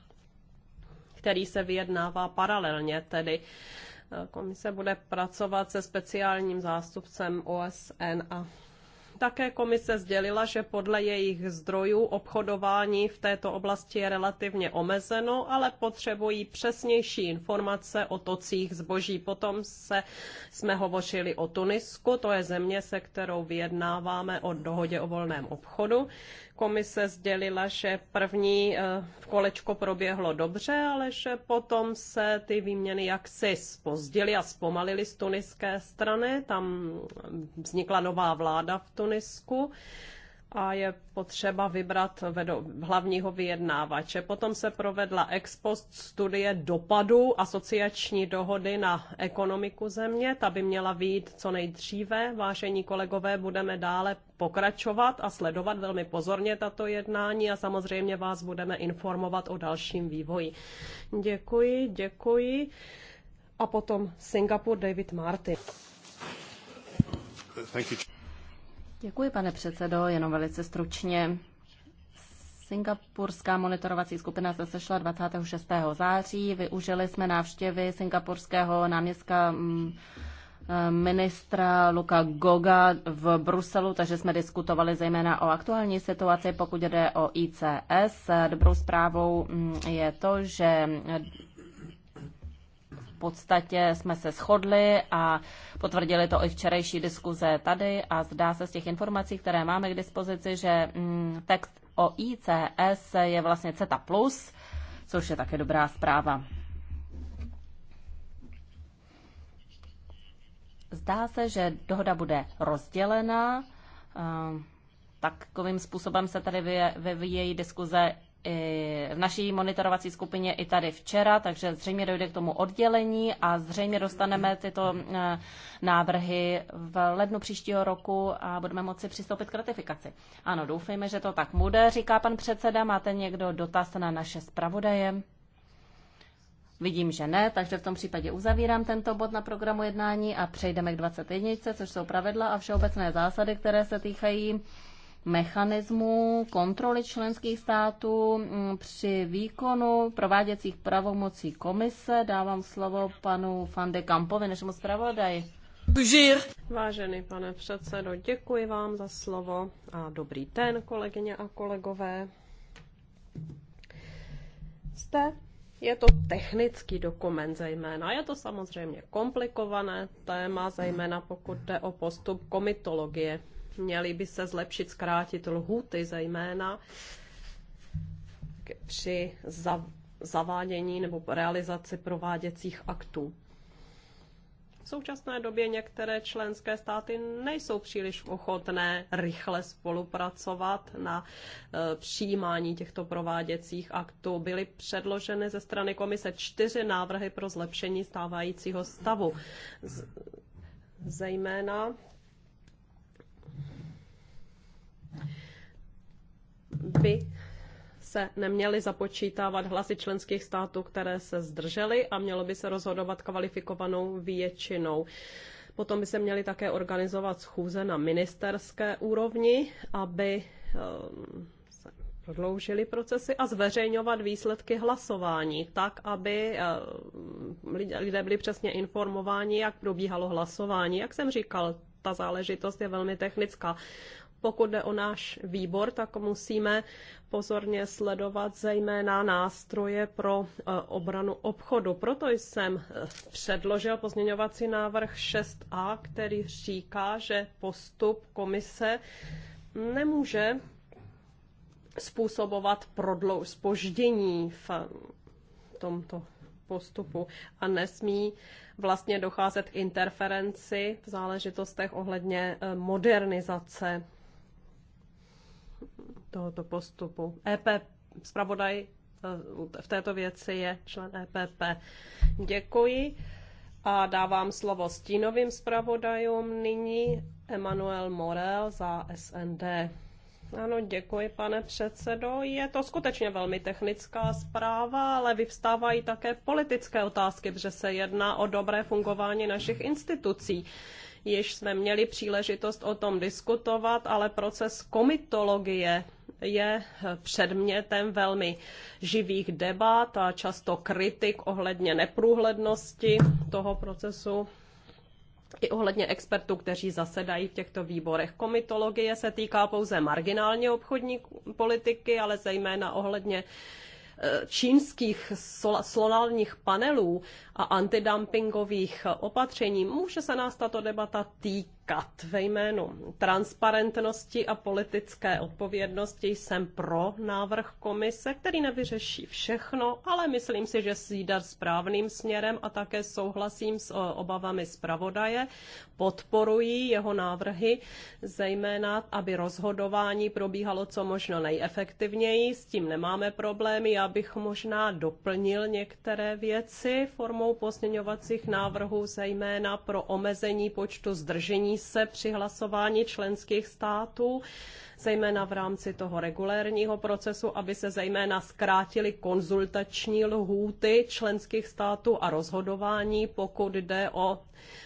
který se vyjednává paralelně. Tedy eh, komise bude pracovat se speciálním zástupcem OSN a také komise sdělila, že podle jejich zdrojů obchodování v této oblasti je relativně omezeno, ale potřebují přesnější informace o tocích zboží. Potom se, jsme hovořili o Tunisku, to je země, se kterou vyjednáváme o dohodě o volném obchodu. Komise sdělila, že první eh, kolečko proběhlo dobře, ale že potom se ty výměny jaksi spozdily a zpomalily z tuniské strany. Tam vznikla nová vláda v Tunisku a je potřeba vybrat hlavního vyjednávače. Potom se provedla ex post studie dopadu asociační dohody na ekonomiku země. Ta by měla výjít co nejdříve. Vážení kolegové, budeme dále pokračovat a sledovat velmi pozorně tato jednání a samozřejmě vás budeme informovat o dalším vývoji. Děkuji, děkuji. A potom Singapur David Martin. Thank you. Děkuji, pane předsedo, jenom velice stručně. Singapurská monitorovací skupina se sešla 26. září. Využili jsme návštěvy singapurského náměstka mm, eh, ministra Luka Goga v Bruselu, takže jsme diskutovali zejména o aktuální situaci, pokud jde o ICS. Dobrou zprávou mm, je to, že podstatě jsme se shodli a potvrdili to i včerejší diskuze tady a zdá se z těch informací, které máme k dispozici, že mm, text o ICS je vlastně CETA+, plus, což je také dobrá zpráva. Zdá se, že dohoda bude rozdělena. Eh, takovým způsobem se tady vyvíjejí diskuze i v naší monitorovací skupině i tady včera, takže zřejmě dojde k tomu oddělení a zřejmě dostaneme tyto eh, návrhy v lednu příštího roku a budeme moci přistoupit k ratifikaci. Ano, doufejme, že to tak bude, říká pan předseda. Máte někdo dotaz na naše zpravodaje? Vidím, že ne, takže v tom případě uzavírám tento bod na programu jednání a přejdeme k 21, což jsou pravidla a všeobecné zásady, které se týkají mechanismů kontroly členských států mm, při výkonu prováděcích pravomocí komise. Dávám slovo panu Van de Kampovi, našemu zpravodaji. Vážený pane předsedo, děkuji vám za slovo a dobrý den, kolegyně a kolegové. Jste je to technický dokument zejména. Je to samozřejmě komplikované téma, zejména pokud jde o postup komitologie. Měly by se zlepšit, zkrátit lhuty zejména při zavádění nebo realizaci prováděcích aktů. V současné době některé členské státy nejsou příliš ochotné rychle spolupracovat na e, přijímání těchto prováděcích aktů. Byly předloženy ze strany komise čtyři návrhy pro zlepšení stávajícího stavu. Z, zejména by se neměly započítávat hlasy členských států, které se zdržely a mělo by se rozhodovat kvalifikovanou většinou. Potom by se měly také organizovat schůze na ministerské úrovni, aby ehm, se prodloužily procesy a zveřejňovat výsledky hlasování, tak, aby ehm, lidé byli přesně informováni, jak probíhalo hlasování. Jak jsem říkal, ta záležitost je velmi technická. Pokud jde o náš výbor, tak musíme pozorně sledovat zejména nástroje pro eh, obranu obchodu. Proto jsem eh, předložil pozměňovací návrh 6a, který říká, že postup komise nemůže způsobovat prodlou, spoždění v tomto postupu a nesmí vlastně docházet k interferenci v záležitostech ohledně eh, modernizace tohoto postupu. EP, zpravodaj eh, v této věci je člen EPP. Děkuji a dávám slovo stínovým zpravodajům nyní Emanuel Morel za SND. Ano, děkuji, pane předsedo. Je to skutečně velmi technická zpráva, ale vyvstávají také politické otázky, protože se jedná o dobré fungování našich institucí. Již jsme měli příležitost o tom diskutovat, ale proces komitologie je předmětem velmi živých debat a často kritik ohledně neprůhlednosti toho procesu i ohledně expertů, kteří zasedají v těchto výborech. Komitologie se týká pouze marginálně obchodní politiky, ale zejména ohledně čínských solárních panelů a antidumpingových opatření, může se nás tato debata týkat kat ve jménu transparentnosti a politické odpovědnosti jsem pro návrh komise, který nevyřeší všechno, ale myslím si, že jde správným směrem a také souhlasím s obavami zpravodaje. Podporuji jeho návrhy, zejména aby rozhodování probíhalo co možno nejefektivněji. S tím nemáme problémy. Já bych možná doplnil některé věci formou pozměňovacích návrhů, zejména pro omezení počtu zdržení komise při hlasování členských států zejména v rámci toho regulérního procesu, aby se zejména zkrátily konzultační lhůty členských států a rozhodování, pokud jde o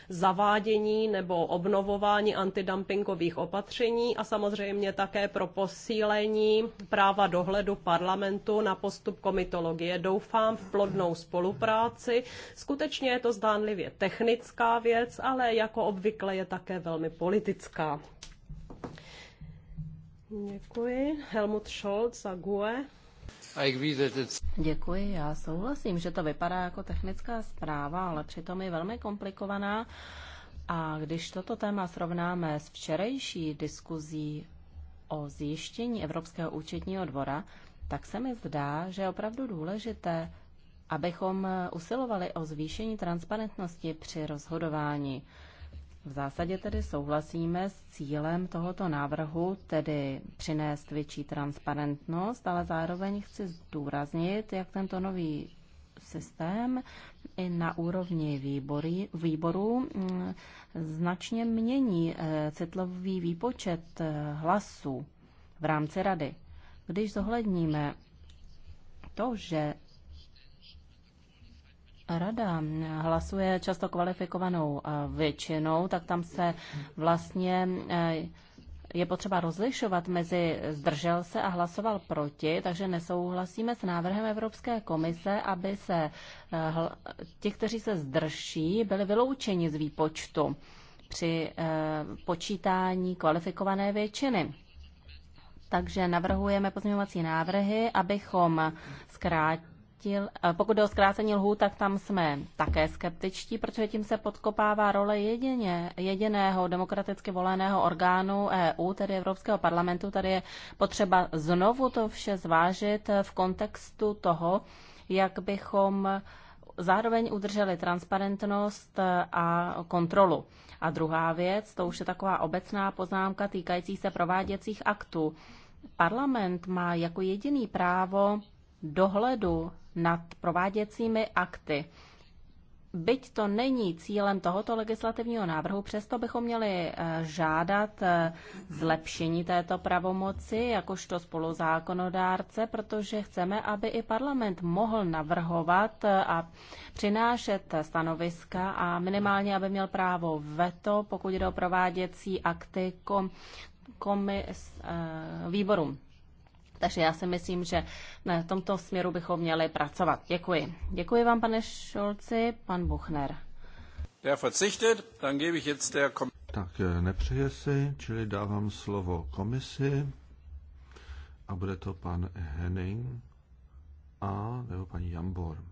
zavádění nebo obnovování antidumpingových opatření a samozřejmě také pro posílení práva dohledu parlamentu na postup komitologie. Doufám v plodnou spolupráci. Skutečně je to zdánlivě technická věc, ale jako obvykle je také velmi politická. Děkuji. Helmut Scholz a GUE. Děkuji, já souhlasím, že to vypadá jako technická zpráva, ale přitom je velmi komplikovaná. A když toto téma srovnáme s včerejší diskuzí o zjištění Evropského účetního dvora, tak se mi zdá, že je opravdu důležité, abychom usilovali o zvýšení transparentnosti při rozhodování. V zásadě tedy souhlasíme s cílem tohoto návrhu, tedy přinést větší transparentnost, ale zároveň chci zdůraznit, jak tento nový systém i na úrovni výbory, výboru mm, značně mění eh, citlivý výpočet eh, hlasů v rámci rady. Když zohledníme to, že rada hlasuje často kvalifikovanou eh, většinou, tak tam se vlastně eh, je potřeba rozlišovat mezi zdržel se a hlasoval proti, takže nesouhlasíme s návrhem Evropské komise, aby se eh, ti, kteří se zdrží, byli vyloučeni z výpočtu při počítání kvalifikované většiny. Takže navrhujeme pozměňovací návrhy, abychom zkrátili zkrátil, pokud jde o zkrácení lhů, tak tam jsme také skeptičtí, protože tím se podkopává role jedině, jediného demokraticky voleného orgánu EU, tedy Evropského parlamentu. Tady je potřeba znovu to vše zvážit v kontextu toho, jak bychom zároveň udrželi transparentnost a kontrolu. A druhá věc, to už je taková obecná poznámka týkající se prováděcích aktů. Parlament má jako jediný právo dohledu nad prováděcími akty. Byť to není cílem tohoto legislativního návrhu, přesto bychom měli eh, žádat eh, zlepšení této pravomoci jakožto spoluzákonodárce, protože chceme, aby i parlament mohl navrhovat eh, a přinášet stanoviska a minimálně, aby měl právo veto, pokud jde o prováděcí akty kom, komis, výborům. Takže já si myslím, že na tomto směru bychom měli pracovat. Děkuji. Děkuji vám, pane Šolci, pan Buchner. Der verzichtet, dann gebe ich jetzt der Kom tak eh, nepřeje si, čili dávám slovo komisi a bude to pan Henning a nebo paní Jambor.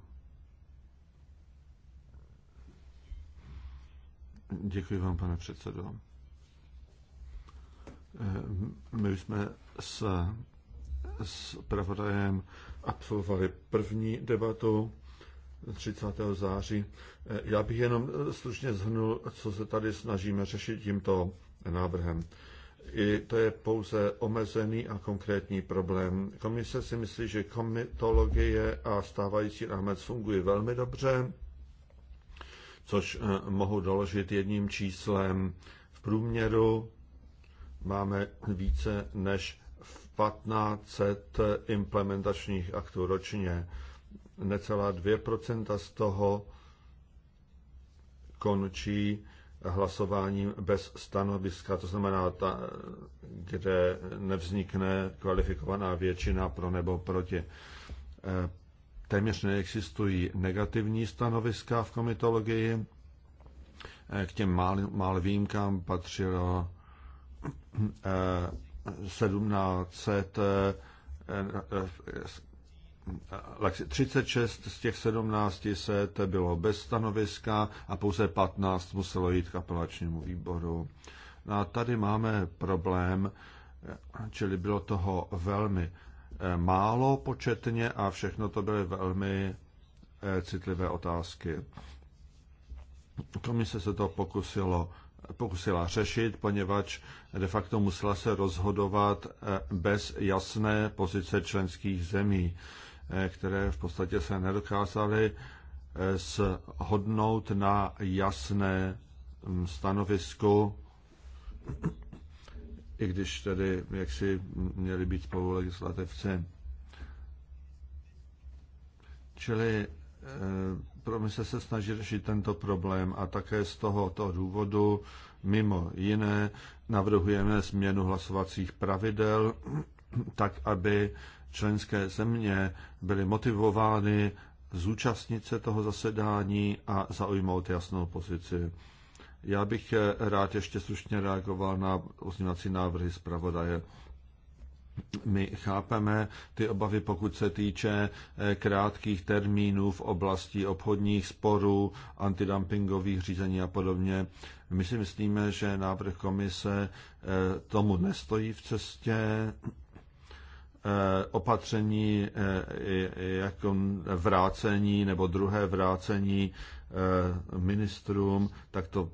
Děkuji vám, pane předsedo. Eh, my jsme s s pravodajem absolvovali první debatu 30. září. Eh, já bych jenom eh, slušně zhrnul, co se tady snažíme řešit tímto návrhem. I to je pouze omezený a konkrétní problém. Komise si myslí, že komitologie a stávající rámec fungují velmi dobře, což eh, mohu doložit jedním číslem. V průměru máme více než 1500 implementačních aktů ročně. Necelá 2% z toho končí hlasováním bez stanoviska, to znamená, ta, kde nevznikne kvalifikovaná většina pro nebo proti. Eh, téměř neexistují negativní stanoviska v komitologii. Eh, k těm mál, mál výjimkám patřilo eh, 1700 36 eh, eh, eh, z těch 17 1700 bylo bez stanoviska a pouze 15 muselo jít k apelačnímu výboru. No a tady máme problém, čili bylo toho velmi málo početně a všechno to byly velmi citlivé otázky. Komise se to pokusilo pokusila řešit, poněvadž de facto musela se rozhodovat eh, bez jasné pozice členských zemí, eh, které v podstatě se nedokázaly eh, shodnout na jasné hm, stanovisku, i když tedy jaksi měli být legislativci. Čili komise se snaží řešit tento problém a také z tohoto důvodu mimo jiné navrhujeme změnu hlasovacích pravidel tak, aby členské země byly motivovány zúčastnit se toho zasedání a zaujmout jasnou pozici. Já bych rád ještě stručně reagoval na pozměňovací návrhy zpravodaje. My chápeme ty obavy, pokud se týče eh, krátkých termínů v oblasti obchodních sporů, antidumpingových řízení a podobně. My si myslíme, že návrh komise eh, tomu nestojí v cestě. Eh, opatření jako vrácení nebo druhé vrácení ministrům, tak to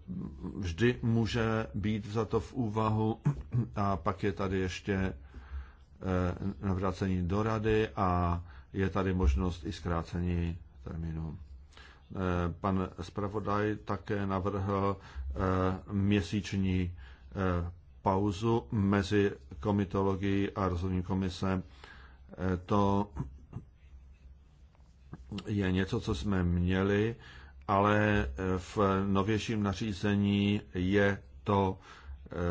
vždy může být za to v úvahu. A pak je tady ještě Eh, navrácení do rady a je tady možnost i zkrácení termínu. Eh, pan zpravodaj také navrhl eh, měsíční pauzu mezi komitologií a rozhodním komise. To je něco, co jsme měli, ale v novějším nařízení je to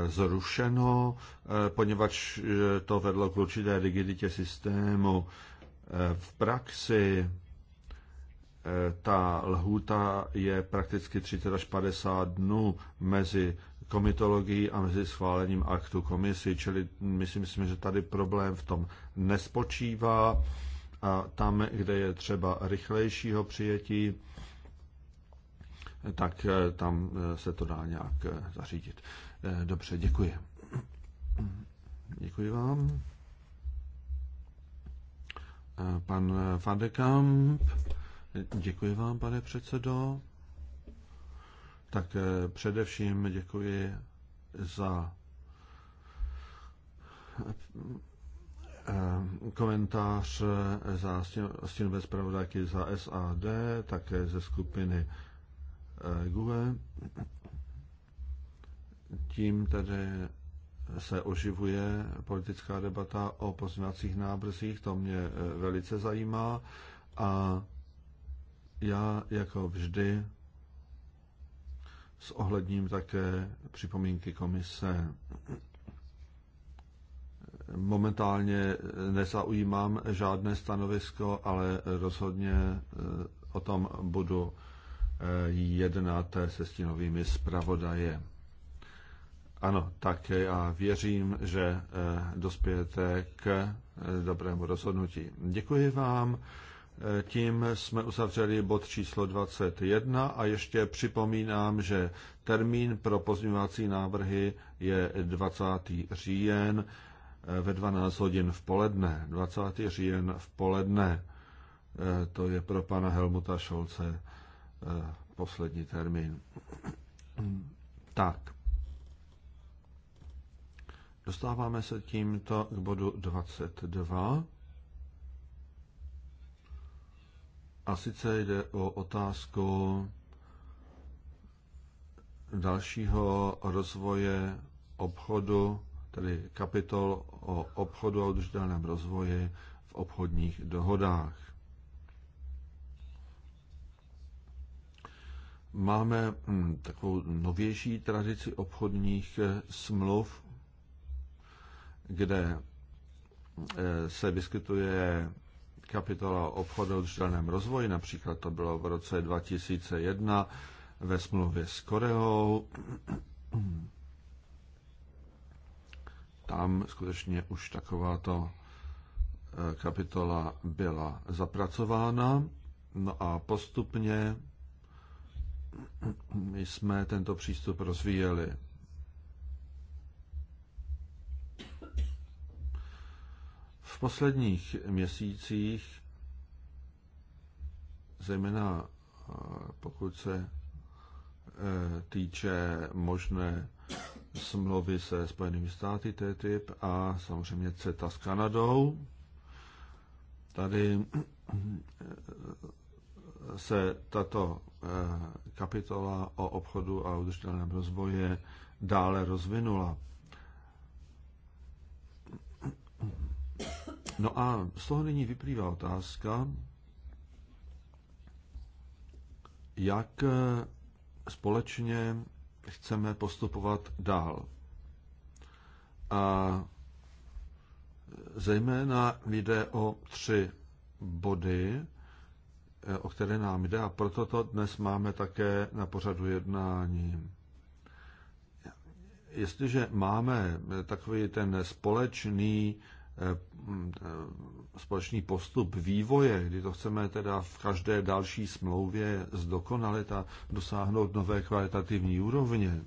zrušeno, eh, poněvadž eh, to vedlo k určité rigiditě systému. Eh, v praxi ta lhůta je prakticky 30 až 50 dnů mezi komitologií a mezi schválením aktu komisí, čili my si myslím, že tady problém v tom nespočívá a tam, kde je třeba rychlejšího přijetí, tak tam se to dá nějak zařídit. Eh, dobře, děkuji. Děkuji vám. Eh, pan Van de Kamp, děkuji vám, pane předsedo. Tak eh, především děkuji za komentář za stínové zpravodajky za SAD, také ze skupiny GUE. Tím tedy se oživuje politická debata o pozměňovacích návrzích, to mě eh, velice zajímá a já jako vždy s ohledním také připomínky komise. Momentálně eh, nezaujímám žádné stanovisko, ale rozhodně eh, o tom budu jednat se stínovými zpravodaje. Ano, tak já věřím, že eh, dospějete k eh, dobrému rozhodnutí. Děkuji vám. Eh, tím jsme uzavřeli bod číslo 21 a ještě připomínám, že termín pro pozměňovací návrhy je 20. říjen ve 12 hodin v poledne. 20. říjen v poledne. To je pro pana Helmuta Šolce poslední termín. Tak. Dostáváme se tímto k bodu 22. A sice jde o otázku dalšího rozvoje obchodu, tedy kapitol o obchodu a udržitelném rozvoji v obchodních dohodách. Máme hm, takovou novější tradici obchodních eh, smluv, kde eh, se vyskytuje kapitola obchodu o udržitelném rozvoji, například to bylo v roce 2001 ve smluvě s Koreou. Tam skutečně už takováto eh, kapitola byla zapracována. No a postupně my jsme tento přístup rozvíjeli. V posledních měsících, zejména eh, pokud se eh, týče možné smlouvy se Spojenými státy TTIP a samozřejmě CETA s Kanadou. Tady eh, se tato kapitola o obchodu a udržitelném rozvoje dále rozvinula. No a z toho nyní vyplývá otázka, jak eh, společně chceme postupovat dál. A zejména jde o tři body, eh, o které nám jde a proto to dnes máme také na pořadu jednání. Jestliže máme takový ten společný Eh, společný postup vývoje, kdy to chceme teda v každé další smlouvě zdokonalit a dosáhnout nové kvalitativní úrovně.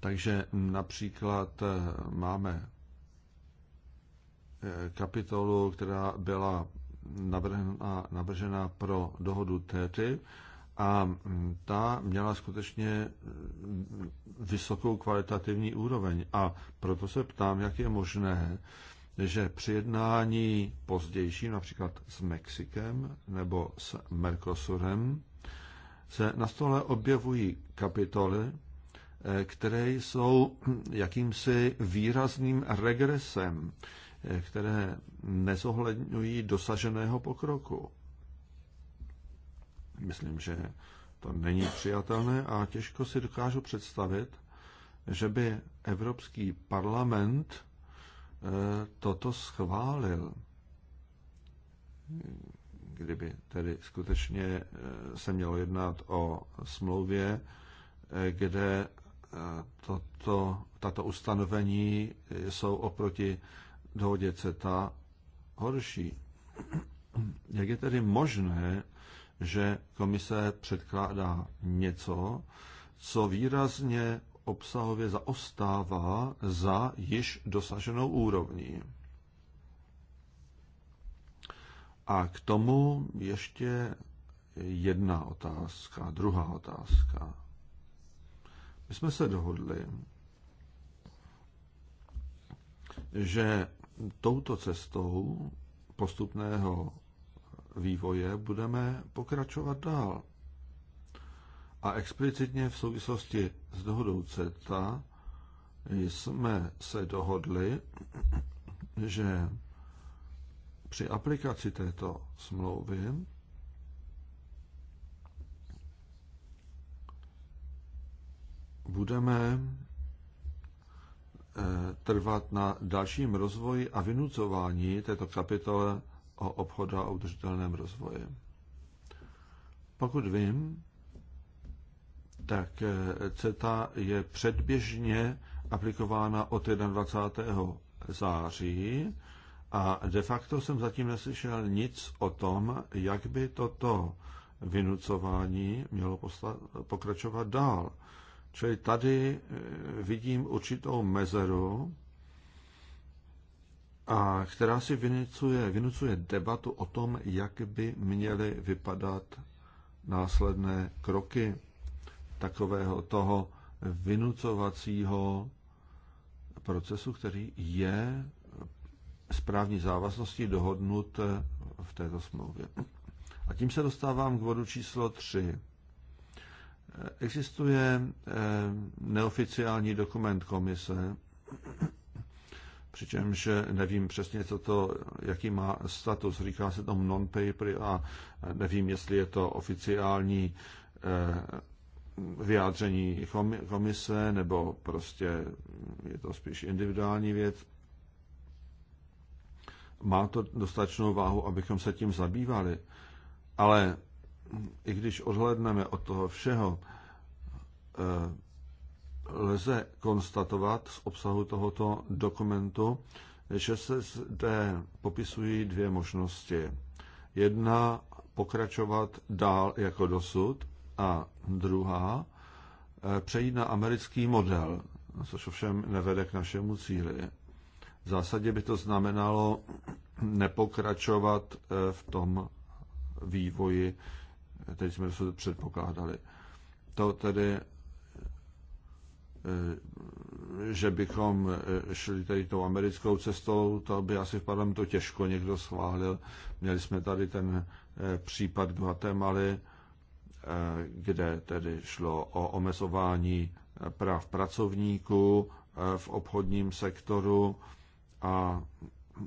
Takže například eh, máme eh, kapitolu, která byla navržena, pro dohodu TTIP e a mm, ta měla skutečně mm, vysokou kvalitativní úroveň. A proto se ptám, jak je možné, že při jednání pozdější, například s Mexikem nebo s Mercosurem, se na stole objevují kapitoly, eh, které jsou mm, jakýmsi výrazným regresem, eh, které nezohledňují dosaženého pokroku. Myslím, že to není přijatelné a těžko si dokážu představit, že by Evropský parlament eh, toto schválil. Kdyby tedy skutečně eh, se mělo jednat o smlouvě, eh, kde toto, tato ustanovení jsou oproti dohodě CETA horší. Jak je tedy možné, že komise předkládá něco, co výrazně obsahově zaostává za již dosaženou úrovní. A k tomu ještě jedna otázka, druhá otázka. My jsme se dohodli, že touto cestou postupného vývoje budeme pokračovat dál. A explicitně v souvislosti s dohodou CETA jsme se dohodli, že při aplikaci této smlouvy budeme eh, trvat na dalším rozvoji a vynucování této kapitole o obchodu a udržitelném rozvoji. Pokud vím, tak eh, CETA je předběžně aplikována od 21. září a de facto jsem zatím neslyšel nic o tom, jak by toto vynucování mělo pokračovat dál. Čili tady eh, vidím určitou mezeru, a která si vynucuje, vynucuje debatu o tom, jak by měly vypadat následné kroky takového toho vynucovacího procesu, který je správní závazností dohodnut v této smlouvě. A tím se dostávám k bodu číslo 3. Existuje eh, neoficiální dokument komise, přičemž nevím přesně, co to, jaký má status. Říká se tomu non-paper a nevím, jestli je to oficiální eh, vyjádření komise, nebo prostě je to spíš individuální věc. Má to dostatečnou váhu, abychom se tím zabývali, ale i když odhledneme od toho všeho, eh, lze konstatovat z obsahu tohoto dokumentu, že se zde popisují dvě možnosti. Jedna pokračovat dál jako dosud a druhá eh, přejít na americký model, což ovšem nevede k našemu cíli. V zásadě by to znamenalo nepokračovat eh, v tom vývoji, eh, který jsme dosud předpokládali. To tedy Eh, že bychom eh, šli tady tou americkou cestou, to by asi v parlamentu těžko někdo schválil. Měli jsme tady ten eh, případ Guatemaly, kde tedy šlo o omezování práv pracovníků v obchodním sektoru a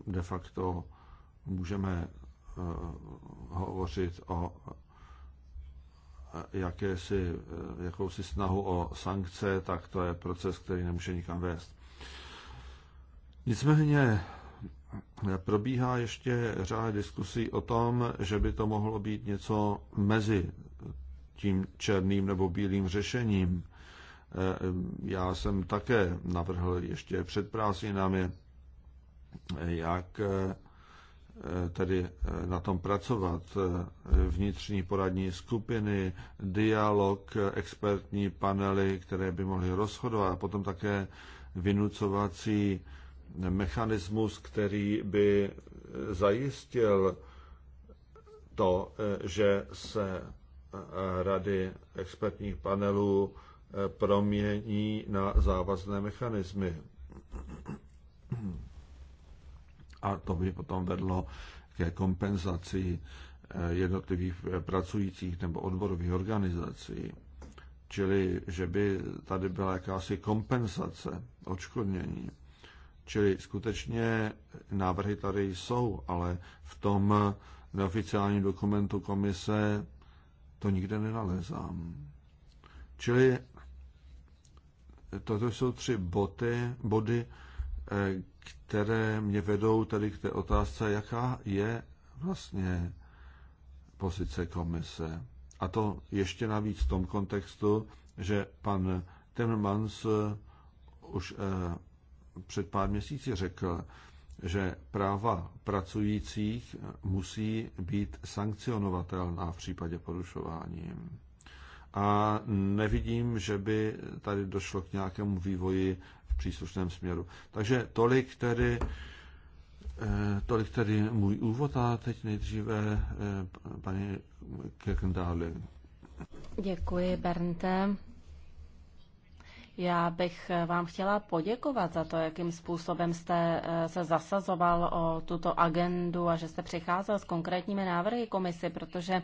de facto můžeme hovořit o jakési, eh, jakousi snahu o sankce, tak to je proces, který nemůže nikam vést. Nicméně eh, probíhá ještě řád diskusí o tom, že by to mohlo být něco mezi tím černým nebo bílým řešením. Eh, já jsem také navrhl ještě před prázdninami, jak Eh, tedy eh, na tom pracovat, eh, vnitřní poradní skupiny, dialog, expertní panely, které by mohly rozhodovat a potom také vynucovací mechanismus, který by zajistil to, že se rady expertních panelů promění na závazné mechanismy a to by potom vedlo ke kompenzaci eh, jednotlivých eh, pracujících nebo odborových organizací. Čili, že by tady byla jakási kompenzace, odškodnění. Čili skutečně návrhy tady jsou, ale v tom neoficiálním dokumentu komise to nikde nenalézám. Čili toto jsou tři boty, body, Eh, které mě vedou tady k té otázce, jaká je vlastně pozice komise. A to ještě navíc v tom kontextu, že pan Timmermans eh, už eh, před pár měsíci řekl, že práva pracujících musí být sankcionovatelná v případě porušování. A nevidím, že by tady došlo k nějakému vývoji příslušném směru. Takže tolik tedy, eh, tolik tedy můj úvod a teď nejdříve eh, paní Kekendáli. Děkuji, Bernte. Já bych eh, vám chtěla poděkovat za to, jakým způsobem jste se zasazoval o tuto agendu a že jste přicházel s konkrétními návrhy komisi, protože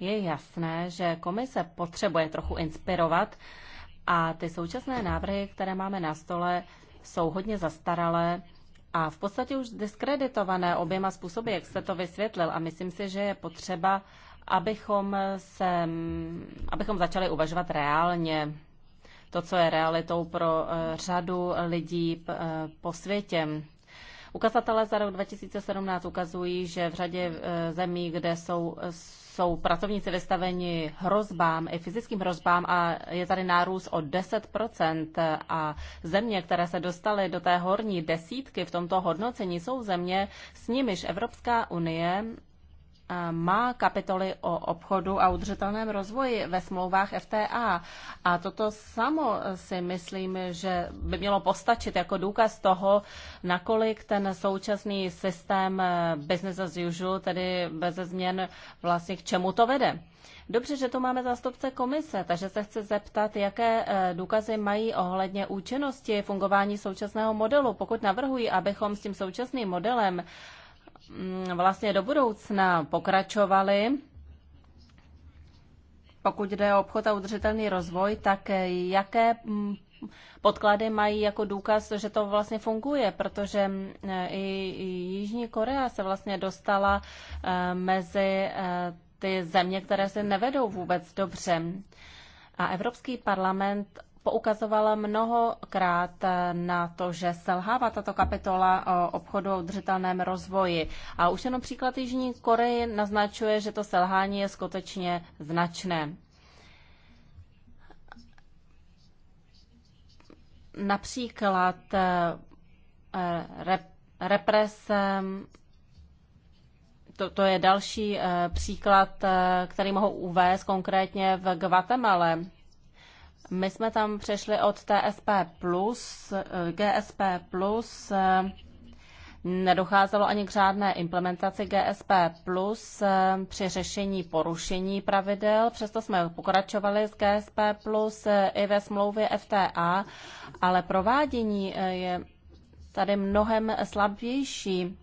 je jasné, že komise potřebuje trochu inspirovat a ty současné návrhy, které máme na stole, jsou hodně zastaralé a v podstatě už diskreditované oběma způsoby, jak jste to vysvětlil. A myslím si, že je potřeba, abychom, se, abychom začali uvažovat reálně to, co je realitou pro eh, řadu lidí eh, po světě. Ukazatele za rok 2017 ukazují, že v řadě eh, zemí, kde jsou jsou pracovníci vystaveni hrozbám, i fyzickým hrozbám a je tady nárůst o 10% a země, které se dostaly do té horní desítky v tomto hodnocení, jsou země, s nimiž Evropská unie má kapitoly o obchodu a udržitelném rozvoji ve smlouvách FTA. A toto samo si myslím, že by mělo postačit jako důkaz toho, nakolik ten současný systém business as usual, tedy bez změn, vlastně k čemu to vede. Dobře, že tu máme zástupce komise, takže se chci zeptat, jaké eh, důkazy mají ohledně účinnosti fungování současného modelu. Pokud navrhují, abychom s tím současným modelem Mm, vlastně do budoucna pokračovali, pokud jde o obchod a udržitelný rozvoj, tak eh, jaké mm, podklady mají jako důkaz, že to vlastně funguje, protože eh, i Jižní Korea se vlastně dostala eh, mezi ty země, které se nevedou vůbec dobře. A Evropský parlament poukazoval mnohokrát na to, že selhává tato kapitola o obchodu o udržitelném rozvoji. A už jenom příklad Jižní Koreji naznačuje, že to selhání je skutečně značné. Například eh, represe to, to je další eh, příklad, eh, který mohou uvést konkrétně v Guatemala. My jsme tam přešli od TSP+, plus, eh, GSP+, plus, eh, nedocházelo ani k žádné implementaci GSP+, plus eh, při řešení porušení pravidel, přesto jsme pokračovali s GSP+, plus i ve smlouvě FTA, ale provádění je tady mnohem slabější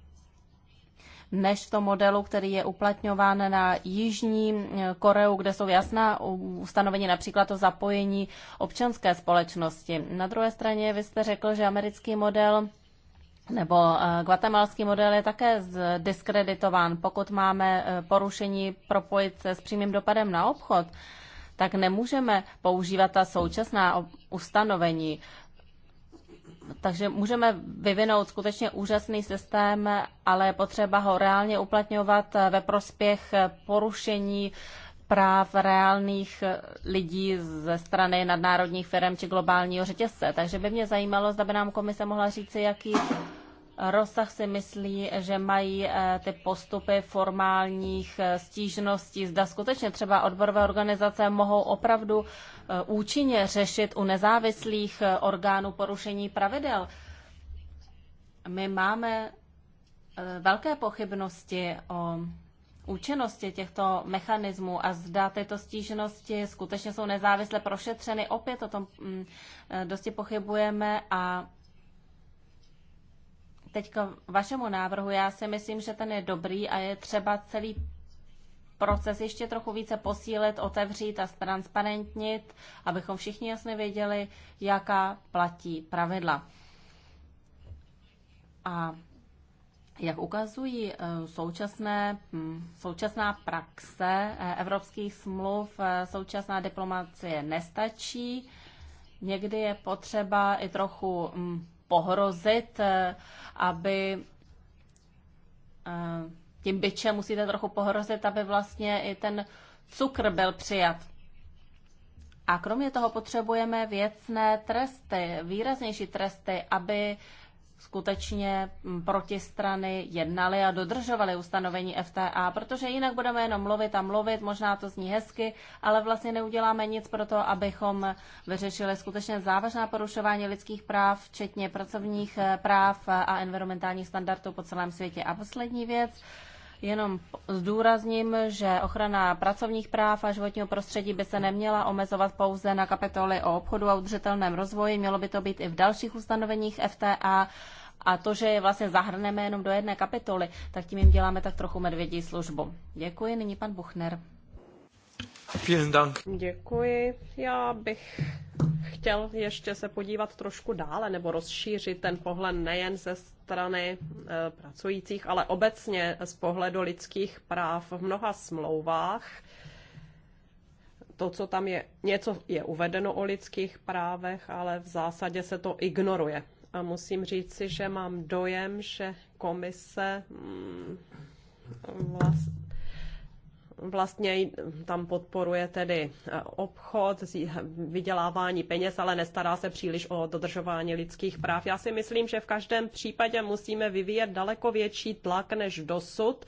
než v tom modelu, který je uplatňován na Jižní eh, Koreu, kde jsou jasná ustanovení například o zapojení občanské společnosti. Na druhé straně vy jste řekl, že americký model nebo eh, guatemalský model je také zdiskreditován. Pokud máme eh, porušení propojit se s přímým dopadem na obchod, tak nemůžeme používat ta současná ustanovení takže můžeme vyvinout skutečně úžasný systém, ale je potřeba ho reálně uplatňovat ve prospěch porušení práv reálných lidí ze strany nadnárodních firm či globálního řetězce. Takže by mě zajímalo, zda by nám komise mohla říci, jaký rozsah si myslí, že mají eh, ty postupy formálních eh, stížností. Zda skutečně třeba odborové organizace mohou opravdu eh, účinně řešit u nezávislých orgánů porušení pravidel. My máme velké pochybnosti o účinnosti těchto mechanismů a zda tyto stížnosti skutečně jsou nezávisle prošetřeny. Opět o tom mm, dosti pochybujeme a teď k vašemu návrhu. Já si myslím, že ten je dobrý a je třeba celý proces ještě trochu více posílit, otevřít a transparentnit, abychom všichni jasně věděli, jaká platí pravidla. A jak ukazují eh, současné, hm, současná praxe eh, evropských smluv, eh, současná diplomacie nestačí. Někdy je potřeba i trochu hm, pohrozit, eh, aby eh, tím byčem musíte trochu pohrozit, aby vlastně i ten cukr byl přijat. A kromě toho potřebujeme věcné tresty, výraznější tresty, aby skutečně protistrany jednaly a dodržovaly ustanovení FTA, protože jinak budeme jenom mluvit a mluvit, možná to zní hezky, ale vlastně neuděláme nic pro to, abychom vyřešili skutečně závažná porušování lidských práv, včetně pracovních eh, práv a environmentálních standardů po celém světě. A poslední věc, Jenom zdůrazním, že ochrana pracovních práv a životního prostředí by se neměla omezovat pouze na kapitoly o obchodu a udržitelném rozvoji, mělo by to být i v dalších ustanoveních FTA a to, že je vlastně zahrneme jenom do jedné kapitoly, tak tím jim děláme tak trochu medvědí službu. Děkuji, nyní pan Buchner. Vielen Dank. Děkuji. Já bych chtěl ještě se podívat trošku dále nebo rozšířit ten pohled nejen ze strany e, pracujících, ale obecně z pohledu lidských práv v mnoha smlouvách. To, co tam je, něco je uvedeno o lidských právech, ale v zásadě se to ignoruje. A musím říct si, že mám dojem, že komise mm, vlastně vlastně tam podporuje tedy e, obchod, vydělávání peněz, ale nestará se příliš o dodržování lidských práv. Já si myslím, že v každém případě musíme vyvíjet daleko větší tlak než dosud,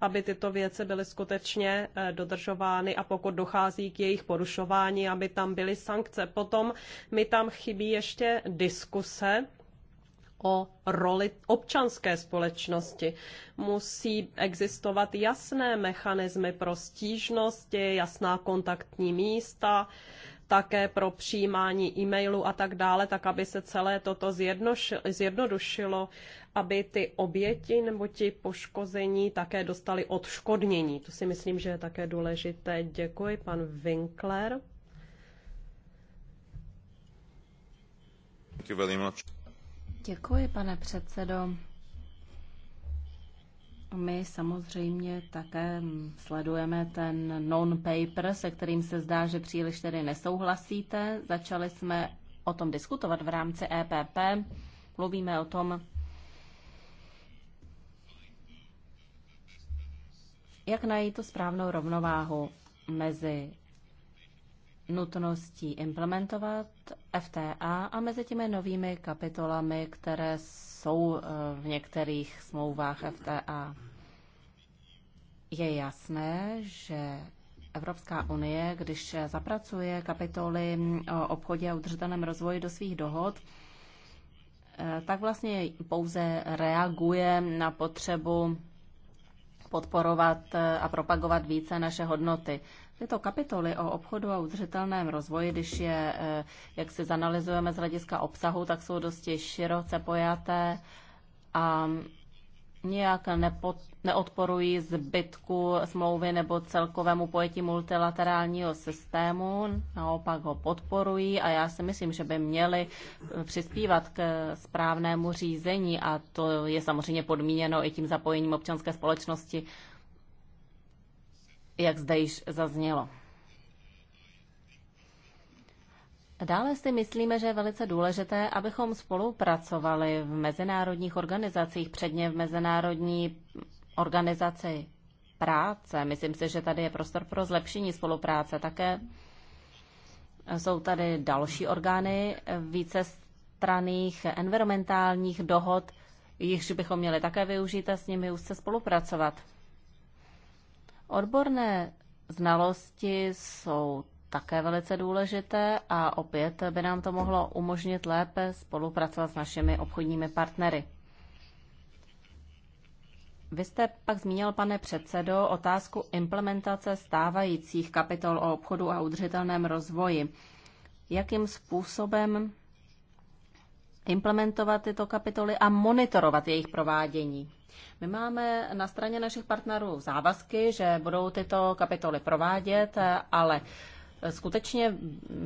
aby tyto věci byly skutečně e, dodržovány a pokud dochází k jejich porušování, aby tam byly sankce. Potom mi tam chybí ještě diskuse o roli občanské společnosti. Musí existovat jasné mechanismy pro stížnosti, jasná kontaktní místa, také pro přijímání e-mailu a tak dále, tak aby se celé toto zjednodušilo, aby ty oběti nebo ti poškození také dostali odškodnění. To si myslím, že je také důležité. Děkuji, pan Winkler. Thank you very much. Děkuji, pane předsedo. My samozřejmě také sledujeme ten non-paper, se kterým se zdá, že příliš tedy nesouhlasíte. Začali jsme o tom diskutovat v rámci EPP. Mluvíme o tom, jak najít tu správnou rovnováhu mezi nutností implementovat FTA a mezi těmi novými kapitolami, které jsou eh, v některých smlouvách FTA. Je jasné, že Evropská unie, když zapracuje kapitoly o obchodě a udržitelném rozvoji do svých dohod, eh, tak vlastně pouze reaguje na potřebu podporovat eh, a propagovat více naše hodnoty. Tyto kapitoly o obchodu a udržitelném rozvoji, když je, eh, jak si zanalizujeme z hlediska obsahu, tak jsou dosti široce pojaté a nějak nepod, neodporují zbytku smlouvy nebo celkovému pojetí multilaterálního systému, naopak ho podporují a já si myslím, že by měli eh, přispívat k správnému řízení a to je samozřejmě podmíněno i tím zapojením občanské společnosti jak zde již zaznělo. Dále si myslíme, že je velice důležité, abychom spolupracovali v mezinárodních organizacích, předně v Mezinárodní organizaci práce. Myslím si, že tady je prostor pro zlepšení spolupráce. Také jsou tady další orgány vícestraných environmentálních dohod, jichž bychom měli také využít a s nimi už se spolupracovat. Odborné znalosti jsou také velice důležité a opět by nám to mohlo umožnit lépe spolupracovat s našimi obchodními partnery. Vy jste pak zmínil, pane předsedo, otázku implementace stávajících kapitol o obchodu a udržitelném rozvoji. Jakým způsobem implementovat tyto kapitoly a monitorovat jejich provádění. My máme na straně našich partnerů závazky, že budou tyto kapitoly provádět, ale skutečně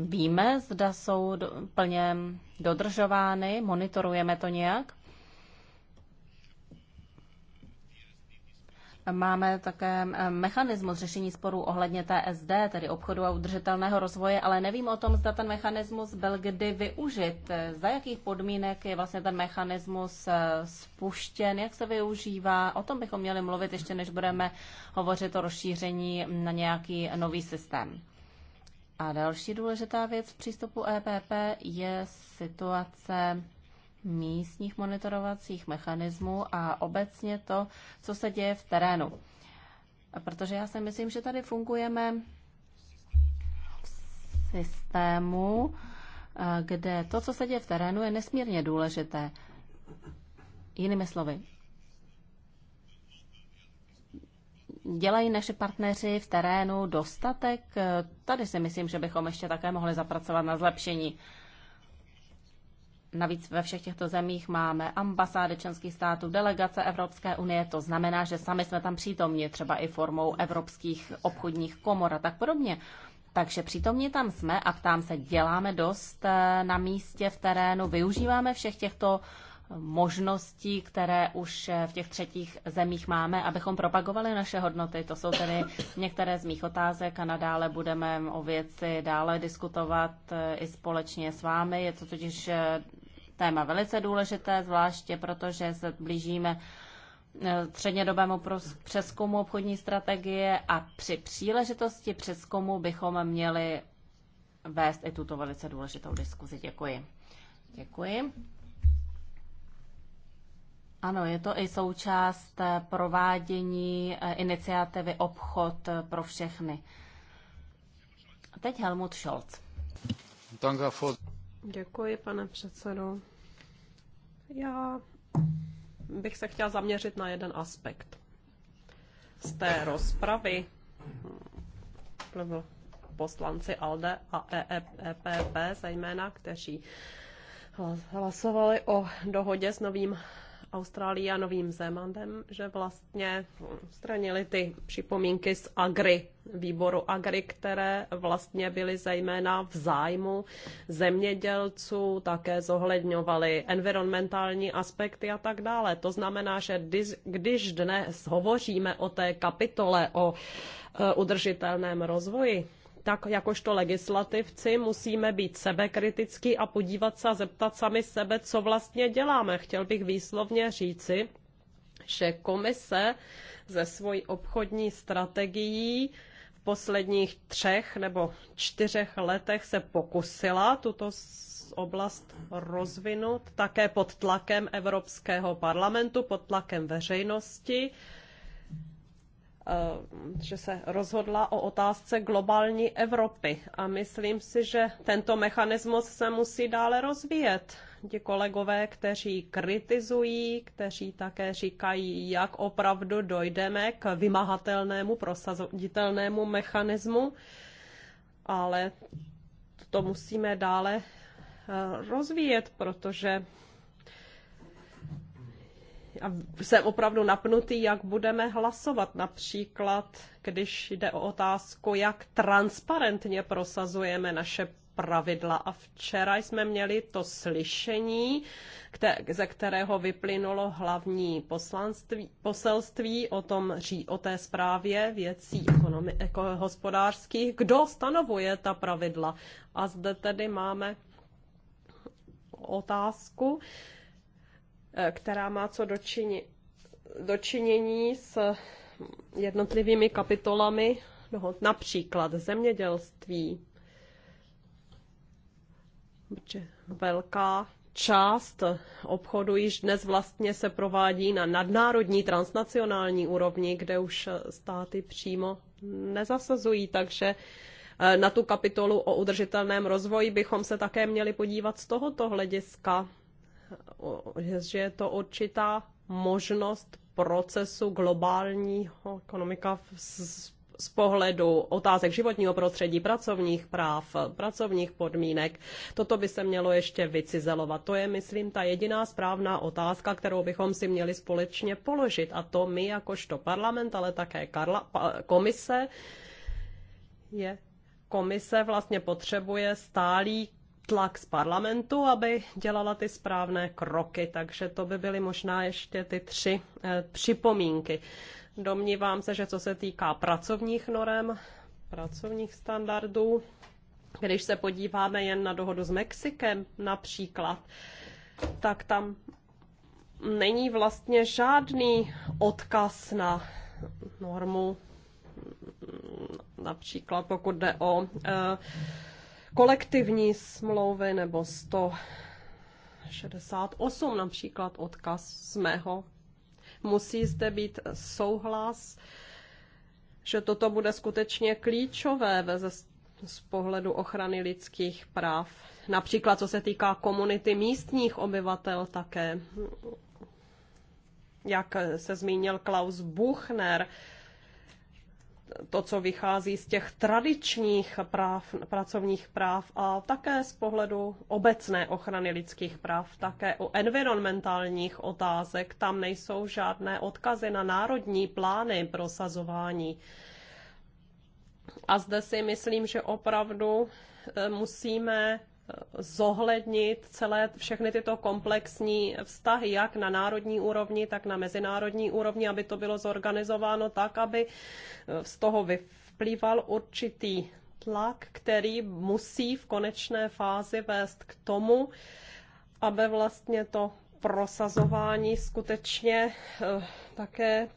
víme, zda jsou plně dodržovány, monitorujeme to nějak. Máme také eh, mechanismus řešení sporů ohledně TSD, tedy obchodu a udržitelného rozvoje, ale nevím o tom, zda ten mechanismus byl kdy využit. Za jakých podmínek je vlastně ten mechanismus eh, spuštěn, jak se využívá. O tom bychom měli mluvit ještě, než budeme hovořit o rozšíření na nějaký nový systém. A další důležitá věc v přístupu EPP je situace místních monitorovacích mechanismů a obecně to, co se děje v terénu. Protože já si myslím, že tady fungujeme v systému, kde to, co se děje v terénu, je nesmírně důležité. Jinými slovy, dělají naše partneři v terénu dostatek? Tady si myslím, že bychom ještě také mohli zapracovat na zlepšení. Navíc ve všech těchto zemích máme ambasády členských států, delegace Evropské unie, to znamená, že sami jsme tam přítomni, třeba i formou evropských obchodních komor a tak podobně. Takže přítomně tam jsme a ptám se, děláme dost eh, na místě v terénu, využíváme všech těchto eh, možností, které už eh, v těch třetích zemích máme, abychom propagovali naše hodnoty. To jsou tedy některé z mých otázek a nadále budeme o věci dále diskutovat i společně s vámi. Je to totiž téma velice důležité, zvláště protože se blížíme eh, střednědobému přeskumu obchodní strategie a při příležitosti přeskumu bychom měli vést i tuto velice důležitou diskuzi. Děkuji. Děkuji. Ano, je to i součást eh, provádění eh, iniciativy Obchod pro všechny. Teď Helmut Scholz. Děkuji, pane předsedo. Já bych se chtěla zaměřit na jeden aspekt. Z té rozpravy poslanci ALDE a EPP e zejména, kteří hlasovali o dohodě s novým Austrálií a Novým Zémandem, že vlastně stranili ty připomínky z Agri, výboru Agri, které vlastně byly zejména v zájmu zemědělců, také zohledňovaly environmentální aspekty a tak dále. To znamená, že když dnes hovoříme o té kapitole o e, udržitelném rozvoji, tak jakožto legislativci musíme být sebekritický a podívat se a zeptat sami sebe, co vlastně děláme. Chtěl bych výslovně říci, že komise ze svojí obchodní strategií v posledních třech nebo čtyřech letech se pokusila tuto oblast rozvinout také pod tlakem Evropského parlamentu, pod tlakem veřejnosti. Eh, že se rozhodla o otázce globální Evropy. A myslím si, že tento mechanismus se musí dále rozvíjet. Ti kolegové, kteří kritizují, kteří také říkají, jak opravdu dojdeme k vymahatelnému, prosaditelnému mechanismu, ale to musíme dále eh, rozvíjet, protože já jsem opravdu napnutý, jak budeme hlasovat. Například, když jde o otázku, jak transparentně prosazujeme naše pravidla. A včera jsme měli to slyšení, ze kterého vyplynulo hlavní poslanství, poselství o, tom, ří, o té zprávě věcí ekonomi, eko, hospodářských, kdo stanovuje ta pravidla. A zde tedy máme otázku, Eh, která má co dočini, dočinění s jednotlivými kapitolami no, například zemědělství, velká část obchodu již dnes vlastně se provádí na nadnárodní transnacionální úrovni, kde už státy přímo nezasazují, takže eh, na tu kapitolu o udržitelném rozvoji bychom se také měli podívat z tohoto hlediska že je to určitá možnost procesu globálního ekonomika z, z pohledu otázek životního prostředí, pracovních práv, pracovních podmínek. Toto by se mělo ještě vycizelovat. To je, myslím, ta jediná správná otázka, kterou bychom si měli společně položit. A to my, jakožto parlament, ale také Karla, komise, je komise vlastně potřebuje stálý tlak z parlamentu, aby dělala ty správné kroky. Takže to by byly možná ještě ty tři eh, připomínky. Domnívám se, že co se týká pracovních norem, pracovních standardů, když se podíváme jen na dohodu s Mexikem například, tak tam není vlastně žádný odkaz na normu, například pokud jde o e, kolektivní smlouvy nebo 168 například odkaz z mého. Musí zde být souhlas, že toto bude skutečně klíčové ve z pohledu ochrany lidských práv. Například co se týká komunity místních obyvatel také. Jak se zmínil Klaus Buchner, to, co vychází z těch tradičních práv, pracovních práv a také z pohledu obecné ochrany lidských práv, také o environmentálních otázek. Tam nejsou žádné odkazy na národní plány prosazování. A zde si myslím, že opravdu e, musíme zohlednit celé všechny tyto komplexní vztahy, jak na národní úrovni, tak na mezinárodní úrovni, aby to bylo zorganizováno tak, aby eh, z toho vyplýval určitý tlak, který musí v konečné fázi vést k tomu, aby vlastně to prosazování skutečně eh, také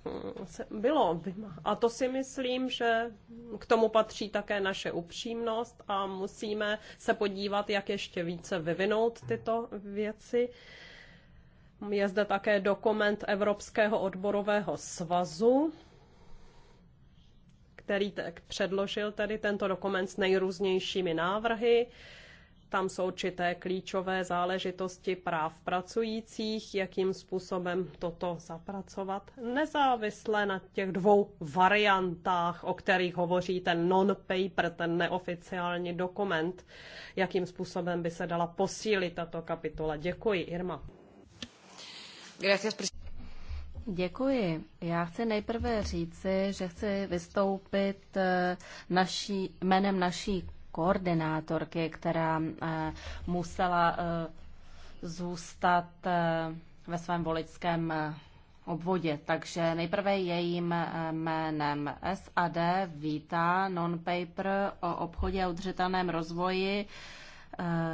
bylo. A to si myslím, že k tomu patří také naše upřímnost a musíme se podívat, jak ještě více vyvinout tyto věci. Je zde také dokument Evropského odborového svazu, který předložil tedy tento dokument s nejrůznějšími návrhy. Tam jsou určité klíčové záležitosti práv pracujících, jakým způsobem toto zapracovat, nezávisle na těch dvou variantách, o kterých hovoří ten non-paper, ten neoficiální dokument, jakým způsobem by se dala posílit tato kapitola. Děkuji, Irma. Děkuji. Já chci nejprve říci, že chci vystoupit eh, naší, jménem naší koordinátorky, která eh, musela eh, zůstat eh, ve svém voličském obvodě. Takže nejprve jejím jménem SAD vítá non-paper o obchodě a udržitelném rozvoji,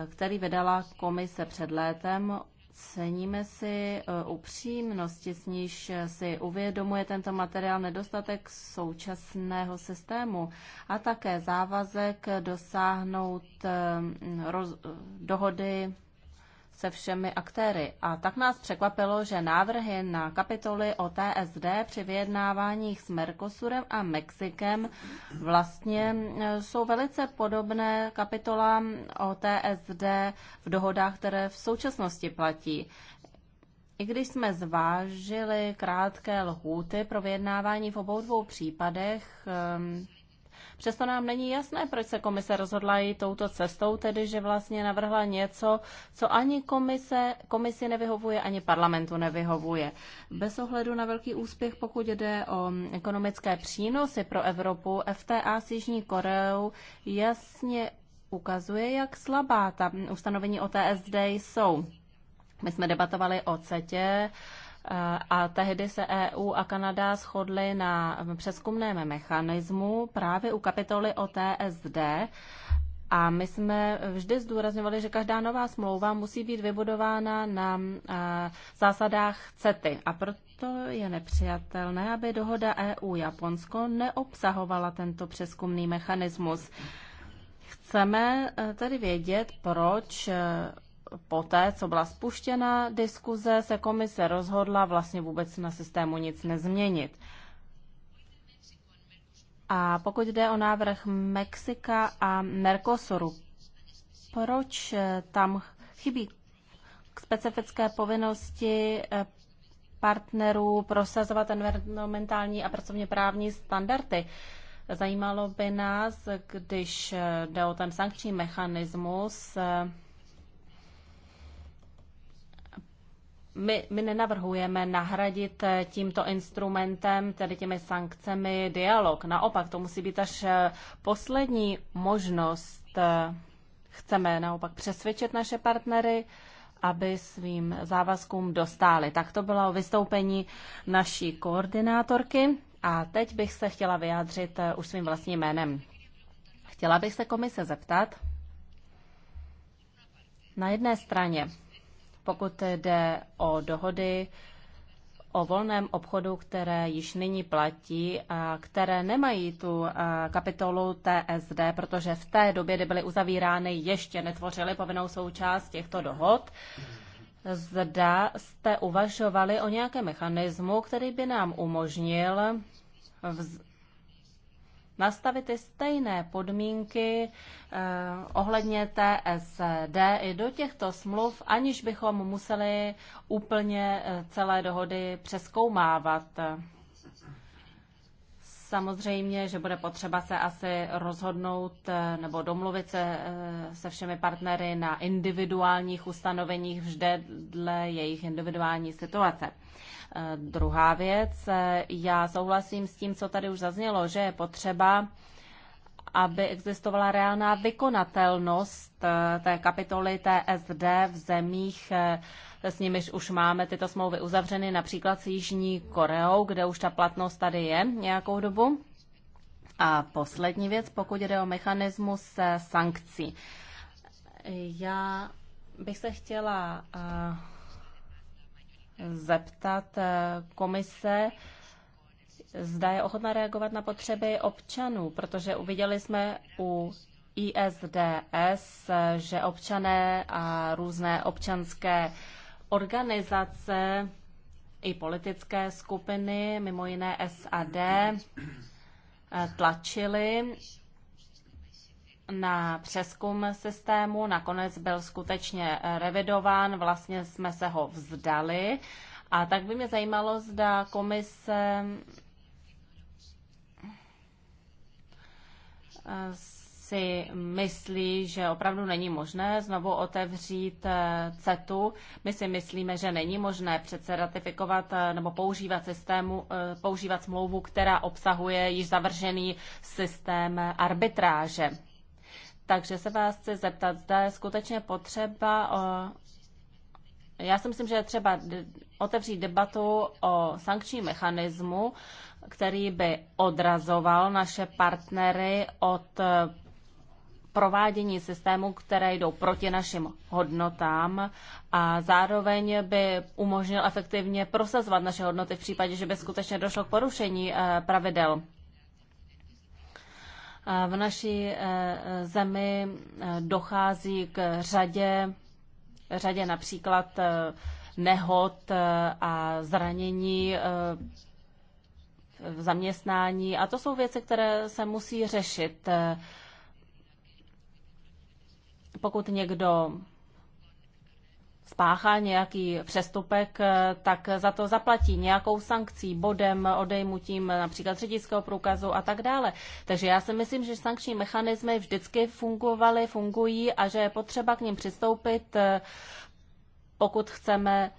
který vydala komise před létem Ceníme si e, upřímnosti, s níž e, si uvědomuje tento materiál nedostatek současného systému a také závazek dosáhnout e, roz, dohody se všemi aktéry. A tak nás překvapilo, že návrhy na kapitoly o TSD při vyjednáváních s Mercosurem a Mexikem vlastně e, jsou velice podobné kapitolám o TSD v dohodách, které v současnosti platí. I když jsme zvážili krátké lhůty pro vyjednávání v obou dvou případech, e, Přesto nám není jasné, proč se komise rozhodla i touto cestou, tedy že vlastně navrhla něco, co ani komise, komisi nevyhovuje, ani parlamentu nevyhovuje. Bez ohledu na velký úspěch, pokud jde o ekonomické přínosy pro Evropu, FTA s Jižní Koreou jasně ukazuje, jak slabá ta ustanovení o TSD jsou. My jsme debatovali o CETě, Eh, a tehdy se EU a Kanada shodly na přeskumném mechanismu právě u kapitoly o TSD, a my jsme vždy zdůrazňovali, že každá nová smlouva musí být vybudována na eh, zásadách CETY. A proto je nepřijatelné, aby dohoda EU-Japonsko neobsahovala tento přeskumný mechanismus. Chceme eh, tedy vědět, proč poté, co byla spuštěna diskuze, se komise rozhodla vlastně vůbec na systému nic nezměnit. A pokud jde o návrh Mexika a Mercosuru, proč eh, tam chybí k specifické povinnosti eh, partnerů prosazovat environmentální a pracovně právní standardy? Zajímalo by nás, když eh, jde o ten sankční mechanismus, my, my nenavrhujeme nahradit eh, tímto instrumentem, tedy těmi sankcemi, dialog. Naopak, to musí být až eh, poslední možnost. Eh, chceme naopak přesvědčit naše partnery, aby svým závazkům dostáli. Tak to bylo vystoupení naší koordinátorky. A teď bych se chtěla vyjádřit už svým vlastním jménem. Chtěla bych se komise zeptat na jedné straně pokud jde o dohody o volném obchodu, které již nyní platí a které nemají tu kapitolu TSD, protože v té době, kdy byly uzavírány, ještě netvořily povinnou součást těchto dohod. Zda jste uvažovali o nějakém mechanismu, který by nám umožnil vz nastavit ty stejné podmínky eh, ohledně TSD i do těchto smluv, aniž bychom museli úplně eh, celé dohody přeskoumávat. Samozřejmě, že bude potřeba se asi rozhodnout eh, nebo domluvit se eh, se všemi partnery na individuálních ustanoveních vždy dle jejich individuální situace. Eh, druhá věc, eh, já souhlasím s tím, co tady už zaznělo, že je potřeba, aby existovala reálná vykonatelnost eh, té kapitoly TSD v zemích, s nimiž už máme tyto smlouvy uzavřeny, například s Jižní Koreou, kde už ta platnost tady je nějakou dobu. A poslední věc, pokud jde o mechanismus sankcí. Já bych se chtěla zeptat eh, komise, zda je ochotná reagovat na potřeby občanů, protože uviděli jsme u ISDS, eh, že občané a různé občanské organizace i politické skupiny, mimo jiné SAD, eh, tlačili na přeskum systému. Nakonec byl skutečně revidován, vlastně jsme se ho vzdali. A tak by mě zajímalo, zda komise si myslí, že opravdu není možné znovu otevřít eh, CETu. My si myslíme, že není možné přece ratifikovat eh, nebo používat, systému, eh, používat smlouvu, která obsahuje již zavržený systém arbitráže. Takže se vás chci zeptat, zda je skutečně potřeba o... Já si myslím, že je třeba otevřít debatu o sankčním mechanismu, který by odrazoval naše partnery od e, provádění systémů, které jdou proti našim hodnotám a zároveň by umožnil efektivně prosazovat naše hodnoty v případě, že by skutečně došlo k porušení e, pravidel. V naší eh, zemi eh, dochází k řadě, řadě například eh, nehod a zranění v zaměstnání a to jsou věci, které se musí řešit. Pokud někdo spáchá nějaký přestupek, eh, tak za to zaplatí nějakou sankcí, bodem, odejmutím například řidičského průkazu a tak dále. Takže já si myslím, že sankční mechanismy vždycky fungovaly, fungují a že je potřeba k ním přistoupit, eh, pokud chceme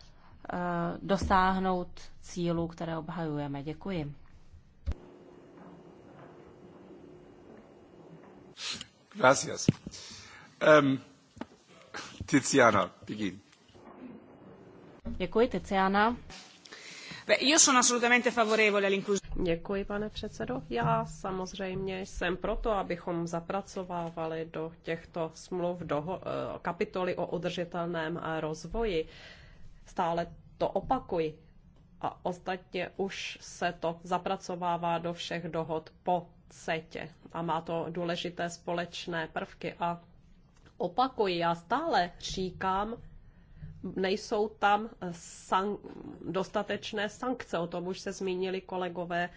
eh, dosáhnout cílů, které obhajujeme. Děkuji. Gracias. Um, Tiziana, begin. Děkuji, Tiziana. Děkuji, pane předsedo. Já samozřejmě jsem proto, abychom zapracovávali do těchto smluv do eh, kapitoly o udržitelném rozvoji. Stále to opakuji. A ostatně už se to zapracovává do všech dohod po CETě a má to důležité společné prvky. A opakuji, já stále říkám, nejsou tam san- dostatečné sankce. O tom už se zmínili kolegové,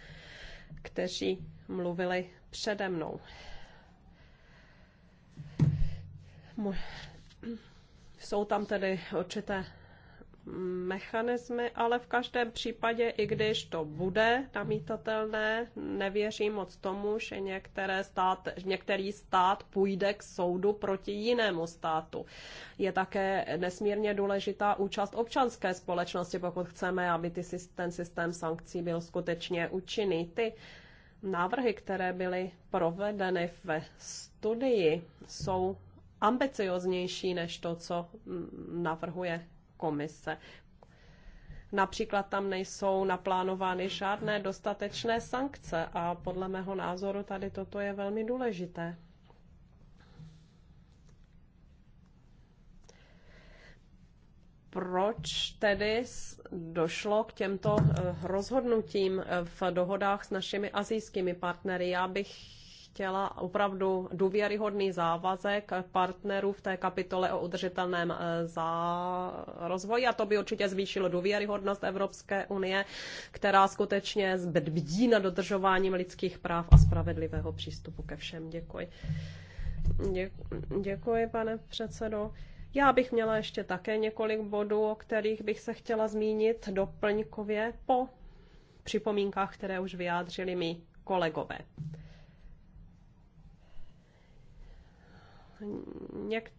kteří mluvili přede mnou. Jsou tam tedy určité mechanismy, ale v každém případě, i když to bude namítatelné, nevěřím moc tomu, že některé stát, některý stát půjde k soudu proti jinému státu. Je také nesmírně důležitá účast občanské společnosti, pokud chceme, aby ty, ten systém sankcí byl skutečně účinný. Ty návrhy, které byly provedeny ve studii, jsou ambicioznější než to, co mm, navrhuje komise. Například tam nejsou naplánovány žádné dostatečné sankce a podle mého názoru tady toto je velmi důležité. proč tedy došlo k těmto eh, rozhodnutím eh, v dohodách s našimi azijskými partnery. Já bych chtěla opravdu důvěryhodný závazek partnerů v té kapitole o udržitelném e, za rozvoji a to by určitě zvýšilo důvěryhodnost Evropské unie, která skutečně bdí na dodržováním lidských práv a spravedlivého přístupu ke všem. Děkuji. Děkuji, pane předsedo. Já bych měla ještě také několik bodů, o kterých bych se chtěla zmínit doplňkově po připomínkách, které už vyjádřili mi kolegové. nějak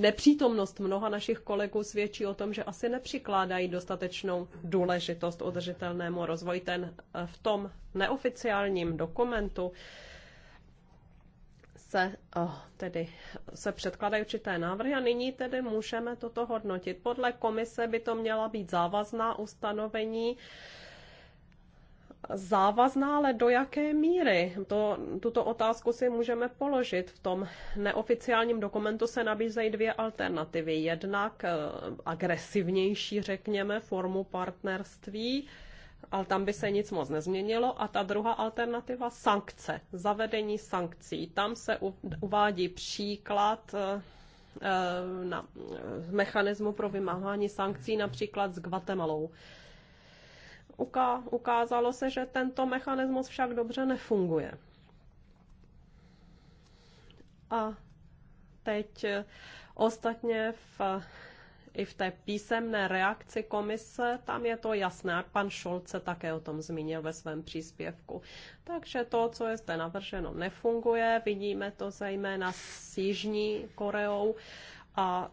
nepřítomnost mnoha našich kolegů svědčí o tom, že asi nepřikládají dostatečnou důležitost udržitelnému rozvoji. Ten eh, v tom neoficiálním dokumentu se, oh, tedy se předkladají určité návrhy a nyní tedy můžeme toto hodnotit. Podle komise by to měla být závazná ustanovení, závazná, ale do jaké míry? To, tuto otázku si můžeme položit. V tom neoficiálním dokumentu se nabízejí dvě alternativy. Jednak eh, agresivnější, řekněme, formu partnerství, ale tam by se nic moc nezměnilo. A ta druhá alternativa sankce, zavedení sankcí. Tam se uvádí příklad eh, eh, na mechanismu pro vymáhání sankcí například s Guatemalou ukázalo se, že tento mechanismus však dobře nefunguje. A teď eh, ostatně v, eh, i v té písemné reakci komise, tam je to jasné. Pan Šolce také o tom zmínil ve svém příspěvku. Takže to, co je zde navrženo, nefunguje. Vidíme to zejména s Jižní Koreou a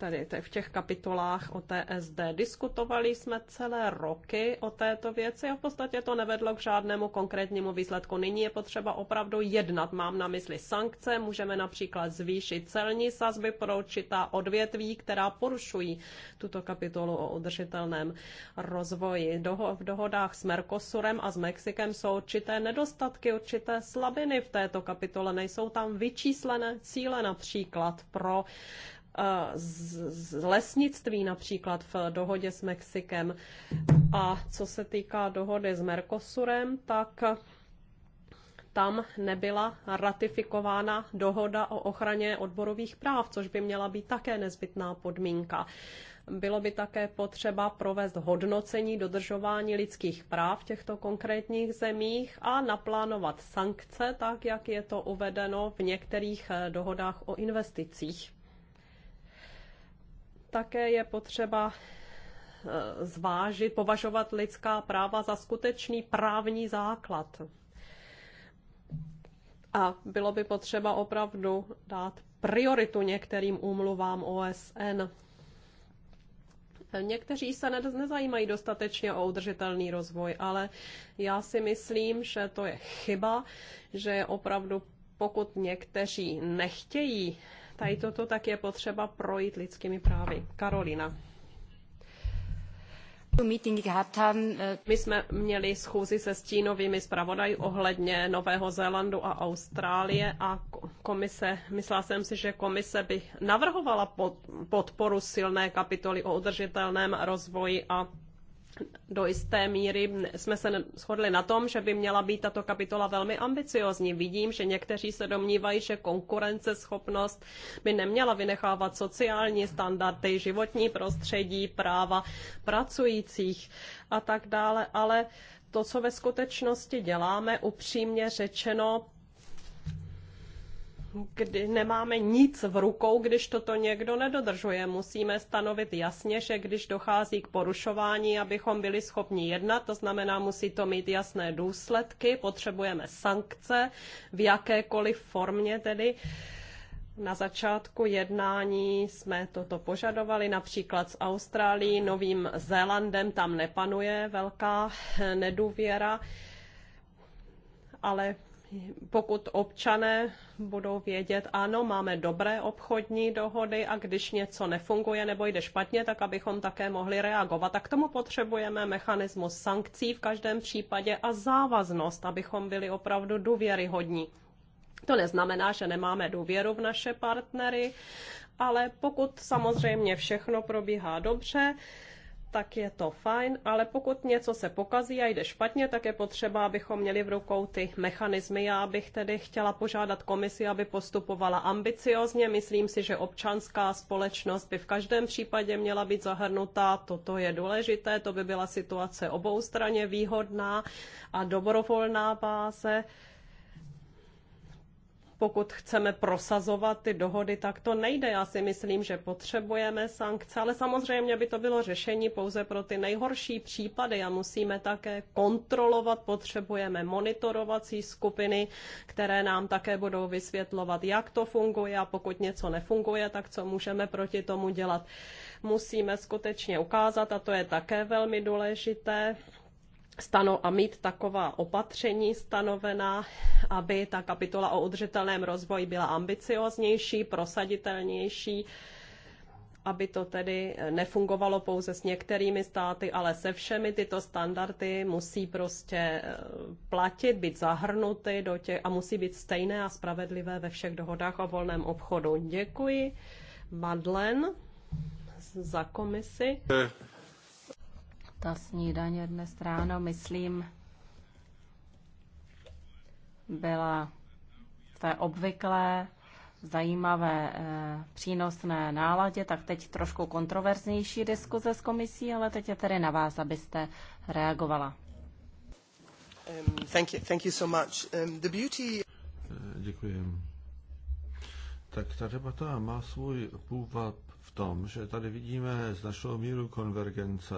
Tady v těch kapitolách o TSD. Diskutovali jsme celé roky o této věci a v podstatě to nevedlo k žádnému konkrétnímu výsledku. Nyní je potřeba opravdu jednat. Mám na mysli sankce, můžeme například zvýšit celní sazby pro určitá odvětví, která porušují tuto kapitolu o udržitelném rozvoji. v dohodách s Mercosurem a s Mexikem jsou určité nedostatky, určité slabiny v této kapitole. Nejsou tam vyčíslené cíle například pro z, z lesnictví například v dohodě s Mexikem. A co se týká dohody s Mercosurem, tak tam nebyla ratifikována dohoda o ochraně odborových práv, což by měla být také nezbytná podmínka. Bylo by také potřeba provést hodnocení dodržování lidských práv v těchto konkrétních zemích a naplánovat sankce, tak jak je to uvedeno v některých eh, dohodách o investicích. Také je potřeba eh, zvážit, považovat lidská práva za skutečný právní základ. A bylo by potřeba opravdu dát prioritu některým úmluvám OSN. Někteří se nezajímají dostatečně o udržitelný rozvoj, ale já si myslím, že to je chyba, že opravdu pokud někteří nechtějí tady toto, tak je potřeba projít lidskými právy. Karolina. Äh, My jsme měli schůzi se stínovými zpravodaji ohledně Nového Zélandu a Austrálie a komise, myslela jsem si, že komise by navrhovala podporu silné kapitoly o udržitelném rozvoji a do jisté míry jsme se shodli na tom, že by měla být tato kapitola velmi ambiciozní. Vidím, že někteří se domnívají, že konkurenceschopnost by neměla vynechávat sociální standardy, životní prostředí, práva pracujících a tak dále, ale to, co ve skutečnosti děláme, upřímně řečeno, kdy nemáme nic v rukou, když toto někdo nedodržuje. Musíme stanovit jasně, že když dochází k porušování, abychom byli schopni jednat, to znamená, musí to mít jasné důsledky, potřebujeme sankce v jakékoliv formě tedy. Na začátku jednání jsme toto požadovali například s Austrálií, Novým Zélandem, tam nepanuje velká nedůvěra, ale pokud občané budou vědět, ano, máme dobré obchodní dohody a když něco nefunguje nebo jde špatně, tak abychom také mohli reagovat. A k tomu potřebujeme mechanismus sankcí v každém případě a závaznost, abychom byli opravdu důvěryhodní. To neznamená, že nemáme důvěru v naše partnery, ale pokud samozřejmě všechno probíhá dobře, tak je to fajn, ale pokud něco se pokazí a jde špatně, tak je potřeba, abychom měli v rukou ty mechanismy. Já bych tedy chtěla požádat komisi, aby postupovala ambiciozně. Myslím si, že občanská společnost by v každém případě měla být zahrnutá. Toto je důležité, to by byla situace obou straně výhodná a dobrovolná báze pokud chceme prosazovat ty dohody, tak to nejde. Já si myslím, že potřebujeme sankce, ale samozřejmě by to bylo řešení pouze pro ty nejhorší případy a musíme také kontrolovat, potřebujeme monitorovací skupiny, které nám také budou vysvětlovat, jak to funguje a pokud něco nefunguje, tak co můžeme proti tomu dělat. Musíme skutečně ukázat, a to je také velmi důležité, stano a mít taková opatření stanovená, aby ta kapitola o udržitelném rozvoji byla ambicioznější, prosaditelnější, aby to tedy nefungovalo pouze s některými státy, ale se všemi tyto standardy musí prostě eh, platit, být zahrnuty do těch, a musí být stejné a spravedlivé ve všech dohodách o volném obchodu. Děkuji. Madlen za komisi. Eh, ta snídaně dnes ráno, myslím, byla v té obvyklé, zajímavé, eh, přínosné náladě, tak teď trošku kontroverznější diskuze s komisí, ale teď je tedy na vás, abyste reagovala. Um, thank you, thank you so much. Um, the beauty... Eh, děkuji. Tak ta debata má svůj půvab v tom, že tady vidíme značnou míru konvergence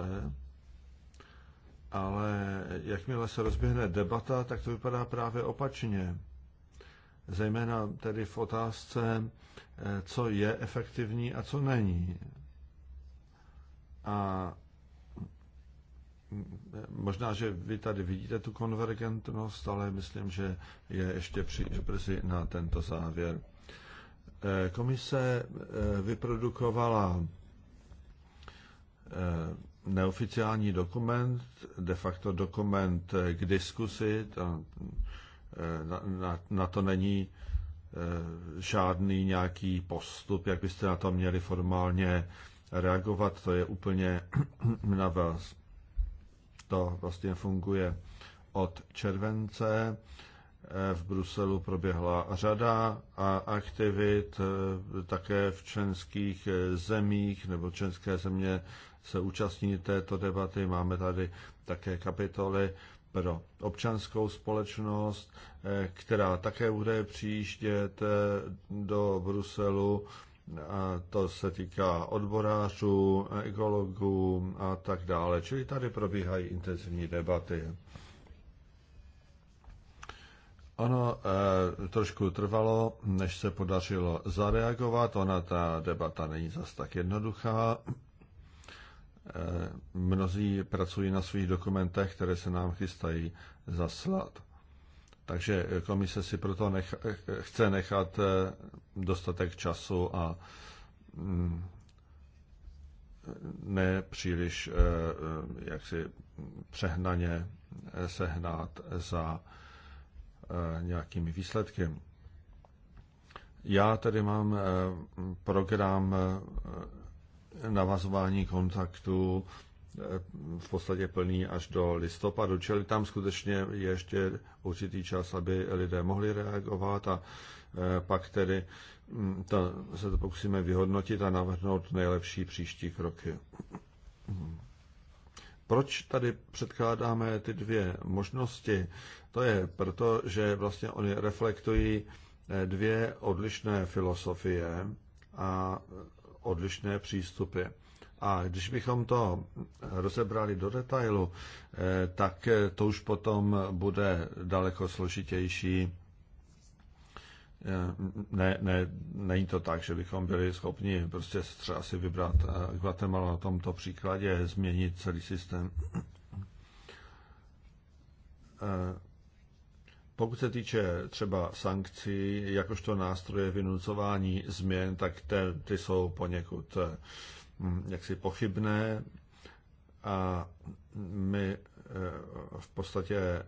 ale jakmile se rozběhne debata, tak to vypadá právě opačně. Zejména tedy v otázce, eh, co je efektivní a co není. A možná, že vy tady vidíte tu konvergentnost, ale myslím, že je ještě příliš brzy na tento závěr. Eh, komise eh, vyprodukovala neoficiální dokument, de facto dokument k diskusi, eh, na, na, na to není eh, žádný nějaký postup, jak byste na to měli formálně reagovat, to je úplně na vás. To vlastně funguje od července. Eh, v Bruselu proběhla řada aktivit také v členských zemích, nebo členské země se účastní této debaty. Máme tady také kapitoly pro občanskou společnost, eh, která také bude přijíždět eh, do Bruselu. A to se týká odborářů, ekologů a tak dále. Čili tady probíhají intenzivní debaty. Ono e, trošku trvalo, než se podařilo zareagovat. Ona ta debata není zas tak jednoduchá. Eh, mnozí pracují na svých dokumentech, které se nám chystají zaslat. Takže eh, komise si proto nech, eh, chce nechat dostatek času a mm, ne příliš jaksi přehnaně sehnat za nějakými výsledky. Já tady mám program navazování kontaktů eh, v podstatě plný až do listopadu, čili tam skutečně je ještě určitý čas, aby lidé mohli reagovat a eh, pak tedy hm, to, se to pokusíme vyhodnotit a navrhnout nejlepší příští kroky. Proč tady předkládáme ty dvě možnosti? To je proto, že vlastně oni reflektují eh, dvě odlišné filozofie a odlišné přístupy. A když bychom to rozebrali do detailu, eh, tak eh, to už potom bude daleko složitější. Eh, ne, ne, není to tak, že bychom byli schopni prostě třeba si vybrat Guatemala na tomto příkladě, změnit celý systém pokud se týče třeba sankcí, jakožto nástroje vynucování změn, tak te, ty jsou poněkud eh, hm, jaksi pochybné a my eh, v podstatě eh,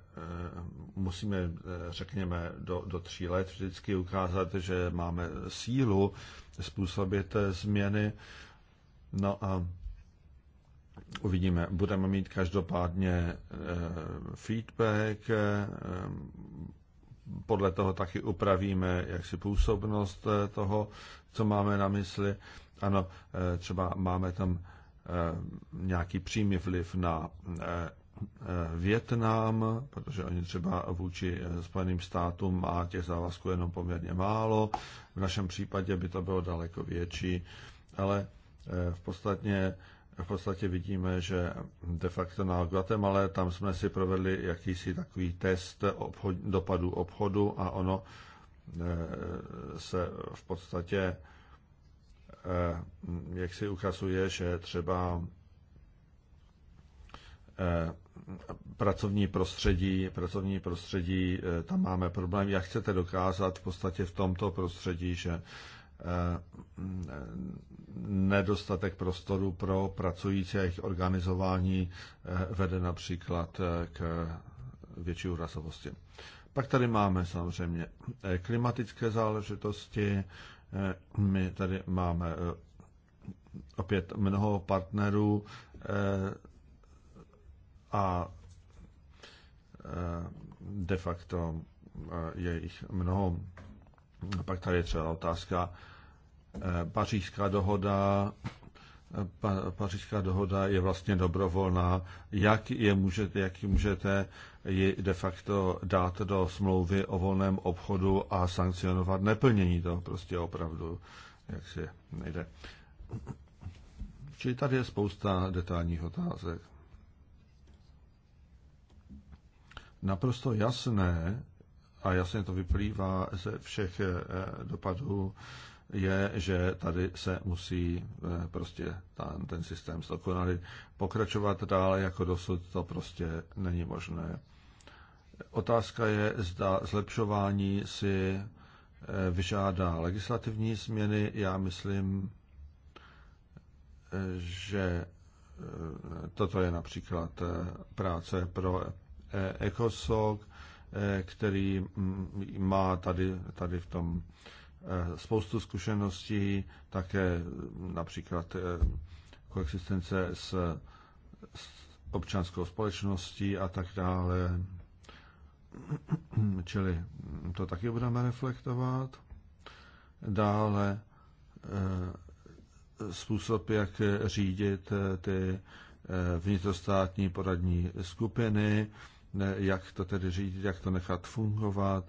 musíme, řekněme, do, do tří let vždycky ukázat, že máme sílu způsobit změny. No a Uvidíme, budeme mít každopádně eh, feedback, eh, eh, podle toho taky upravíme jaksi působnost toho, co máme na mysli. Ano, třeba máme tam nějaký přímý vliv na Větnam, protože oni třeba vůči Spojeným státům má těch závazků jenom poměrně málo. V našem případě by to bylo daleko větší, ale v podstatě v podstatě vidíme, že de facto na Guatemala tam jsme si provedli jakýsi takový test obchod, dopadu obchodu a ono e, se v podstatě e, jak si ukazuje, že třeba e, pracovní prostředí, pracovní prostředí, tam máme problém. Jak chcete dokázat v podstatě v tomto prostředí, že Eh, nedostatek prostoru pro pracující a jejich organizování eh, vede například eh, k větší úrazovosti. Pak tady máme samozřejmě klimatické záležitosti. My tady máme opět mnoho partnerů a de facto je jich mnoho. Pak tady je třeba otázka eh, pařížská dohoda. Eh, pa, pařížská dohoda je vlastně dobrovolná. Jak, je můžete, jak můžete ji de facto dát do smlouvy o volném obchodu a sankcionovat neplnění? To prostě opravdu jak si nejde. Čili tady je spousta detailních otázek. Naprosto jasné a jasně to vyplývá ze všech eh, dopadů, je, že tady se musí eh, prostě ten, ten systém zdokonalit. Pokračovat dále jako dosud to prostě není možné. Otázka je, zda zlepšování si eh, vyžádá legislativní změny. Já myslím, že toto je například práce pro ECOSOC, Eh, který mm, má tady, tady v tom eh, spoustu zkušeností, také mm, například eh, koexistence s, s občanskou společností a tak dále. Čili mm, to taky budeme reflektovat. Dále způsob, jak řídit ty vnitrostátní poradní skupiny, jak to tedy řídit, jak to nechat fungovat,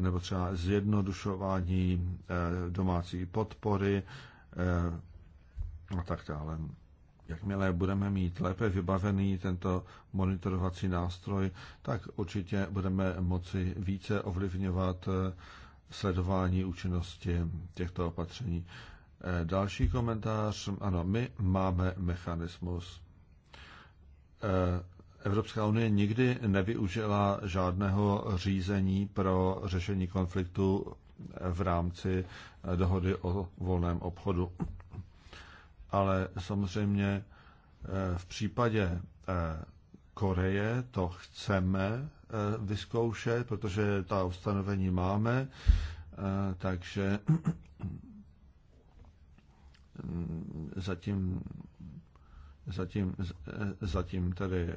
nebo třeba zjednodušování eh, domácí podpory eh, a tak dále. Jakmile budeme mít lépe vybavený tento monitorovací nástroj, tak určitě budeme moci více ovlivňovat eh, sledování účinnosti těchto opatření. Další komentář. Ano, my máme mechanismus Evropská unie nikdy nevyužila žádného řízení pro řešení konfliktu v rámci eh, dohody o volném obchodu. Ale samozřejmě eh, v případě eh, Koreje to chceme vyzkoušet, protože ta ustanovení máme, takže mm, zatím Zatím, e, zatím tedy, e,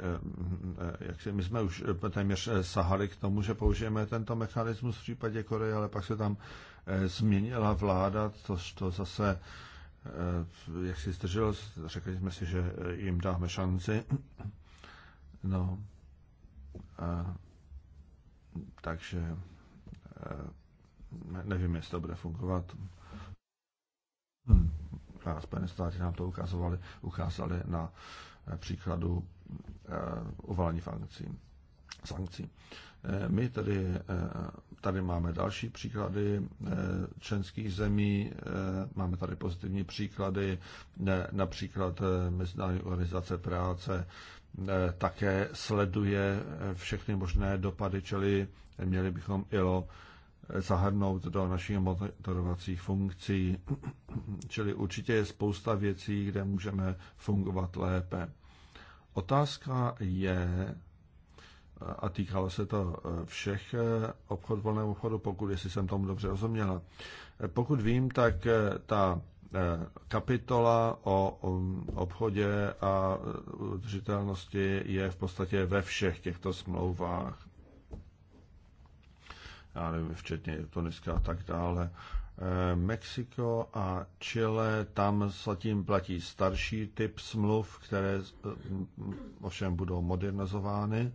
e, jak si, my jsme už téměř sahali k tomu, že použijeme tento mechanismus v případě Koreje, ale pak se tam změnila vláda, což to zase, jak si zdrželo, řekli jsme si, že jim dáme šanci. No, a, takže nevím, jestli to bude fungovat. Hmm a Spojené státy nám to ukazovali, ukázali na eh, příkladu eh, uvalení sankcí. sankcí. Eh, my tedy tady máme další příklady členských zemí, máme tady pozitivní příklady, například Mezinárodní organizace práce také sleduje všechny možné dopady, čili měli bychom ILO zahrnout do našich monitorovacích funkcí. Čili určitě je spousta věcí, kde můžeme fungovat lépe. Otázka je, a týkalo se to eh, všech eh, obchod volného obchodu, pokud jestli jsem tomu dobře rozuměla. Pokud vím, tak eh, ta kapitola o obchodě a udržitelnosti je v podstatě ve všech těchto smlouvách já nevím, včetně Tuniska a tak dále. Eh, Mexiko a Chile, tam zatím platí starší typ smluv, které eh, ovšem budou modernizovány.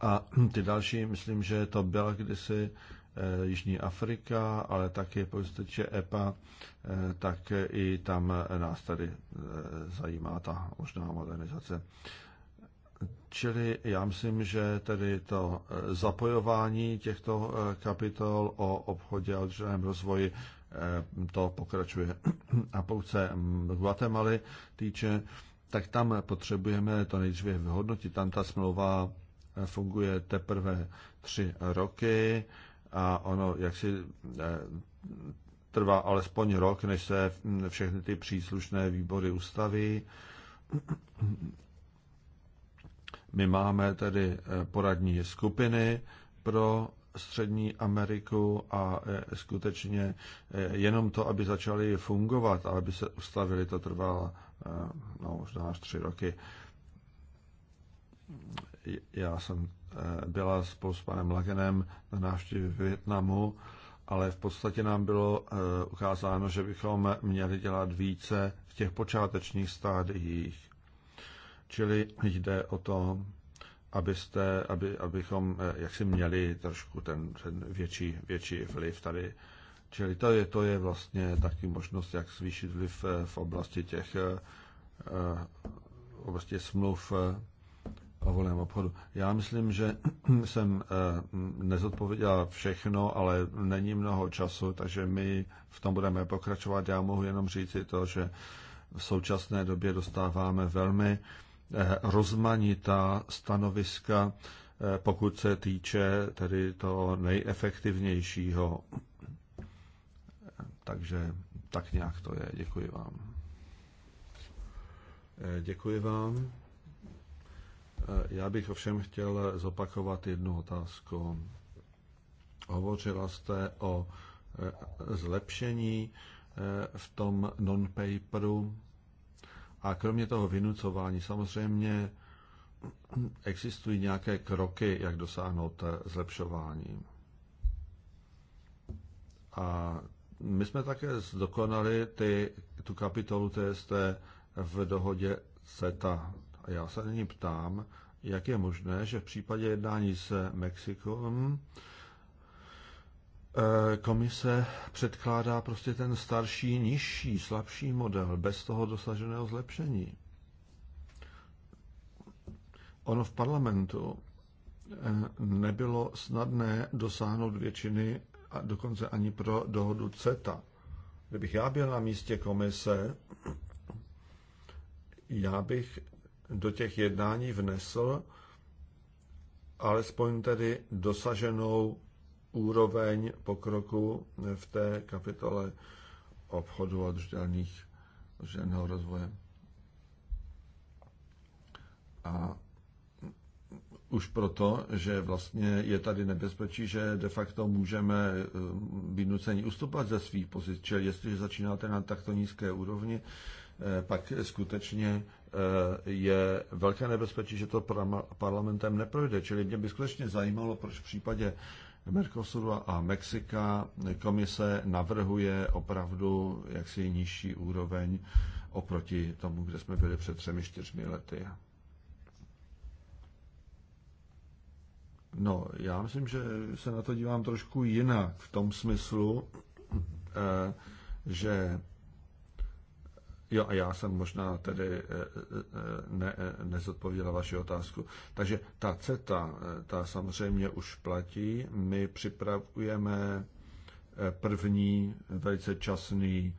A ty další, myslím, že to byla kdysi eh, Jižní Afrika, ale také pozice EPA, tak i tam nás tady zajímá ta možná modernizace. Čili já myslím, že tedy to eh, zapojování těchto eh, kapitol o obchodě a održeném rozvoji eh, to pokračuje. A pokud se mm, Guatemaly týče, tak tam potřebujeme to nejdříve vyhodnotit. Tam ta smlouva funguje teprve tři roky a ono jaksi trvá alespoň rok, než se mm, všechny ty příslušné výbory ustaví my máme tedy eh, poradní skupiny pro Střední Ameriku a eh, skutečně eh, jenom to, aby začaly fungovat a aby se ustavili, to trvalo no, možná až tři roky. Já jsem byla spolu s panem Lagenem na návštěvě Větnamu, ale v podstatě nám bylo ukázáno, že bychom měli dělat více v těch počátečních stádiích. Čili jde o to, abyste, aby, abychom eh, jak si měli trošku ten, ten větší, větší vliv tady. Čili to je, to je vlastně taky možnost, jak zvýšit vliv eh, v oblasti těch eh, v oblasti smluv o volném obchodu. Já myslím, že jsem nezodpověděl všechno, ale není mnoho času, takže my v tom budeme pokračovat. Já mohu jenom říci to, že v současné době dostáváme velmi Eh, rozmanitá stanoviska, eh, pokud se týče tedy toho nejefektivnějšího. Eh, takže tak nějak to je. Děkuji vám. Děkuji vám. Já bych ovšem chtěl zopakovat jednu otázku. Hovořila jste o zlepšení v tom non-paperu a kromě toho vynucování samozřejmě existují nějaké kroky, jak dosáhnout zlepšování. A my jsme také zdokonali ty, tu kapitolu TST v dohodě CETA. A já se nyní ptám, jak je možné, že v případě jednání s Mexikem Eh, komise předkládá prostě ten starší, nižší, slabší model bez toho dosaženého zlepšení. Ono v parlamentu eh, nebylo snadné dosáhnout většiny a dokonce ani pro dohodu CETA. Kdybych já byl na místě komise, já bych do těch jednání vnesl alespoň tedy dosaženou úroveň pokroku v té kapitole obchodu a ženého rozvoje. A už proto, že vlastně je tady nebezpečí, že de facto můžeme eh, být nuceni ustupovat ze svých pozic. Čili jestliže začínáte na takto nízké úrovni, eh, pak skutečně eh, je velké nebezpečí, že to parlamentem neprojde. Čili mě by skutečně zajímalo, proč v případě Mercosuru a Mexika komise navrhuje opravdu jaksi nižší úroveň oproti tomu, kde jsme byli před třemi, čtyřmi lety. No, já myslím, že se na to dívám trošku jinak, v tom smyslu, eh, že Jo, a já jsem možná tedy eh, eh, eh, ne, nezodpověděla vaši otázku. Takže ta CETA, ta samozřejmě už platí. My připravujeme první velice časný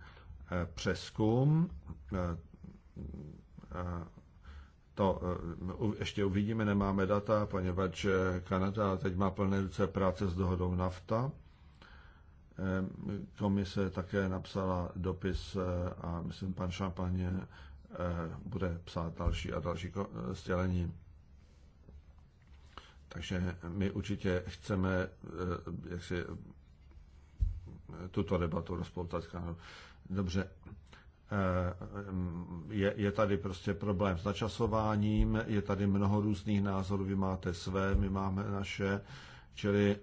přeskum. To ještě uvidíme, nemáme data, poněvadž Kanada teď má plné ruce práce s dohodou NAFTA. Komise eh, také napsala dopis eh, a myslím, pan Šampaně eh, bude psát další a další sdělení. Takže my určitě chceme jak si, tuto debatu rozpoutat. Dobře, je, je tady prostě problém s načasováním, je tady mnoho různých názorů, vy máte své, my máme naše, čili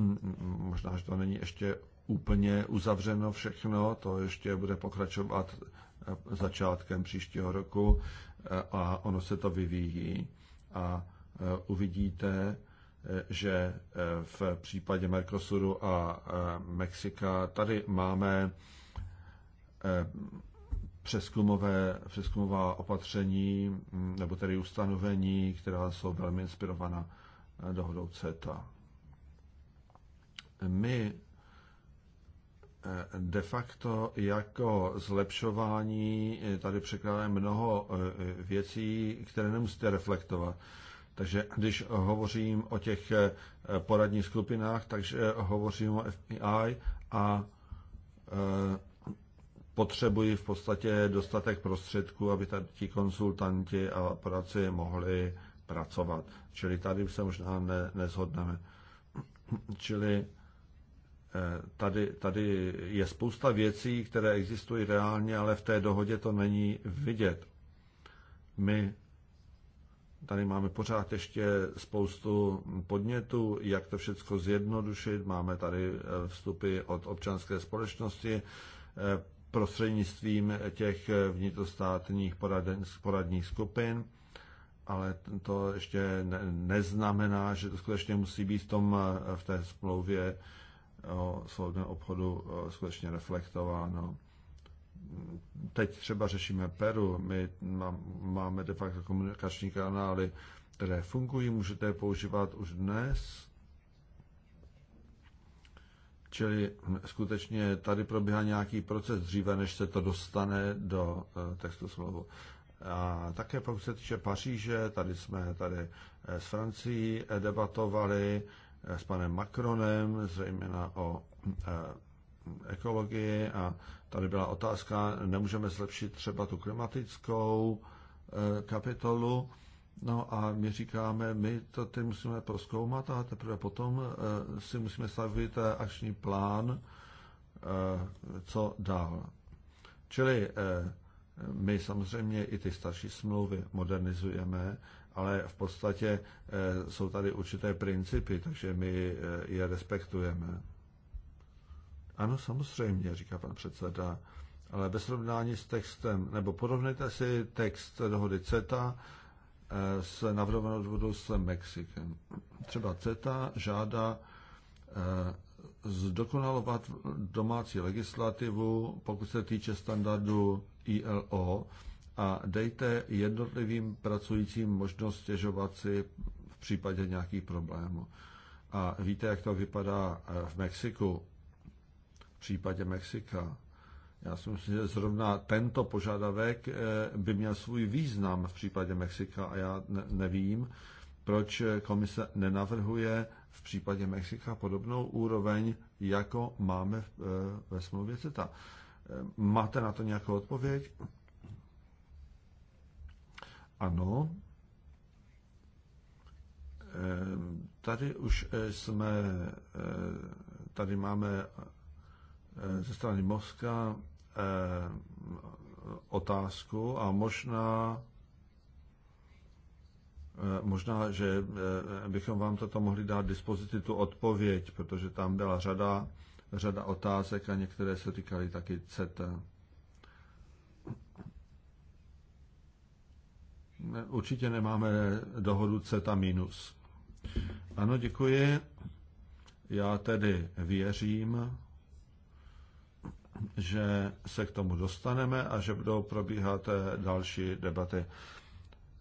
možná, že to není ještě úplně uzavřeno všechno, to ještě bude pokračovat eh, začátkem příštího roku eh, a ono se to vyvíjí. A eh, uvidíte, že v případě Mercosuru a Mexika tady máme přeskumové, přeskumová opatření, hm, nebo tedy ustanovení, která jsou velmi inspirovaná dohodou CETA. My de facto jako zlepšování eh, tady překládá mnoho eh, věcí, které nemusíte reflektovat. Takže když hovořím o těch eh, poradních skupinách, takže hovořím o FBI a potřebuji v podstatě dostatek prostředků, aby tady ti konsultanti a poradci mohli pracovat. Čili tady se možná ne, nezhodneme. Čili Tady, tady je spousta věcí, které existují reálně, ale v té dohodě to není vidět. My tady máme pořád ještě spoustu podnětů, jak to všechno zjednodušit. Máme tady eh, vstupy od občanské společnosti eh, prostřednictvím těch vnitrostátních poradních skupin ale to ještě neznamená, že to skutečně musí být v, tom, eh, v té smlouvě o obchodu skutečně reflektováno. Teď třeba řešíme Peru, my máme de facto komunikační kanály, které fungují, můžete je používat už dnes. Čili skutečně tady probíhá nějaký proces dříve, než se to dostane do e, textu slovu. A také pokud se týče Paříže, tady jsme tady e, s Francií debatovali, s panem Macronem, zejména o eh, ekologii a tady byla otázka, nemůžeme zlepšit třeba tu klimatickou eh, kapitolu, No a my říkáme, my to ty musíme proskoumat a teprve potom eh, si musíme stavit akční plán, co dál. Čili my samozřejmě i ty starší smlouvy modernizujeme, ale v podstatě eh, jsou tady určité principy, takže my eh, je respektujeme. Ano, samozřejmě, říká pan předseda, ale ve srovnání s textem, nebo porovnejte si text dohody CETA eh, s navrhovanou dohodou s Mexikem. Třeba CETA žádá zdokonalovat domácí legislativu, pokud se týče standardu ILO, a dejte jednotlivým pracujícím možnost stěžovat si v případě nějakých problémů. A víte, jak to vypadá eh, v Mexiku, v případě Mexika. Já si myslím, že zrovna tento požadavek eh, by měl svůj význam v případě Mexika a já nevím, proč eh, komise nenavrhuje v případě Mexika podobnou úroveň, jako máme ve smlouvě CETA. Máte na to nějakou odpověď? Ano. Eh, tady už eh, jsme, eh, tady máme ze strany Moska otázku a možná Možná, že bychom vám toto mohli dát dispozici tu odpověď, protože tam byla řada, řada otázek a některé se týkaly taky CETA. určitě nemáme dohodu CETA minus. Ano, děkuji. Já tedy věřím, že se k tomu dostaneme a že budou probíhat eh, další debaty.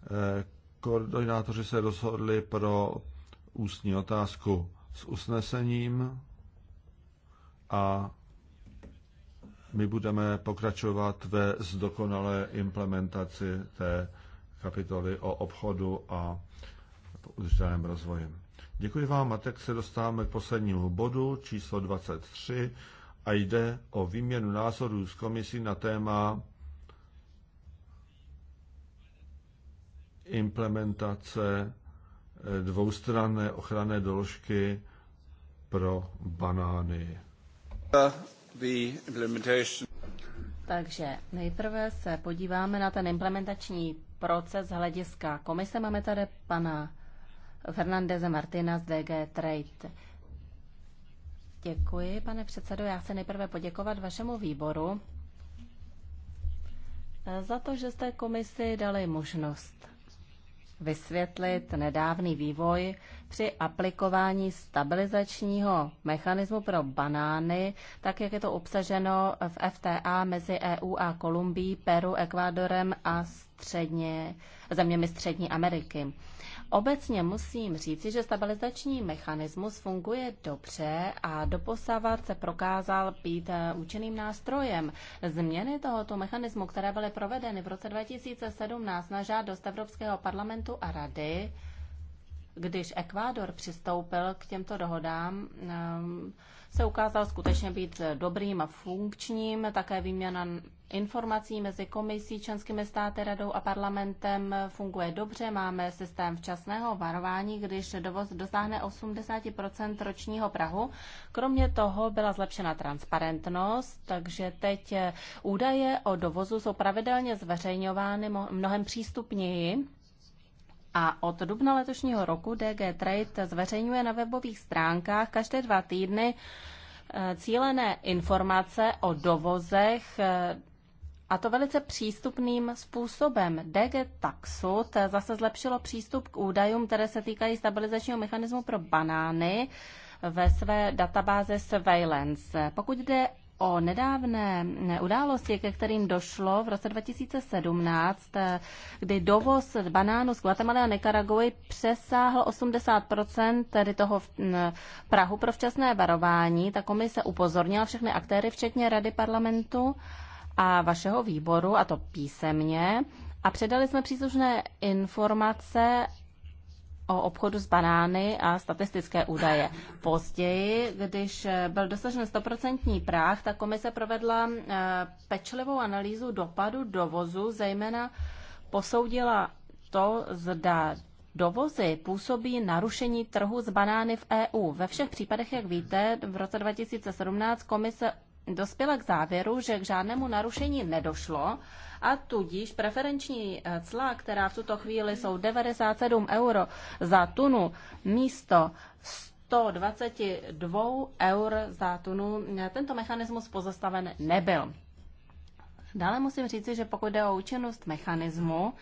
Eh, koordinátoři se rozhodli pro ústní otázku s usnesením a my budeme pokračovat ve zdokonalé implementaci té kapitoly o obchodu a udržitelném rozvoji. Děkuji vám a teď se dostáváme k poslednímu bodu, číslo 23, a jde o výměnu názorů s komisí na téma implementace eh, dvoustranné ochranné doložky pro banány. Takže nejprve se podíváme na ten implementační proces hlediska komise. Máme tady pana Fernandeze Martina z DG Trade. Děkuji, pane předsedo. Já se nejprve poděkovat vašemu výboru za to, že jste komisi dali možnost vysvětlit nedávný vývoj při aplikování stabilizačního mechanismu pro banány, tak jak je to obsaženo v FTA mezi EU a Kolumbií, Peru, Ekvádorem a středně, zeměmi Střední Ameriky. Obecně musím říci, že stabilizační mechanismus funguje dobře a doposavat se prokázal být eh, účinným nástrojem. Změny tohoto mechanismu, které byly provedeny v roce 2017 na žádost Evropského parlamentu a rady, když Ekvádor přistoupil k těmto dohodám, ehm, se ukázal skutečně být eh, dobrým a funkčním, také výměna informací mezi komisí, členskými státy, radou a parlamentem funguje dobře. Máme systém včasného varování, když dovoz dosáhne 80 ročního Prahu. Kromě toho byla zlepšena transparentnost, takže teď údaje o dovozu jsou pravidelně zveřejňovány mnohem přístupněji. A od dubna letošního roku DG Trade zveřejňuje na webových stránkách každé dva týdny eh, cílené informace o dovozech eh, a to velice přístupným způsobem. DG Taxud zase zlepšilo přístup k údajům, které se týkají stabilizačního mechanismu pro banány ve své databáze Surveillance. Pokud jde o nedávné události, ke kterým došlo v roce 2017, kdy dovoz banánů z Guatemala a Nikaraguy přesáhl 80 tedy toho Prahu pro včasné varování, ta komise upozornila všechny aktéry, včetně Rady parlamentu, a vašeho výboru, a to písemně, a předali jsme příslušné informace o obchodu s banány a statistické údaje. Později, když byl dosažen 100% práh, ta komise provedla eh, pečlivou analýzu dopadu dovozu, zejména posoudila to, zda Dovozy působí narušení trhu z banány v EU. Ve všech případech, jak víte, v roce 2017 komise dospěla k závěru, že k žádnému narušení nedošlo a tudíž preferenční eh, cla, která v tuto chvíli jsou 97 euro za tunu místo 122 eur za tunu, eh, tento mechanismus pozastaven nebyl. Dále musím říci, že pokud jde o účinnost mechanismu,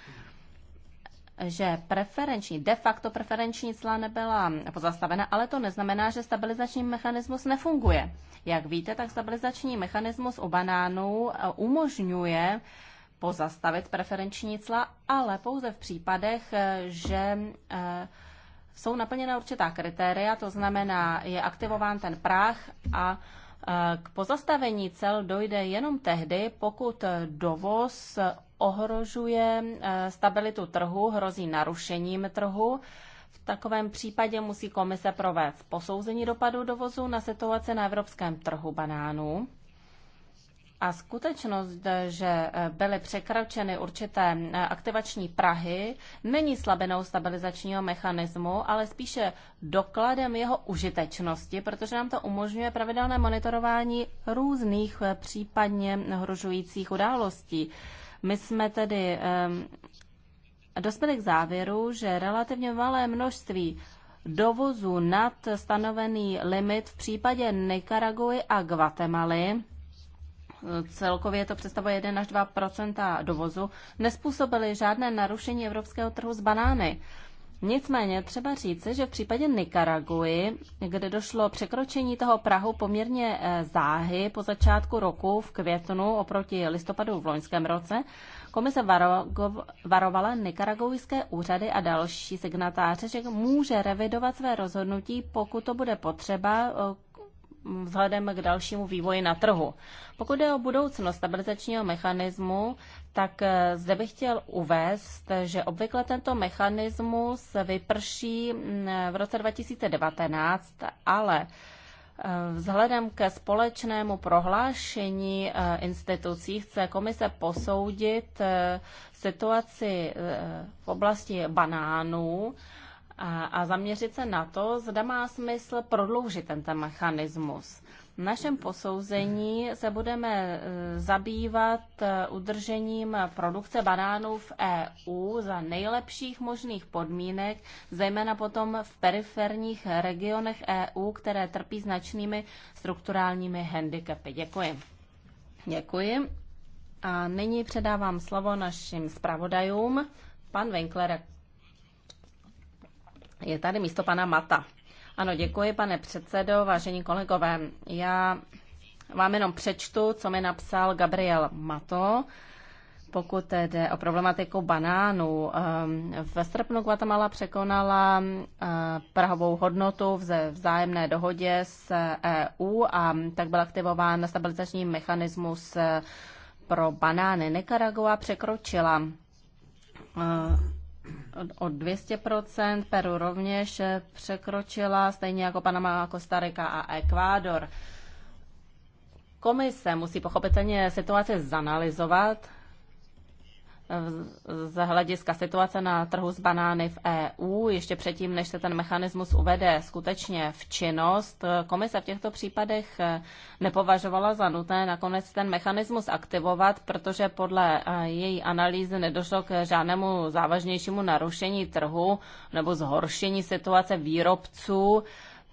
že preferenční, de facto preferenční cla nebyla pozastavena, ale to neznamená, že stabilizační mechanismus nefunguje. Jak víte, tak stabilizační mechanismus u banánů eh, umožňuje pozastavit preferenční cla, ale pouze v případech, eh, že eh, jsou naplněna určitá kritéria, to znamená, je aktivován ten práh a Eh, k pozastavení cel dojde jenom tehdy, pokud dovoz ohrožuje eh, stabilitu trhu, hrozí narušením trhu. V takovém případě musí komise provést posouzení dopadu dovozu na situaci na evropském trhu banánů a skutečnost, že byly překročeny určité aktivační prahy, není slabinou stabilizačního mechanismu, ale spíše dokladem jeho užitečnosti, protože nám to umožňuje pravidelné monitorování různých eh, případně hrožujících událostí. My jsme tedy ehm, dospěli k závěru, že relativně malé množství dovozu nad stanovený limit v případě Nikaraguji a Guatemaly celkově to představuje 1 až 2 dovozu, nespůsobily žádné narušení evropského trhu s banány. Nicméně třeba říci, že v případě Nikaraguji, kde došlo překročení toho Prahu poměrně eh, záhy po začátku roku v květnu oproti listopadu v loňském roce, komise varovala nikaragujské úřady a další signatáře, že může revidovat své rozhodnutí, pokud to bude potřeba vzhledem k dalšímu vývoji na trhu. Pokud je o budoucnost stabilizačního mechanismu, tak eh, zde bych chtěl uvést, že obvykle tento mechanismus vyprší mm, v roce 2019, ale eh, Vzhledem ke společnému prohlášení eh, institucí chce komise posoudit situaci v oblasti banánů a zaměřit se na to, zda má smysl prodloužit tento mechanismus. V našem posouzení se budeme e, zabývat e, udržením produkce banánů v EU za nejlepších možných podmínek, zejména potom v periferních regionech EU, které trpí značnými strukturálními handicapy. Děkuji. Děkuji. A nyní předávám slovo našim zpravodajům. Pan Winkler je tady místo pana Mata. Ano, děkuji, pane předsedo, vážení kolegové. Já vám jenom přečtu, co mi napsal Gabriel Mato. Pokud jde o problematiku banánů, ehm, v srpnu Guatemala překonala eh, prahovou hodnotu v vzájemné dohodě s EU a tak byl aktivován stabilizační mechanismus eh, pro banány. Nicaragua překročila eh, o 200%, Peru rovněž překročila, stejně jako Panama, Kostarika jako a Ekvádor. Komise musí pochopitelně situaci zanalizovat z hlediska situace na trhu s banány v EU, ještě předtím, než se ten mechanismus uvede skutečně v činnost, komise v těchto případech eh, nepovažovala za nutné nakonec ten mechanismus aktivovat, protože podle eh, její analýzy nedošlo k žádnému závažnějšímu narušení trhu nebo zhoršení situace výrobců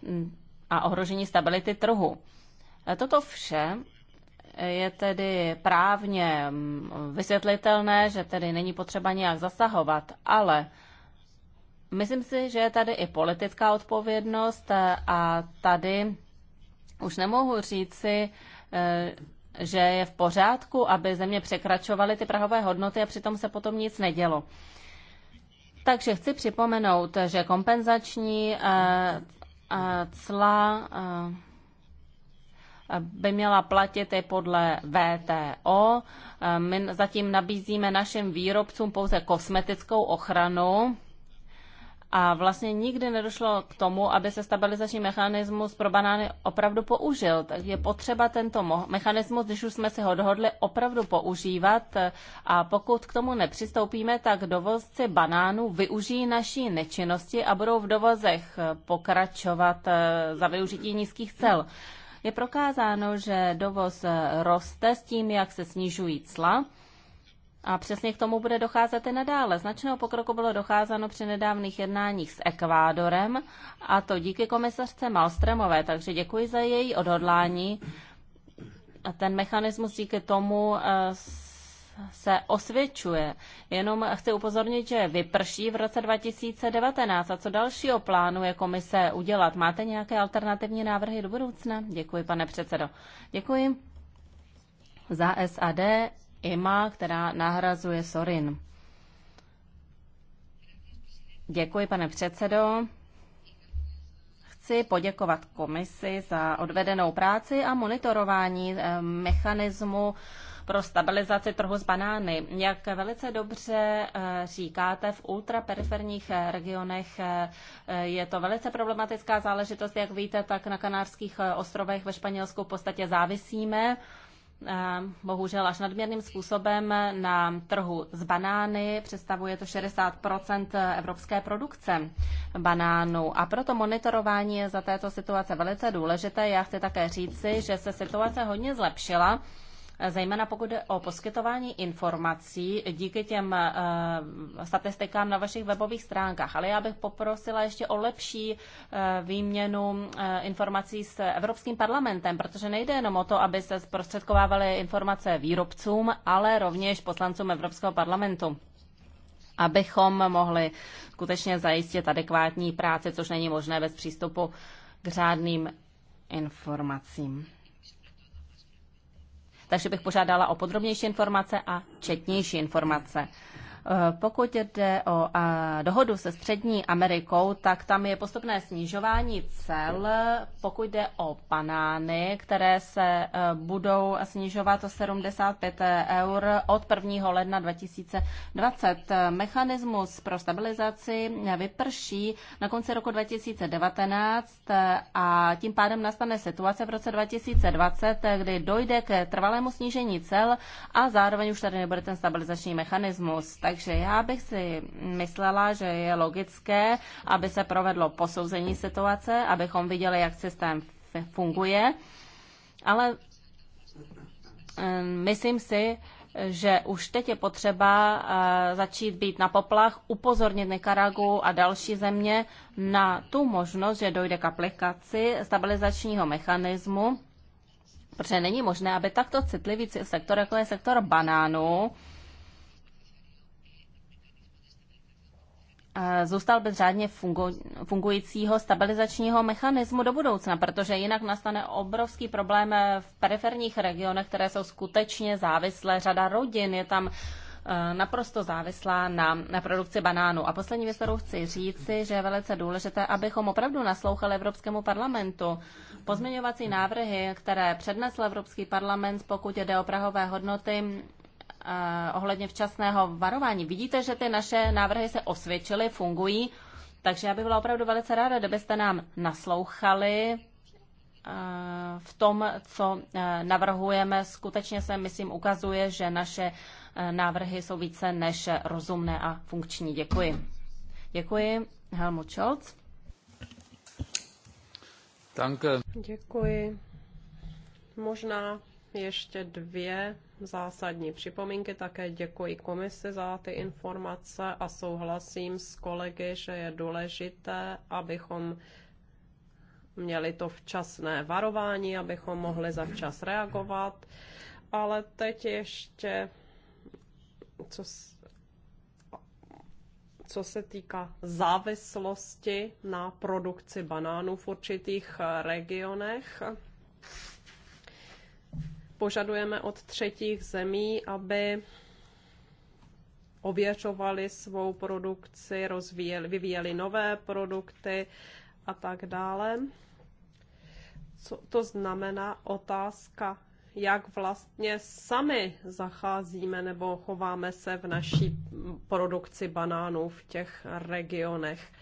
mm, a ohrožení stability trhu. Eh, toto vše je tedy právně mm, vysvětlitelné, že tedy není potřeba nějak zasahovat, ale myslím si, že je tady i politická odpovědnost eh, a tady už nemohu říci, eh, že je v pořádku, aby země překračovaly ty prahové hodnoty a přitom se potom nic nedělo. Takže chci připomenout, že kompenzační eh, cla by měla platit i podle VTO. My zatím nabízíme našim výrobcům pouze kosmetickou ochranu, a vlastně nikdy nedošlo k tomu, aby se stabilizační mechanismus pro banány opravdu použil. Tak je potřeba tento mechanismus, když už jsme si ho dohodli, opravdu používat. A pokud k tomu nepřistoupíme, tak dovozci banánů využijí naší nečinnosti a budou v dovozech pokračovat eh, za využití nízkých cel. Je prokázáno, že dovoz roste s tím, jak se snižují cla. A přesně k tomu bude docházet i nadále. Značného pokroku bylo docházeno při nedávných jednáních s Ekvádorem a to díky komisařce Malstremové, takže děkuji za její odhodlání. A ten mechanismus díky tomu eh, se osvědčuje. Jenom chci upozornit, že vyprší v roce 2019. A co dalšího plánuje komise udělat? Máte nějaké alternativní návrhy do budoucna? Děkuji, pane předsedo. Děkuji za SAD IMA, která nahrazuje SORIN. Děkuji, pane předsedo chci poděkovat komisi za odvedenou práci a monitorování eh, mechanismu pro stabilizaci trhu s banány. Jak velice dobře eh, říkáte, v ultraperiferních eh, regionech eh, je to velice problematická záležitost. Jak víte, tak na Kanárských ostrovech ve Španělsku v podstatě závisíme bohužel až nadměrným způsobem na trhu z banány. Představuje to 60 evropské produkce banánů. A proto monitorování je za této situace velice důležité. Já chci také říci, že se situace hodně zlepšila zejména pokud jde o poskytování informací díky těm eh, statistikám na vašich webových stránkách. Ale já bych poprosila ještě o lepší eh, výměnu eh, informací s Evropským parlamentem, protože nejde jenom o to, aby se zprostředkovávaly informace výrobcům, ale rovněž poslancům Evropského parlamentu abychom mohli skutečně zajistit adekvátní práci, což není možné bez přístupu k řádným informacím takže bych požádala o podrobnější informace a četnější informace. Eh, pokud jde o dohodu se Střední Amerikou, tak tam je postupné snižování cel. Pokud jde o banány, které se eh, budou snižovat o 75 eur od 1. ledna 2020. Mechanismus pro stabilizaci vyprší na konci roku 2019 eh, a tím pádem nastane situace v roce 2020, kdy dojde k trvalému snížení cel a zároveň už tady nebude ten stabilizační mechanismus. Tak takže já bych si myslela, že je logické, aby se provedlo posouzení situace, abychom viděli, jak systém funguje, ale myslím si, že už teď je potřeba eh, začít být na poplach, upozornit Nikaragu a další země na tu možnost, že dojde k aplikaci stabilizačního mechanismu, protože není možné, aby takto citlivý sektor, jako je sektor banánů, zůstal bez řádně fungu, fungujícího stabilizačního mechanismu do budoucna, protože jinak nastane obrovský problém v periferních regionech, které jsou skutečně závislé. Řada rodin je tam eh, naprosto závislá na, na produkci banánu. A poslední věc, kterou chci říci, že je velice důležité, abychom opravdu naslouchali Evropskému parlamentu. Pozměňovací návrhy, které přednesl Evropský parlament, pokud jde o prahové hodnoty, Eh, ohledně včasného varování. Vidíte, že ty naše návrhy se osvědčily, fungují, takže já bych byla opravdu velice ráda, kdybyste nám naslouchali eh, v tom, co eh, navrhujeme. Skutečně se, myslím, ukazuje, že naše návrhy jsou více než rozumné a funkční. Děkuji. Děkuji. Helmut Scholz. Danke. Děkuji. Možná ještě dvě zásadní připomínky. Také děkuji komisi za ty informace a souhlasím s kolegy, že je důležité, abychom měli to včasné varování, abychom mohli zavčas reagovat. Ale teď ještě, co, co se týká závislosti na produkci banánů v určitých regionech, Požadujeme od třetích zemí, aby ověřovali svou produkci, rozvíjeli, vyvíjeli nové produkty a tak dále. Co to znamená otázka, jak vlastně sami zacházíme nebo chováme se v naší produkci banánů v těch regionech?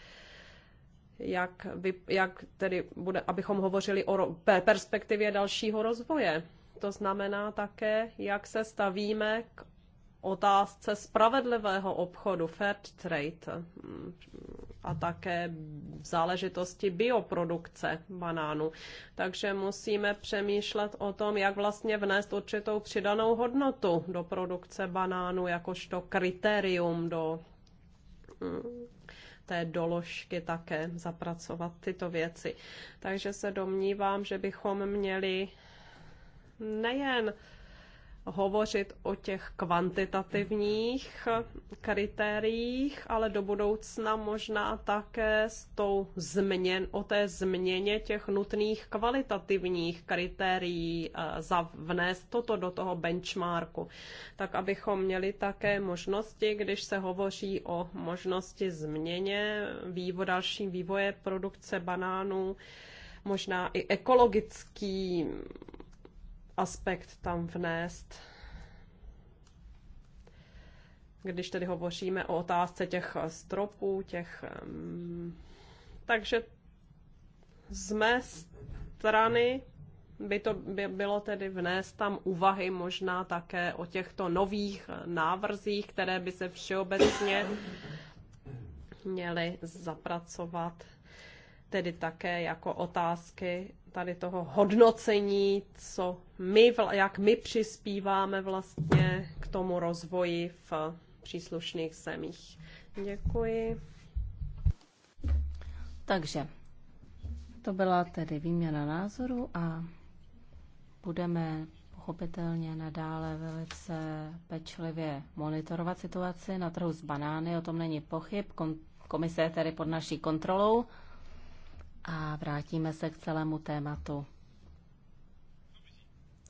Jak, vy, jak tedy bude, abychom hovořili o perspektivě dalšího rozvoje? To znamená také, jak se stavíme k otázce spravedlivého obchodu, fair trade a také v záležitosti bioprodukce banánu. Takže musíme přemýšlet o tom, jak vlastně vnést určitou přidanou hodnotu do produkce banánu, jakožto kritérium do mm, té doložky také zapracovat tyto věci. Takže se domnívám, že bychom měli nejen hovořit o těch kvantitativních kritériích, ale do budoucna možná také s tou změn, o té změně těch nutných kvalitativních kritérií eh, zavnést toto do toho benchmarku, tak abychom měli také možnosti, když se hovoří o možnosti změně vývo, dalším vývoje produkce banánů, možná i ekologický aspekt tam vnést když tedy hovoříme o otázce těch stropů, těch... Takže z mé strany by to by bylo tedy vnést tam úvahy možná také o těchto nových návrzích, které by se všeobecně měly zapracovat tedy také jako otázky tady toho hodnocení, co my, jak my přispíváme vlastně k tomu rozvoji v příslušných zemích. Děkuji. Takže to byla tedy výměna názoru a budeme pochopitelně nadále velice pečlivě monitorovat situaci na trhu s banány, o tom není pochyb. Komise je tedy pod naší kontrolou a vrátíme se k celému tématu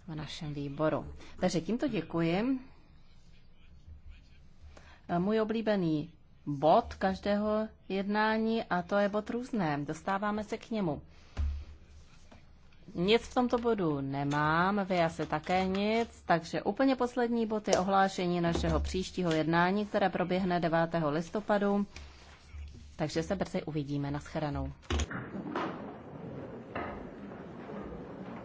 v našem výboru. Takže tímto děkuji. Můj oblíbený bod každého jednání a to je bod různé. Dostáváme se k němu. Nic v tomto bodu nemám, vy asi také nic, takže úplně poslední bod je ohlášení našeho příštího jednání, které proběhne 9. listopadu takže se brzy uvidíme. Naschledanou.